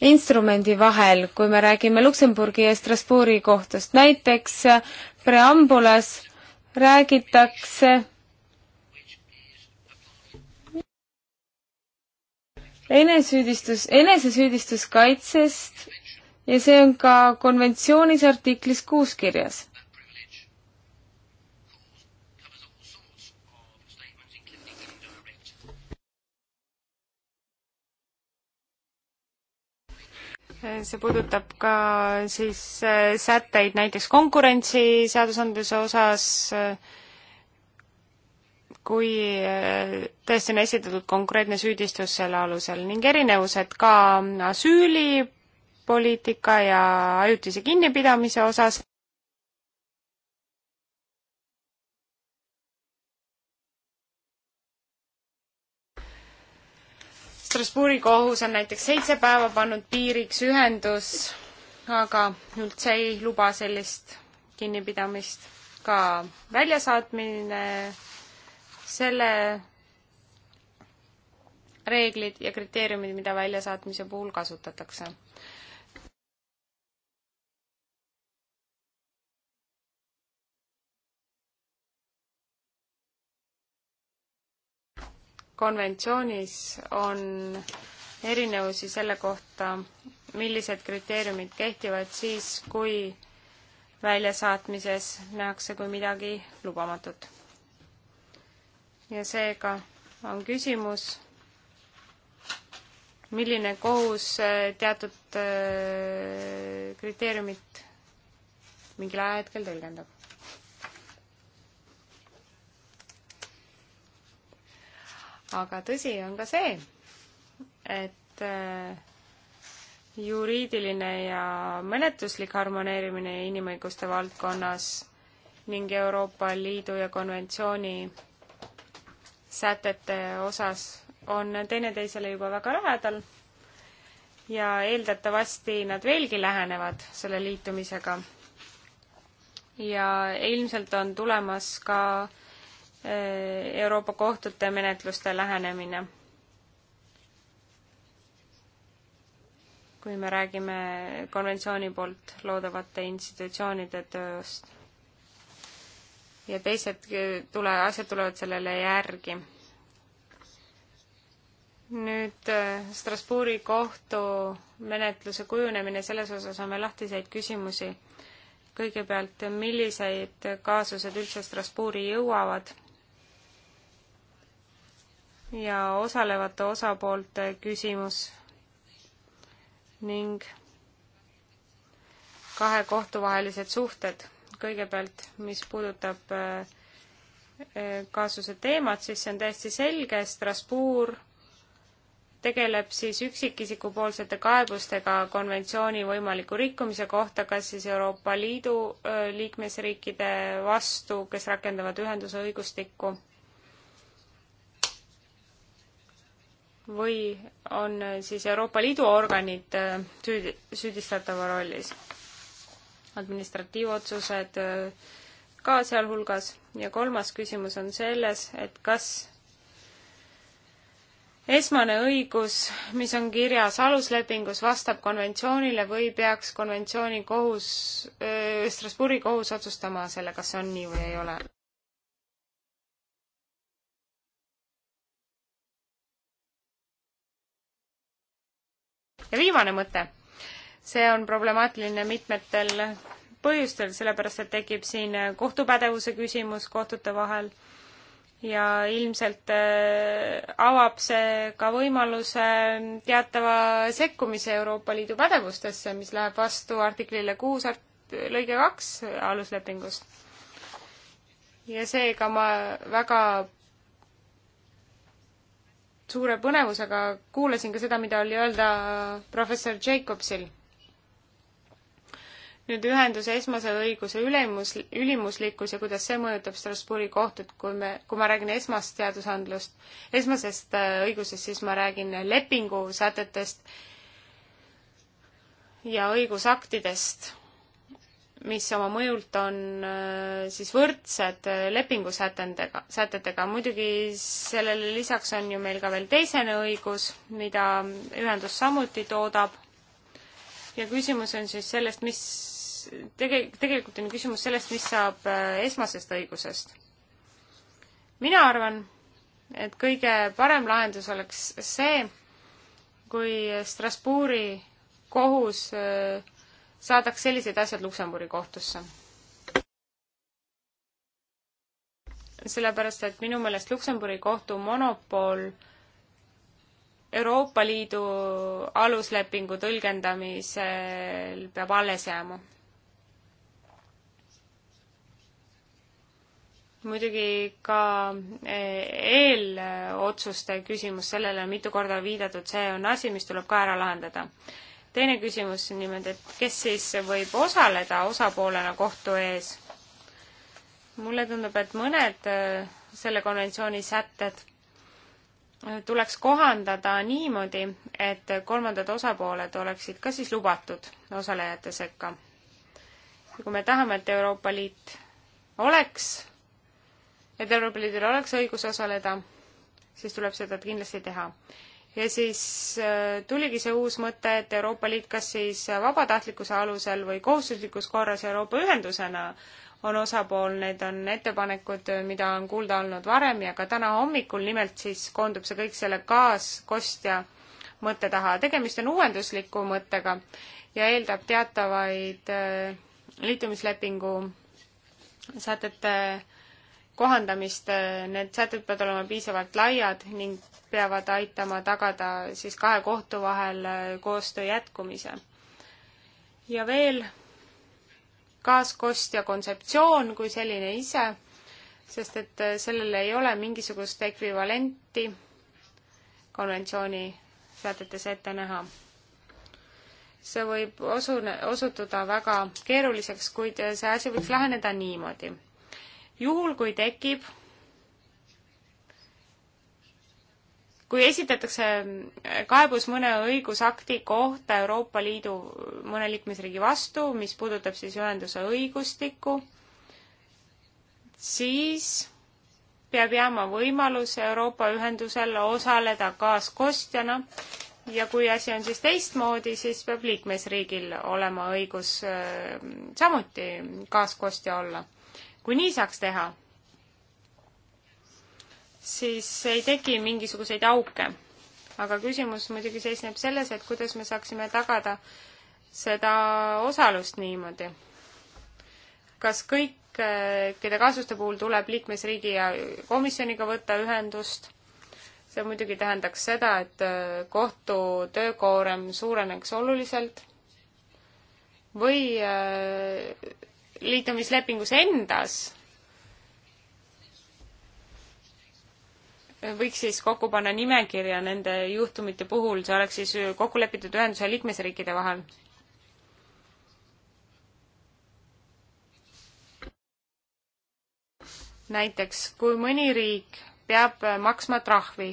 instrumendi vahel, kui me räägime Luksemburgi ja Strasbourgi kohtust. näiteks preambulas räägitakse enesüüdistus, enesesüüdistuskaitsest ja see on ka konventsioonis artiklis kuus kirjas. see puudutab ka siis äh, sätteid näiteks konkurentsiseadusandluse osas, äh, kui äh, tõesti on esitatud konkreetne süüdistus selle alusel ning erinevused ka asüülipoliitika ja ajutise kinnipidamise osas Strasbourgi kohus on näiteks seitse päeva pannud piiriks ühendus, aga üldse ei luba sellist kinnipidamist. ka väljasaatmine, selle reeglid ja kriteeriumid, mida väljasaatmise puhul kasutatakse konventsioonis on erinevusi selle kohta, millised kriteeriumid kehtivad siis, kui väljasaatmises nähakse kui midagi lubamatut. ja seega on küsimus, milline kohus äh, teatud äh, kriteeriumit mingil ajahetkel tõlgendab aga tõsi on ka see, et äh, juriidiline ja menetluslik harmoneerimine inimõiguste valdkonnas ning Euroopa Liidu ja konventsiooni sätete osas on teineteisele juba väga lähedal ja eeldatavasti nad veelgi lähenevad selle liitumisega. ja ilmselt on tulemas ka Äh, Euroopa kohtute menetluste lähenemine. kui me räägime konventsiooni poolt loodavate institutsioonide tööst. ja teised tule, asjad tulevad sellele järgi. nüüd äh, Strasbourgi kohtu menetluse kujunemine, selles osas on veel lahtiseid küsimusi. kõigepealt, millised kaasused üldse Strasbourgi jõuavad ja osalevate osapoolte küsimus ning kahe kohtuvahelised suhted. kõigepealt, mis puudutab äh, äh, kaasuse teemat, siis see on täiesti selge, Strasbourg tegeleb siis üksikisiku poolsete kaebustega konventsiooni võimaliku rikkumise kohta, kas siis Euroopa Liidu äh, liikmesriikide vastu, kes rakendavad ühenduse õigustikku või on äh, siis Euroopa Liidu organid äh, süüdi, süüdistatava rollis. administratiivotsused äh, ka sealhulgas ja kolmas küsimus on selles, et kas esmane õigus, mis on kirjas aluslepingus, vastab konventsioonile või peaks konventsiooni kohus, Strasbourgi kohus otsustama selle, kas see on nii või ei ole? ja viimane mõte, see on problemaatiline mitmetel põhjustel, sellepärast et tekib siin kohtupädevuse küsimus kohtute vahel ja ilmselt äh, avab see ka võimaluse teatava sekkumise Euroopa Liidu pädevustesse, mis läheb vastu artiklile kuus art-, lõige kaks aluslepingust. ja seega ma väga suure põnevusega kuulasin ka seda, mida oli öelda professor Jacobsil. nüüd ühenduse esmase õiguse ülemus, ülimuslikkus ja kuidas see mõjutab Strasbourgi kohtut, kui me, kui ma räägin esmast teadusandlust, esmasest äh, õigusest, siis ma räägin lepingusätetest ja õigusaktidest mis oma mõjult on äh, siis võrdsed äh, lepingusätendega, sätetega. muidugi sellele lisaks on ju meil ka veel teisene õigus, mida ühendus samuti toodab. ja küsimus on siis sellest, mis tege-, tegelikult on küsimus sellest, mis saab äh, esmasest õigusest. mina arvan, et kõige parem lahendus oleks see, kui Strasbourgi kohus öö, saadaks sellised asjad Luksemburgi kohtusse. sellepärast, et minu meelest Luksemburgi kohtu monopol Euroopa Liidu aluslepingu tõlgendamisel peab alles jääma. muidugi ka e, eelotsuste küsimus, sellele on mitu korda viidatud, see on asi, mis tuleb ka ära lahendada teine küsimus siin nimelt, et kes siis võib osaleda osapoolena kohtu ees? mulle tundub, et mõned äh, selle konventsiooni sätted äh, tuleks kohandada niimoodi, et kolmandad osapooled oleksid ka siis lubatud osalejate sekka. ja kui me tahame, et Euroopa Liit oleks, et Euroopa Liidul oleks õigus osaleda, siis tuleb seda kindlasti teha ja siis äh, tuligi see uus mõte, et Euroopa Liit kas siis vabatahtlikkuse alusel või kohustuslikus korras Euroopa ühendusena on osapool, need on ettepanekud, äh, mida on kuulda olnud varem ja ka täna hommikul, nimelt siis koondub see kõik selle kaaskostja mõtte taha. tegemist on uuendusliku mõttega ja eeldab teatavaid äh, liitumislepingu sätete kohandamist, need sätted peavad olema piisavalt laiad ning peavad aitama tagada siis kahe kohtu vahel äh, koostöö jätkumise. ja veel kaaskostja kontseptsioon kui selline ise, sest et äh, sellel ei ole mingisugust ekvivalenti konventsiooni sätetes ette näha. see võib osune, osutuda väga keeruliseks, kuid äh, see asi võiks läheneda niimoodi juhul, kui tekib, kui esitatakse kaebus mõne õigusakti kohta Euroopa Liidu mõne liikmesriigi vastu, mis puudutab siis ühenduse õigustikku, siis peab jääma võimalus Euroopa ühendusel osaleda kaaskostjana ja kui asi on siis teistmoodi, siis peab liikmesriigil olema õigus äh, samuti kaaskostja olla kui nii saaks teha, siis ei teki mingisuguseid auke. aga küsimus muidugi seisneb selles, et kuidas me saaksime tagada seda osalust niimoodi. kas kõik, keda kaasuste puhul tuleb liikmesriigi ja komisjoniga võtta ühendust, see muidugi tähendaks seda, et kohtu töökoorem suureneks oluliselt või liitumislepingus endas võiks siis kokku panna nimekirja nende juhtumite puhul, see oleks siis kokku lepitud ühenduse liikmesriikide vahel? näiteks, kui mõni riik peab maksma trahvi,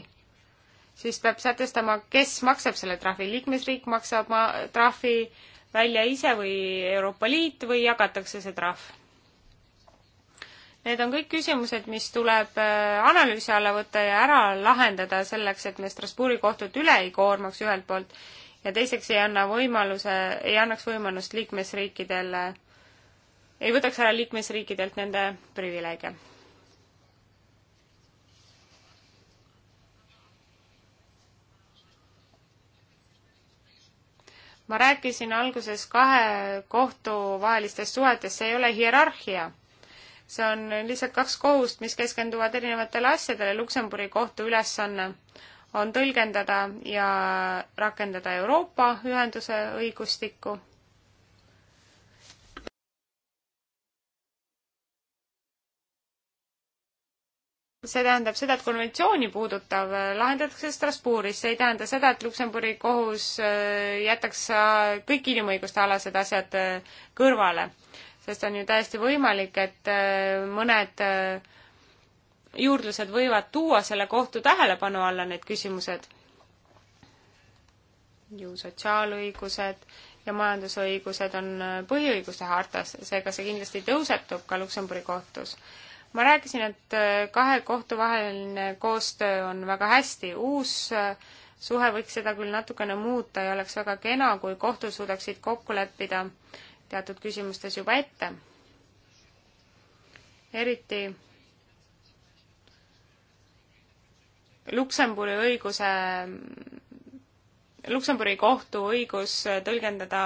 siis peab sätestama, kes maksab selle trahvi, liikmesriik maksab ma-, trahvi äh, välja ise või Euroopa Liit või jagatakse see trahv? Need on kõik küsimused, mis tuleb äh, analüüsi alla võtta ja ära lahendada selleks, et me Strasbourgi kohtut üle ei koormaks ühelt poolt ja teiseks ei anna võimaluse, ei annaks võimalust liikmesriikidele, ei võtaks ära liikmesriikidelt nende privileege ma rääkisin alguses kahe kohtu vahelistest suhetest, see ei ole hierarhia. see on lihtsalt kaks kohust, mis keskenduvad erinevatele asjadele, Luksemburi kohtu ülesanne on tõlgendada ja rakendada Euroopa ühenduse õigustikku see tähendab seda, et konventsiooni puudutav äh, lahendatakse Strasbourgis, see ei tähenda seda, et Luksemburgi kohus äh, jätaks äh, kõik inimõiguste alased asjad kõrvale, sest on ju täiesti võimalik, et mõned juurdlused võivad tuua selle kohtu tähelepanu alla need küsimused. ju sotsiaalõigused ja majandusõigused on põhiõiguste hartas, seega see kindlasti tõusetub ka Luksemburgi kohtus ma rääkisin, et äh, kahe kohtu vaheline koostöö on väga hästi, uus äh, suhe võiks seda küll natukene muuta ja oleks väga kena, kui kohtud suudaksid kokku leppida teatud küsimustes juba ette. eriti Luksemburi õiguse, Luksemburi kohtu õigus tõlgendada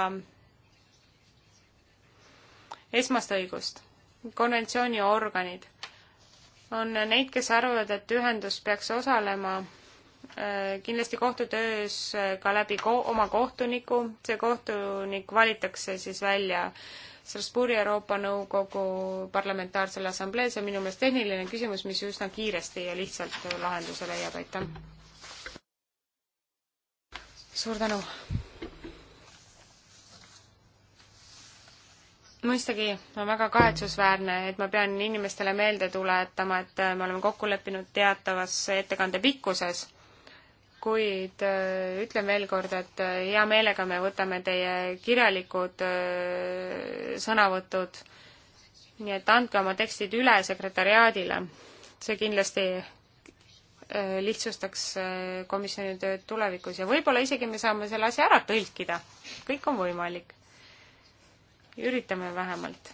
esmast õigust, konventsiooni organid on neid, kes arvavad, et ühendus peaks osalema äh, kindlasti kohtutöös äh, ka läbi ko-, oma kohtuniku, see kohtunik valitakse siis välja Strasbourgi Euroopa Nõukogu Parlamentaarsele Assamblee, see on minu meelest tehniline küsimus, mis üsna kiiresti ja lihtsalt lahenduse leiab, aitäh! suur tänu! mõistagi on väga kahetsusväärne, et ma pean inimestele meelde tuletama, et äh, me oleme kokku leppinud teatavas ettekande pikkuses, kuid äh, ütlen veel kord, et äh, hea meelega me võtame teie kirjalikud sõnavõtud, nii et andke oma tekstid üle sekretäriaadile. see kindlasti lihtsustaks komisjoni tööd tulevikus ja võib-olla isegi me saame selle asja ära tõlkida. kõik on võimalik üritame vähemalt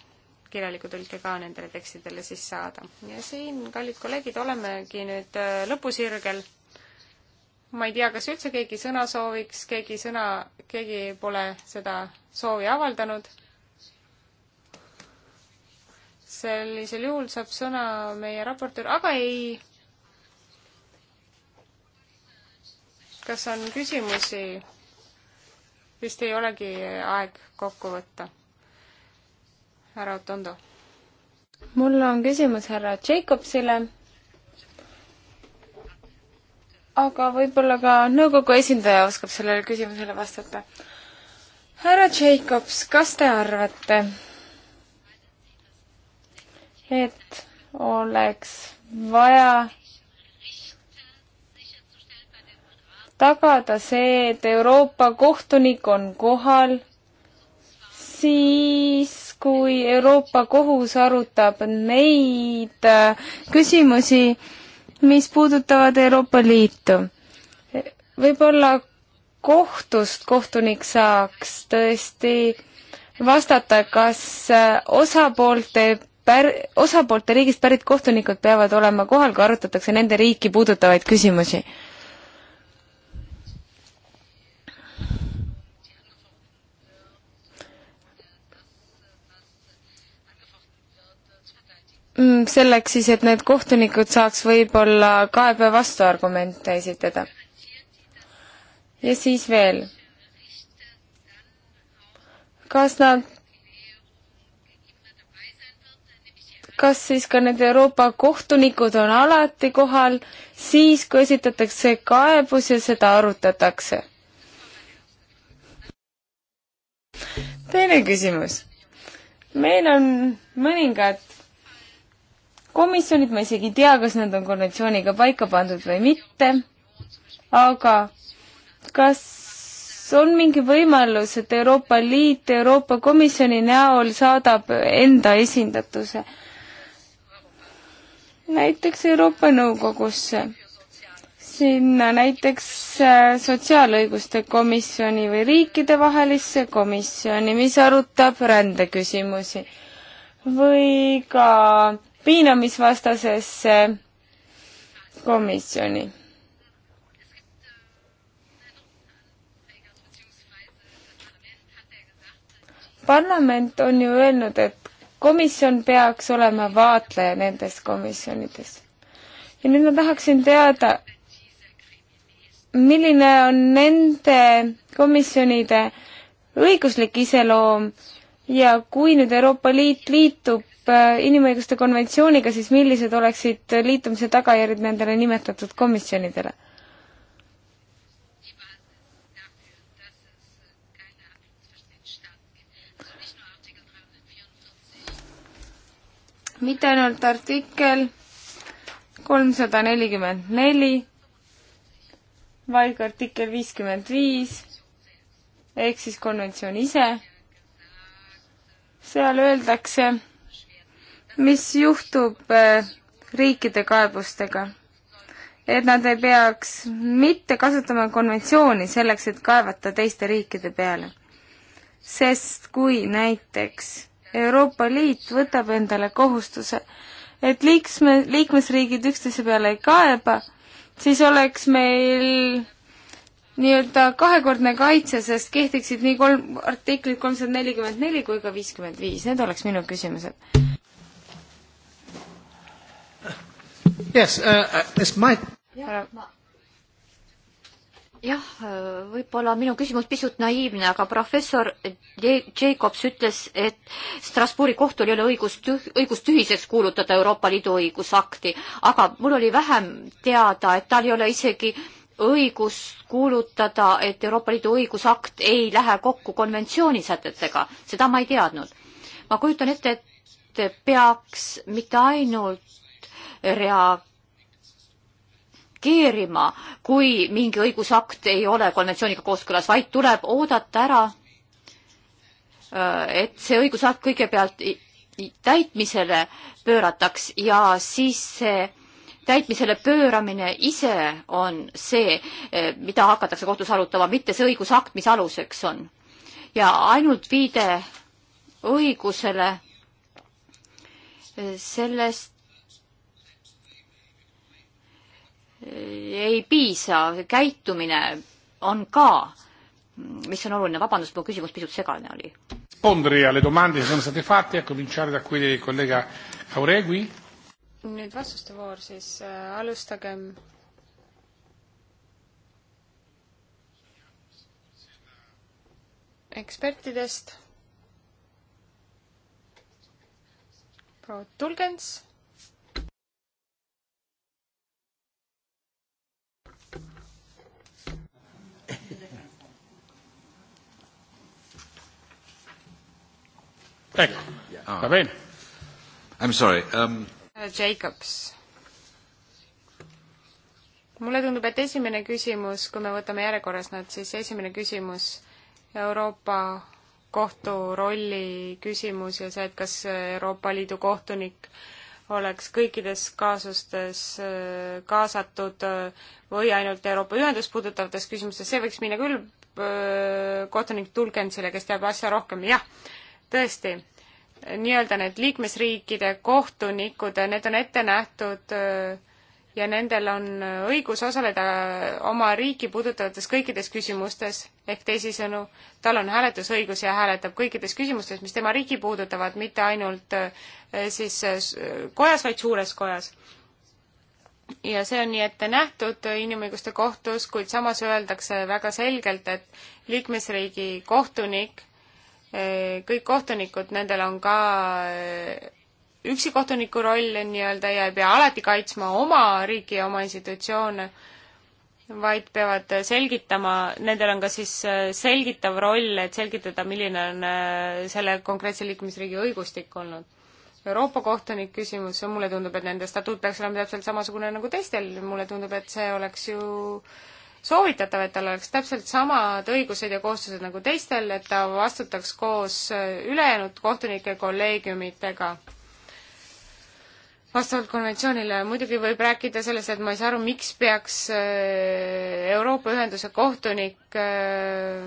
kirjaliku tõlke ka nendele tekstidele siis saada. ja siin, kallid kolleegid, olemegi nüüd äh, lõpusirgel. ma ei tea, kas üldse keegi sõna sooviks, keegi sõna, keegi pole seda soovi avaldanud. sellisel juhul saab sõna meie raportöör, aga ei. kas on küsimusi? vist ei olegi aeg kokku võtta härra Otondo. mul on küsimus härra Jacobsile, aga võib-olla ka nõukogu esindaja oskab sellele küsimusele vastata. härra Jacobs, kas te arvate, et oleks vaja tagada see, et Euroopa kohtunik on kohal, siis kui Euroopa Kohus arutab neid äh, küsimusi, mis puudutavad Euroopa Liitu. võib-olla kohtust kohtunik saaks tõesti vastata, kas äh, osapoolte pär-, osapoolte riigist pärit kohtunikud peavad olema kohal, kui arutatakse nende riiki puudutavaid küsimusi? Mm, selleks siis, et need kohtunikud saaks võib-olla kaebe vastuargumente esitada. ja siis veel. kas nad, kas siis ka need Euroopa kohtunikud on alati kohal siis, kui esitatakse kaebus ja seda arutatakse? teine küsimus. meil on mõningad komisjonid, ma isegi ei tea, kas need on konventsiooniga paika pandud või mitte, aga kas on mingi võimalus, et Euroopa Liit Euroopa Komisjoni näol saadab enda esindatuse näiteks Euroopa Nõukogusse, sinna näiteks äh, Sotsiaalõiguste Komisjoni või riikidevahelisse komisjoni, mis arutab rändeküsimusi või ka piinamisvastasesse komisjoni. parlament on ju öelnud, et komisjon peaks olema vaatleja nendes komisjonides. ja nüüd ma tahaksin teada, milline on nende komisjonide õiguslik iseloom ja kui nüüd Euroopa Liit liitub Äh, inimõiguste konventsiooniga, siis millised oleksid liitumise tagajärjed nendele nimetatud komisjonidele? mitte ainult artikkel kolmsada nelikümmend neli, vaid ka artikkel viiskümmend viis ehk siis konventsioon ise seal öeldakse, mis juhtub äh, riikide kaebustega? et nad ei peaks mitte kasutama konventsiooni selleks, et kaevata teiste riikide peale. sest kui näiteks Euroopa Liit võtab endale kohustuse, et liiksme, liikmesriigid üksteise peale ei kaeba, siis oleks meil nii-öelda kahekordne kaitse, sest kehtiksid nii kolm, artiklid kolmsada nelikümmend neli kui ka viiskümmend viis, need oleks minu küsimused Yes, uh, uh this might... jah ma..., äh, võib-olla minu küsimus pisut naiivne, aga professor Jacobs ütles, et Strasbourgi kohtul ei ole õigust tüh-, õigust tühiseks kuulutada Euroopa Liidu õigusakti, aga mul oli vähem teada, et tal ei ole isegi õigust kuulutada, et Euroopa Liidu õigusakt ei lähe kokku konventsiooni sätetega, seda ma ei teadnud. ma kujutan ette, et peaks mitte ainult reageerima, kui mingi õigusakt ei ole konventsiooniga kooskõlas, vaid tuleb oodata ära, äh, et see õigusakt kõigepealt täitmisele pöörataks ja siis see täitmisele pööramine ise on see, äh, mida hakatakse kohtus arutama, mitte see õigusakt, mis aluseks on. ja ainult viide õigusele äh, sellest ei piisa, käitumine on ka, mis on oluline, vabandust, mu küsimus pisut segane oli. nüüd vastuste voor siis, äh, alustagem ekspertidest. proua Tulgens Ecco, ah. va bene. I'm sorry um.... Äh, Jacobs. mulle tundub, et esimene küsimus, kui me võtame järjekorras nad, siis esimene küsimus Euroopa kohtu rolli küsimus ja see, et kas Euroopa Liidu kohtunik oleks kõikides kaasustes äh, kaasatud äh, või ainult Euroopa Ühendust puudutavates küsimustes, see võiks minna küll kohtunik Tulkensile, kes teab asja rohkem, jah tõesti, nii-öelda need liikmesriikide kohtunikud, need on ette nähtud äh, ja nendel on äh, õigus osaleda äh, oma riiki puudutavates kõikides küsimustes, ehk teisisõnu, tal on hääletusõigus ja hääletab kõikides küsimustes, mis tema riiki puudutavad, mitte ainult siis kojas, vaid suures kojas. ja see on nii ette nähtud Inimõiguste Kohtus, kuid samas öeldakse väga selgelt, et liikmesriigi kohtunik Eh, kõik kohtunikud, nendel on ka eh, üksikohtuniku roll nii-öelda ja ei pea alati kaitsma oma riiki ja oma institutsioone, vaid peavad selgitama, nendel on ka siis eh, selgitav roll, et selgitada, milline on selle konkreetse liikmesriigi õigustik olnud. Euroopa kohtunik küsimus, mulle tundub, et nende statuut peaks olema täpselt samasugune nagu teistel, mulle tundub, et see oleks ju äh, soovitatav, et tal oleks täpselt samad õigused ja kohustused nagu teistel, et ta vastutaks koos äh, ülejäänud kohtunike kolleegiumitega vastavalt konventsioonile. muidugi võib rääkida sellest, et ma ei saa aru, miks peaks äh, Euroopa Ühenduse kohtunik äh,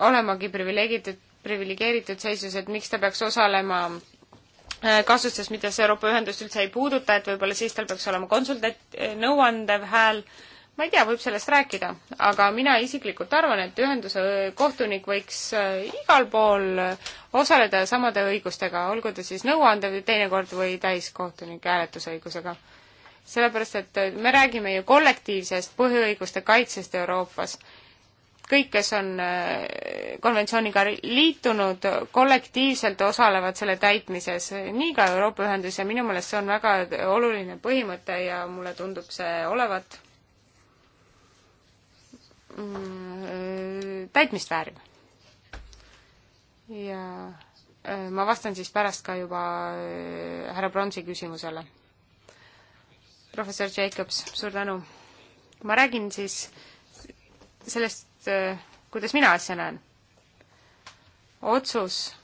olemagi privileegitud, priviligeeritud seisus, et miks ta peaks osalema kasustes, mida see Euroopa Ühendust üldse ei puuduta, et võib-olla siis tal peaks olema konsultat-, nõuandev hääl äh, ma ei tea, võib sellest rääkida, aga mina isiklikult arvan, et ühenduse kohtunik võiks äh, igal pool äh, osaleda samade õigustega, olgu ta siis nõuandev teinekord või täiskohtunik hääletusõigusega. sellepärast, et äh, me räägime ju kollektiivsest põhiõiguste kaitsest Euroopas. kõik, kes on konventsiooniga liitunud, kollektiivselt osalevad selle täitmises, nii ka Euroopa Ühendus ja minu meelest see on väga oluline põhimõte ja mulle tundub see olevat Mm, täitmist väärib. ja äh, ma vastan siis pärast ka juba äh, härra Bronsi küsimusele. professor Jacobs, suur tänu. ma räägin siis sellest, äh, kuidas mina asja näen. otsus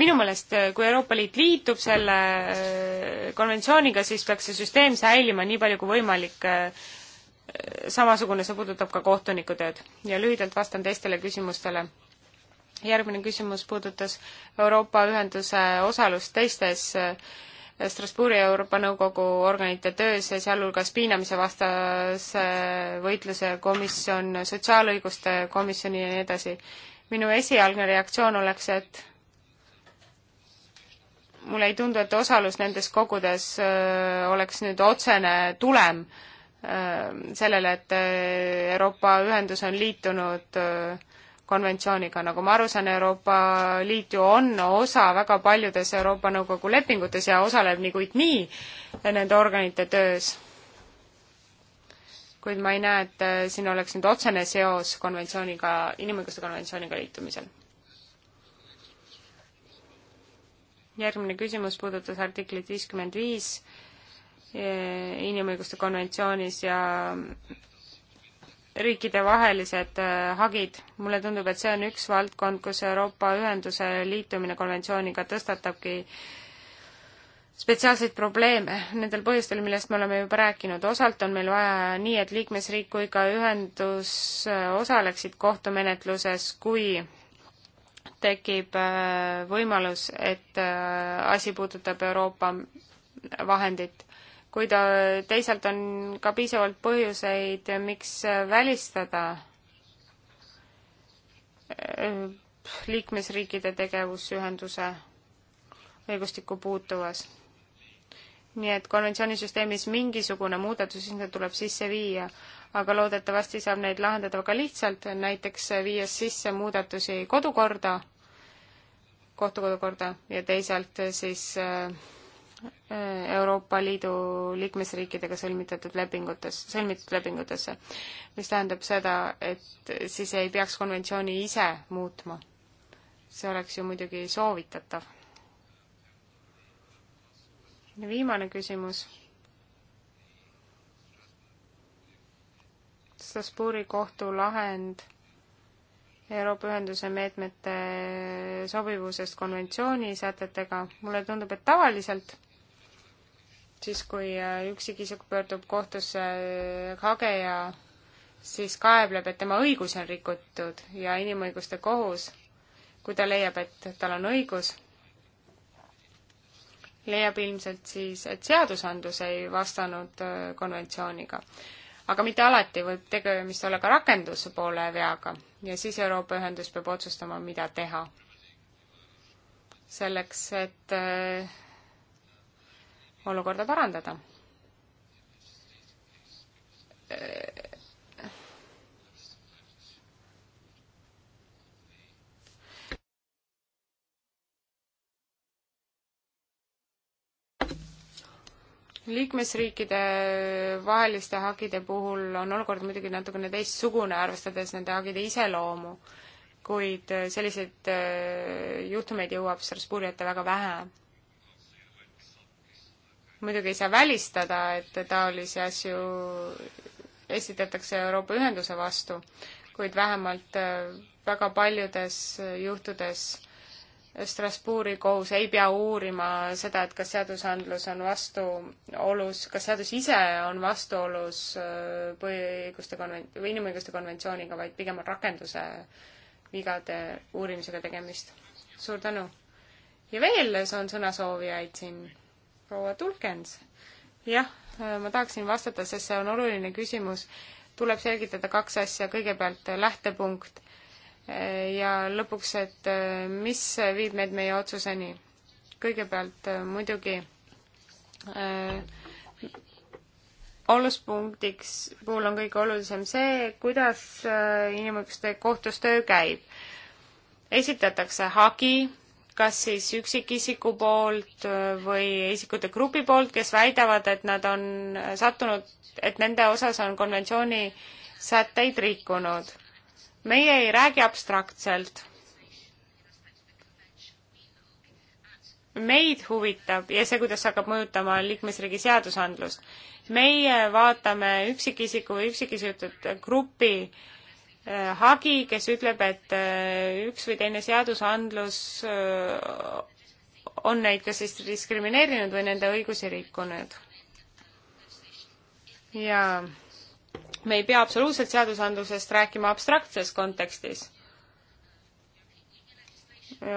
minu meelest, äh, kui Euroopa Liit liitub selle äh, konventsiooniga, siis peaks see süsteem säilima nii palju kui võimalik. Äh, samasugune, see puudutab ka kohtunikutööd ja lühidalt vastan teistele küsimustele. järgmine küsimus puudutas Euroopa Ühenduse osalust teistes Strasbourgi Euroopa Nõukogu organite töös ja sealhulgas piinamise vastase võitluse komisjon, sotsiaalõiguste komisjoni ja nii edasi. minu esialgne reaktsioon oleks, et mulle ei tundu, et osalus nendes kogudes oleks nüüd otsene tulem sellele, et Euroopa Ühendus on liitunud konventsiooniga, nagu ma aru saan, Euroopa Liit ju on osa väga paljudes Euroopa Nõukogu lepingutes ja osaleb niikuinii nende organite töös. kuid ma ei näe, et siin oleks nüüd otsene seos konventsiooniga, inimõiguste konventsiooniga liitumisel järgmine küsimus puudutas artiklit viiskümmend viis eh, inimõiguste konventsioonis ja riikidevahelised eh, hagid. mulle tundub, et see on üks valdkond, kus Euroopa Ühenduse liitumine konventsiooniga tõstatabki spetsiaalseid probleeme nendel põhjustel, millest me oleme juba rääkinud. osalt on meil vaja nii, et liikmesriik kui ka ühendus eh, osaleksid kohtumenetluses, kui tekib äh, võimalus, et äh, asi puudutab Euroopa vahendit. kuid teisalt on ka piisavalt põhjuseid, miks äh, välistada liikmesriikide tegevus ühenduse õigustikku puutuvas. nii et konventsioonisüsteemis mingisugune muudatus sinna tuleb sisse viia, aga loodetavasti saab neid lahendada väga lihtsalt, näiteks viies sisse muudatusi kodukorda kohtukodukorda ja teisalt siis äh, Euroopa Liidu liikmesriikidega sõlmitud lepingutes, sõlmitud lepingutesse, mis tähendab seda, et siis ei peaks konventsiooni ise muutma. see oleks ju muidugi soovitatav. ja viimane küsimus. Strasbourgi kohtu lahend Euroopa Ühenduse meetmete sobivusest konventsiooni sätetega. mulle tundub, et tavaliselt siis, kui äh, üksikisik pöördub kohtusse äh, hageja, siis kaebleb, et tema õigusi on rikutud ja inimõiguste kohus, kui ta leiab, et tal on õigus, leiab ilmselt siis, et seadusandlus ei vastanud äh, konventsiooniga aga mitte alati võib tegemist olla ka rakenduse poole veaga ja siis Euroopa Ühendus peab otsustama, mida teha. selleks, et äh, olukorda parandada. Äh, liikmesriikide vaheliste hagide puhul on olukord muidugi natukene teistsugune, arvestades nende hagide iseloomu, kuid äh, selliseid äh, juhtumeid jõuab Strasbourgi ette väga vähe. muidugi ei saa välistada, et taolisi asju esitatakse Euroopa Ühenduse vastu, kuid vähemalt äh, väga paljudes juhtudes Strasbourgi kohus ei pea uurima seda, et kas seadusandlus on vastuolus, kas seadus ise on vastuolus äh, põhiõiguste konven-, või inimõiguste konventsiooniga, vaid pigem on rakenduse vigade uurimisega tegemist. suur tänu! ja veel on sõnasoovijaid siin, proua Tulkens. jah, äh, ma tahaksin vastata, sest see on oluline küsimus. tuleb selgitada kaks asja, kõigepealt lähtepunkt ja lõpuks, et äh, mis viib meid meie otsuseni. kõigepealt äh, muidugi äh, aluspunktiks puhul on kõige olulisem see, kuidas äh, inimõiguste kohtus töö käib. esitatakse hagi, kas siis üksikisiku poolt äh, või isikute grupi poolt, kes väidavad, et nad on sattunud, et nende osas on konventsiooni sätteid rikkunud meie ei räägi abstraktselt. meid huvitab ja see, kuidas hakkab mõjutama liikmesriigi seadusandlust. meie vaatame üksikisiku või üksikisutut grupi äh, hagi, kes ütleb, et äh, üks või teine seadusandlus äh, on neid kas siis diskrimineerinud või nende õigusi rikkunud. jaa me ei pea absoluutselt seadusandlusest rääkima abstraktses kontekstis.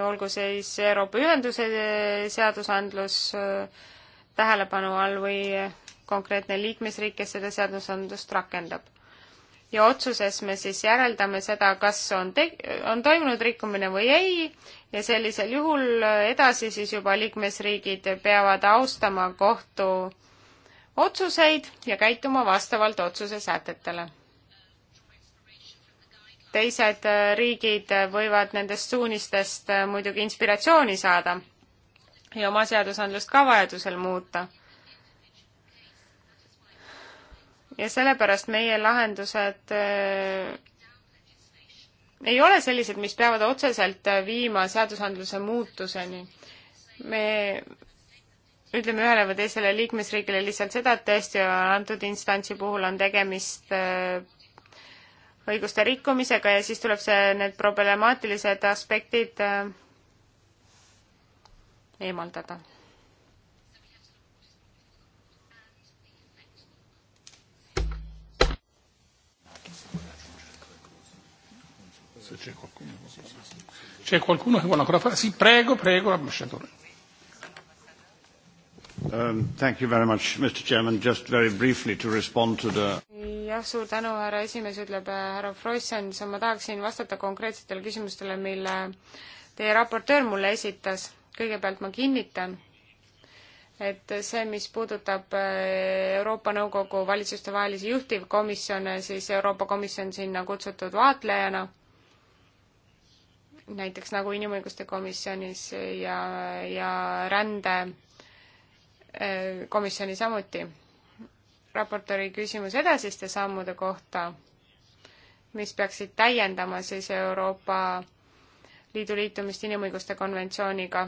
olgu siis Euroopa Ühenduse seadusandlus äh, tähelepanu all või konkreetne liikmesriik, kes seda seadusandlust rakendab. ja otsuses me siis järeldame seda, kas on te-, on toimunud rikkumine või ei ja sellisel juhul äh, edasi siis juba liikmesriigid peavad austama kohtu otsuseid ja käituma vastavalt otsuse sätetele. teised äh, riigid võivad nendest suunistest äh, muidugi inspiratsiooni saada ja oma seadusandlust ka vajadusel muuta. ja sellepärast meie lahendused äh, ei ole sellised, mis peavad otseselt viima seadusandluse muutuseni. me ütleme ühele või teisele liikmesriigile lihtsalt seda, et tõesti antud instantsi puhul on tegemist äh, õiguste rikkumisega ja siis tuleb see, need problemaatilised aspektid äh, eemaldada. C'è qualcuno che vuole ancora fare? Sì, prego, prego, ambasciatore. Um, thank you very much, Mr Chairman, just very briefly to respond to the jah, suur tänu, härra esimees, ütleb äh, härra Froissens, ma tahaksin vastata konkreetsetele küsimustele, mille teie raportöör mulle esitas. kõigepealt ma kinnitan, et see, mis puudutab äh, Euroopa Nõukogu valitsustevahelisi juhtivkomisjone, siis Euroopa Komisjon sinna kutsutud vaatlejana, näiteks nagu Inimõiguste Komisjonis ja, ja rände komisjoni samuti raportööri küsimus edasiste sammude kohta, mis peaksid täiendama siis Euroopa Liidu liitumist inimõiguste konventsiooniga.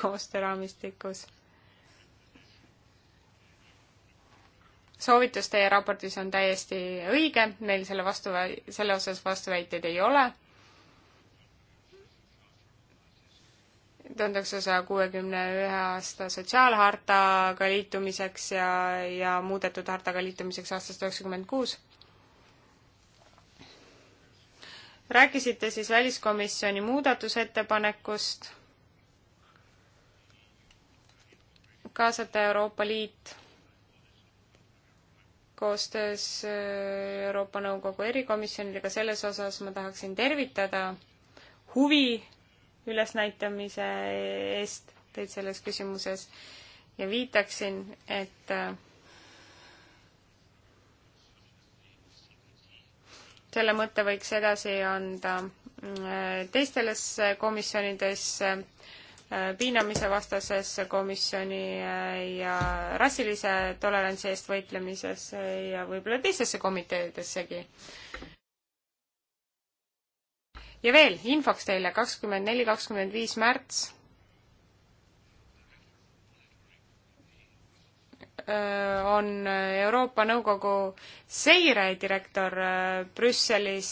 koostööraamistikus. soovitus teie raportis on täiesti õige, meil selle vastu, selle osas vastuväiteid ei ole tuhande üheksasaja kuuekümne ühe aasta sotsiaalhartaga liitumiseks ja, ja muudetud hartaga liitumiseks aastast üheksakümmend kuus. rääkisite siis väliskomisjoni muudatusettepanekust kaasata Euroopa Liit koostöös äh, Euroopa Nõukogu erikomisjonidega, selles osas ma tahaksin tervitada huvi ülesnäitamise eest teid selles küsimuses ja viitaksin, et äh, selle mõtte võiks edasi anda äh, teistes komisjonides, äh, piinamise vastases komisjoni ja rassilise tolerantsi eest võitlemises ja võib-olla teistesse komiteedessegi ja veel infoks teile, kakskümmend neli, kakskümmend viis märts on Euroopa Nõukogu seiredirektor Brüsselis,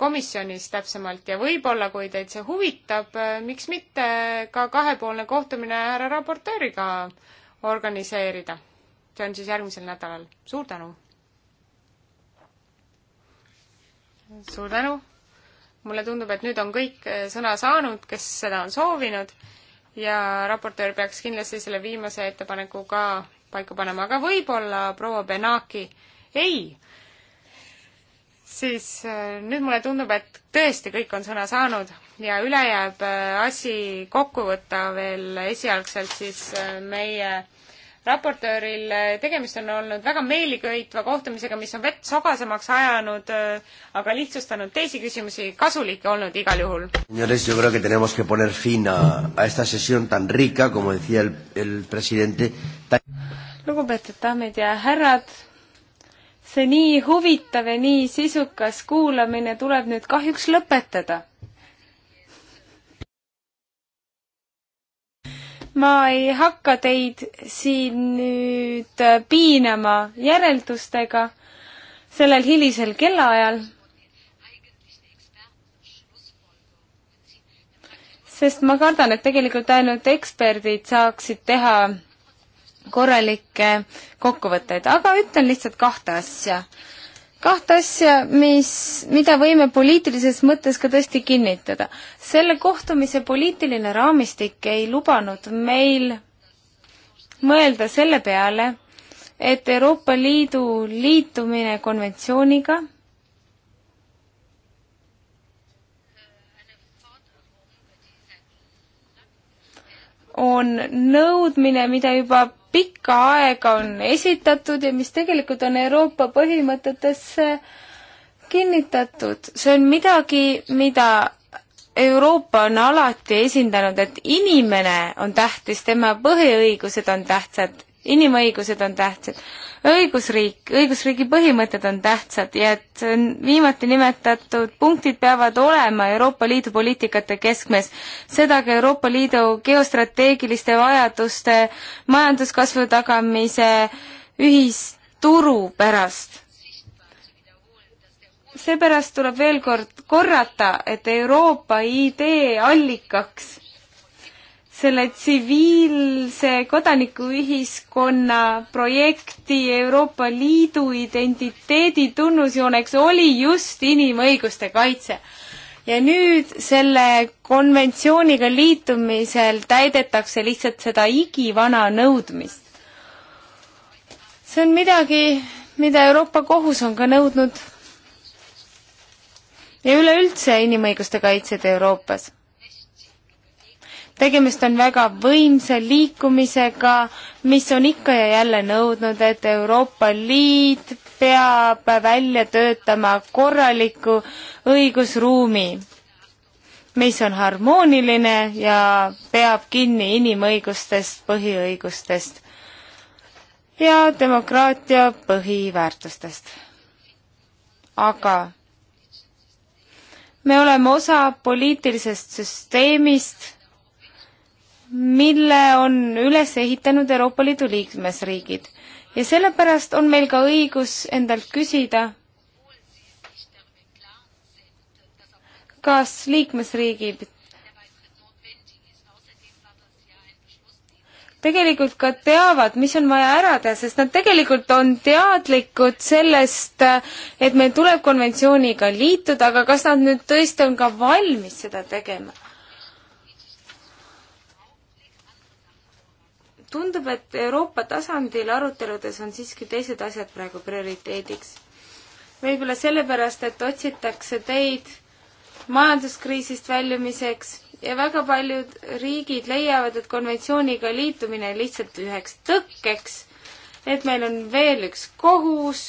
komisjonis täpsemalt, ja võib-olla, kui teid see huvitab, miks mitte ka kahepoolne kohtumine härra raportööriga organiseerida. see on siis järgmisel nädalal. suur tänu! suur tänu! mulle tundub, et nüüd on kõik eh, sõna saanud, kes seda on soovinud ja raportöör peaks kindlasti selle viimase ettepaneku ka paika panema, aga võib-olla proua Benaki ei. siis eh, nüüd mulle tundub, et tõesti kõik on sõna saanud ja üle jääb eh, asi kokku võtta veel esialgselt siis meie raportööril, eh, tegemist on olnud väga meeliköitva kohtumisega, mis on vett sogasemaks ajanud, eh, aga lihtsustanud teisi küsimusi, kasulik olnud igal juhul. Señores, yo creo que tenemos que poner fin a, a esta sesión tan rica, como decía el, el presidente tan.... lugupeetud daamid ja härrad, see nii huvitav ja nii sisukas kuulamine tuleb nüüd kahjuks lõpetada ma ei hakka teid siin nüüd äh, piinama järeldustega sellel hilisel kellaajal, sest ma kardan, et tegelikult ainult eksperdid saaksid teha korralikke kokkuvõtteid, aga ütlen lihtsalt kahte asja kahte asja, mis, mida võime poliitilises mõttes ka tõesti kinnitada. selle kohtumise poliitiline raamistik ei lubanud meil mõelda selle peale, et Euroopa Liidu liitumine konventsiooniga on nõudmine, mida juba pikka aega on esitatud ja mis tegelikult on Euroopa põhimõtetesse kinnitatud. see on midagi, mida Euroopa on alati esindanud, et inimene on tähtis, tema põhiõigused on tähtsad, inimõigused on tähtsad, õigusriik, õigusriigi põhimõtted on tähtsad ja et viimati nimetatud punktid peavad olema Euroopa Liidu poliitikate keskmes. seda ka Euroopa Liidu geostrateegiliste vajaduste, majanduskasvu tagamise, ühisturu pärast seepärast tuleb veel kord korrata, et Euroopa idee allikaks selle tsiviilse kodanikuühiskonna projekti Euroopa Liidu identiteedi tunnusjooneks oli just inimõiguste kaitse. ja nüüd selle konventsiooniga liitumisel täidetakse lihtsalt seda igivana nõudmist. see on midagi, mida Euroopa Kohus on ka nõudnud ja üleüldse inimõiguste kaitsjad Euroopas tegemist on väga võimsa liikumisega, mis on ikka ja jälle nõudnud, et Euroopa Liit peab välja töötama korraliku õigusruumi, mis on harmooniline ja peab kinni inimõigustest, põhiõigustest ja demokraatia põhiväärtustest. aga me oleme osa poliitilisest süsteemist mille on üles ehitanud Euroopa Liidu liikmesriigid. ja sellepärast on meil ka õigus endalt küsida, kas liikmesriigid tegelikult ka teavad, mis on vaja ära teha, sest nad tegelikult on teadlikud sellest, et meil tuleb konventsiooniga liituda, aga kas nad nüüd tõesti on ka valmis seda tegema? tundub, et Euroopa tasandil aruteludes on siiski teised asjad praegu prioriteediks. võib-olla sellepärast, et otsitakse teid majanduskriisist väljumiseks ja väga paljud riigid leiavad, et konventsiooniga liitumine lihtsalt üheks tõkkeks, et meil on veel üks kohus,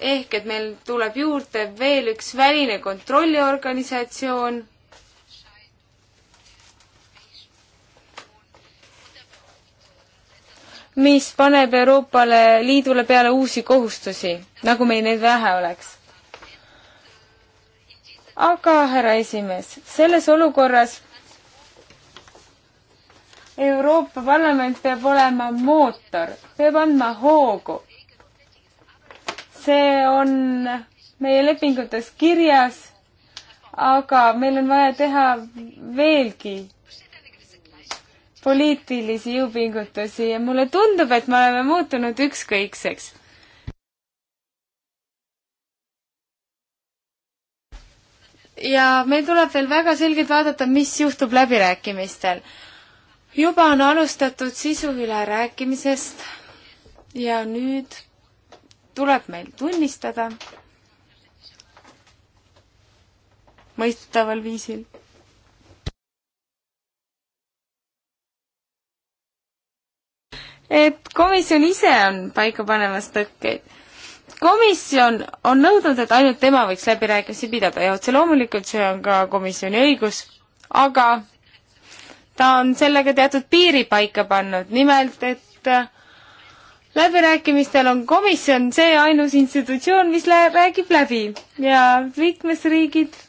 ehk et meil tuleb juurde veel üks väline kontrolliorganisatsioon mis paneb Euroopale Liidule peale uusi kohustusi, nagu meil neid vähe oleks. aga härra esimees, selles olukorras Euroopa Parlament peab olema mootor, peab andma hoogu. see on meie lepingutes kirjas, aga meil on vaja teha veelgi poliitilisi jõupingutusi ja mulle tundub, et me oleme muutunud ükskõikseks. ja meil tuleb veel väga selgelt vaadata, mis juhtub läbirääkimistel. juba on alustatud sisu üle rääkimisest ja nüüd tuleb meil tunnistada mõistetaval viisil et komisjon ise on paika panemas tõkkeid. komisjon on nõudnud, et ainult tema võiks läbirääkimisi pidada ja otse loomulikult see on ka komisjoni õigus, aga ta on sellega teatud piiri paika pannud, nimelt et äh, läbirääkimistel on komisjon see ainus institutsioon, mis lä räägib läbi ja liikmesriigid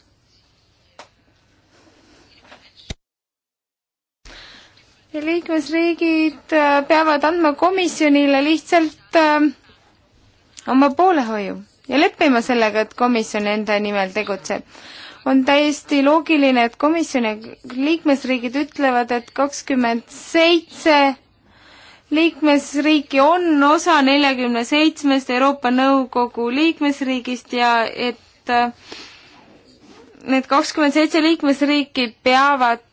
liikmesriigid äh, peavad andma komisjonile lihtsalt äh, oma poolehoiu ja leppima sellega, et komisjon enda nimel tegutseb. on täiesti loogiline, et komisjon ja liikmesriigid ütlevad, et kakskümmend seitse liikmesriiki on osa neljakümne seitsmest Euroopa Nõukogu liikmesriigist ja et äh, need kakskümmend seitse liikmesriiki peavad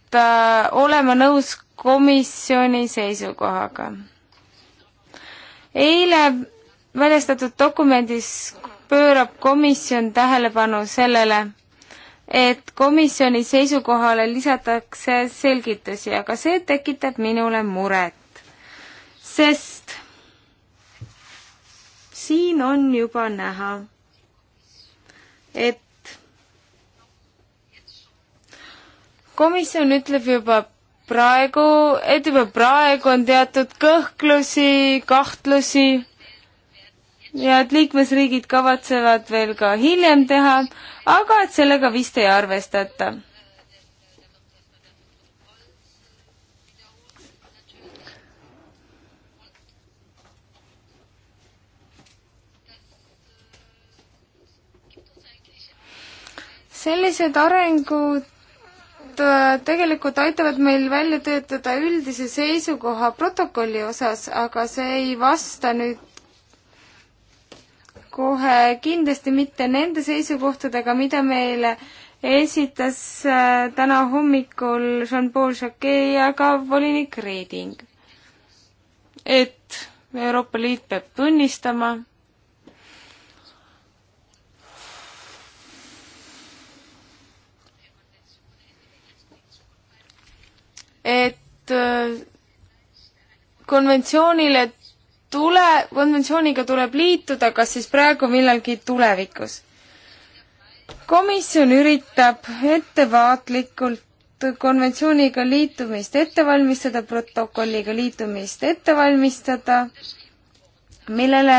olema nõus komisjoni seisukohaga. eile väljastatud dokumendis pöörab komisjon tähelepanu sellele, et komisjoni seisukohale lisatakse selgitusi, aga see tekitab minule muret, sest siin on juba näha, et komisjon ütleb juba praegu, et juba praegu on teatud kõhklusi, kahtlusi ja et liikmesriigid kavatsevad veel ka hiljem teha, aga et sellega vist ei arvestata. sellised arengud Äh, tegelikult aitavad meil välja töötada üldise seisukoha protokolli osas, aga see ei vasta nüüd kohe kindlasti mitte nende seisukohtadega, mida meile esitas äh, täna hommikul Jean-Paul Jacquet ja ka volinik Reding. et Euroopa Liit peab tunnistama, et äh, konventsioonile tule, konventsiooniga tuleb liituda kas siis praegu, millalgi tulevikus. komisjon üritab ettevaatlikult konventsiooniga liitumist ette valmistada, protokolliga liitumist ette valmistada, millele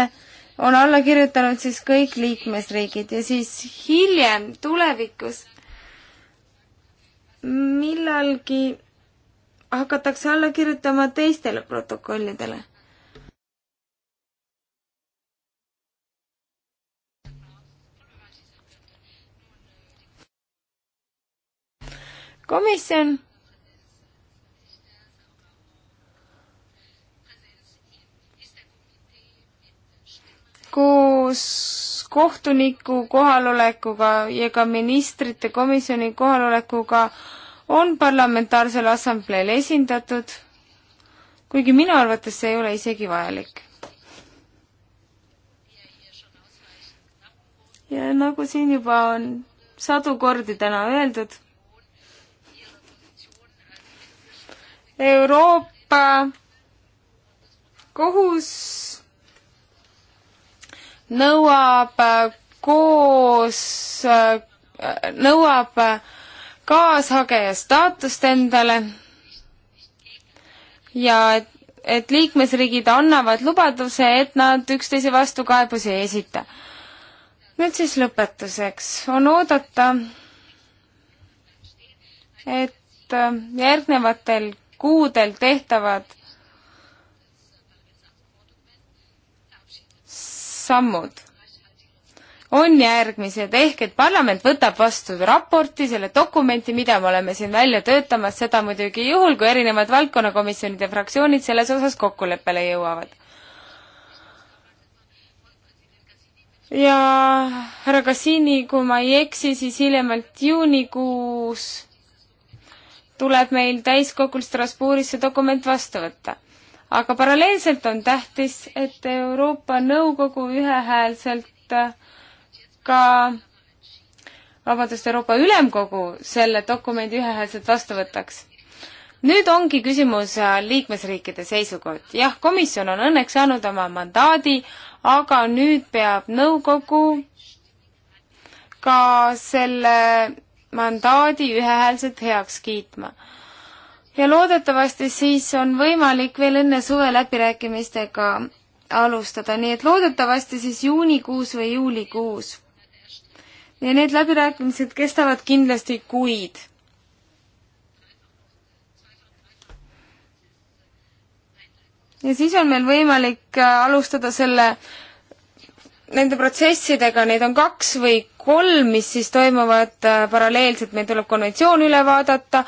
on alla kirjutanud siis kõik liikmesriigid ja siis hiljem, tulevikus, millalgi hakatakse alla kirjutama teistele protokollidele. komisjon koos kohtuniku kohalolekuga ja ka ministrite komisjoni kohalolekuga äh, on parlamentaarsel assambleel esindatud, kuigi minu arvates see ei ole isegi vajalik. ja nagu siin juba on sadu kordi täna öeldud, Euroopa kohus nõuab koos, nõuab kaashageja staatust endale ja et, et liikmesriigid annavad lubaduse, et nad üksteise vastu kaebusi ei esita. nüüd siis lõpetuseks on oodata, et äh, järgnevatel kuudel tehtavad sammud on järgmised, ehk et parlament võtab vastu raporti, selle dokumenti, mida me oleme siin välja töötamas, seda muidugi juhul, kui erinevad valdkonnakomisjonid ja fraktsioonid selles osas kokkuleppele jõuavad. ja härra Kassini, kui ma ei eksi, siis hiljemalt juunikuus tuleb meil täiskogul Strasbourgis see dokument vastu võtta aga paralleelselt on tähtis, et Euroopa Nõukogu ühehäälselt äh, ka vabandust, Euroopa Ülemkogu selle dokumendi ühehäälselt vastu võtaks. nüüd ongi küsimus äh, liikmesriikide seisukoht. jah, komisjon on õnneks saanud oma mandaadi, aga nüüd peab nõukogu ka selle mandaadi ühehäälselt heaks kiitma. ja loodetavasti siis on võimalik veel enne suve läbirääkimistega alustada, nii et loodetavasti siis juunikuus või juulikuus ja need läbirääkimised kestavad kindlasti kuid. ja siis on meil võimalik äh, alustada selle, nende protsessidega, neid on kaks või kolm, mis siis toimuvad äh, paralleelselt, meil tuleb konventsioon üle vaadata,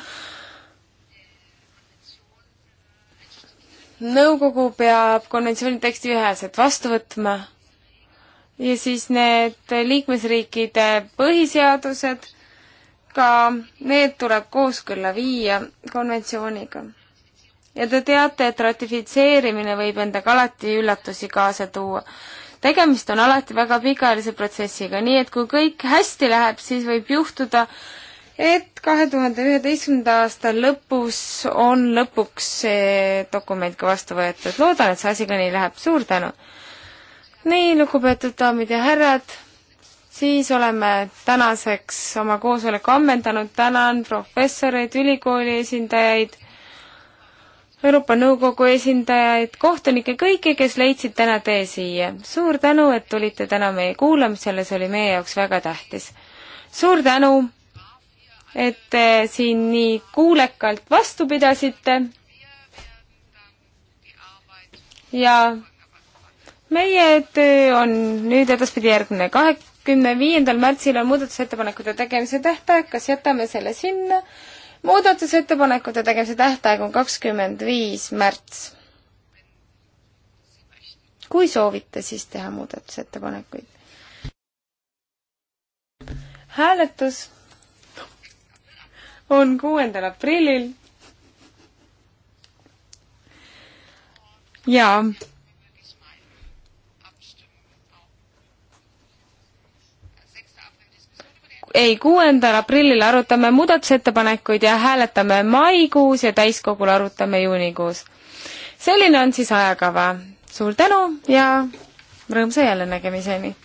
nõukogu peab konventsiooni teksti üheselt vastu võtma ja siis need liikmesriikide põhiseadused, ka need tuleb kooskõlla viia konventsiooniga. ja te teate, et ratifitseerimine võib endaga alati üllatusi kaasa tuua. tegemist on alati väga pikaajalise protsessiga, nii et kui kõik hästi läheb, siis võib juhtuda, et kahe tuhande üheteistkümnenda aasta lõpus on lõpuks see dokument ka vastu võetud. loodan, et see asi ka nii läheb. suur tänu! nii, lugupeetud daamid ja härrad, siis oleme tänaseks oma koosoleku ammendanud, tänan professoreid, ülikooli esindajaid, Euroopa Nõukogu esindajaid, kohtunikke, kõiki, kes leidsid täna tee siia. suur tänu, et tulite täna meie kuulamisele, see oli meie jaoks väga tähtis. suur tänu, et te siin nii kuulekalt vastu pidasite ja meie töö on nüüd edaspidi järgmine. kahekümne viiendal märtsil on muudatusettepanekute tegemise tähtaeg, kas jätame selle sinna? muudatusettepanekute tegemise tähtaeg on kakskümmend viis märts. kui soovite, siis teha muudatusettepanekuid. hääletus on kuuendal aprillil. jaa ei, kuuendal aprillil arutame muudatusettepanekuid ja hääletame maikuus ja täiskogul arutame juunikuus. selline on siis ajakava. suur tänu ja rõõmsa jälle nägemiseni!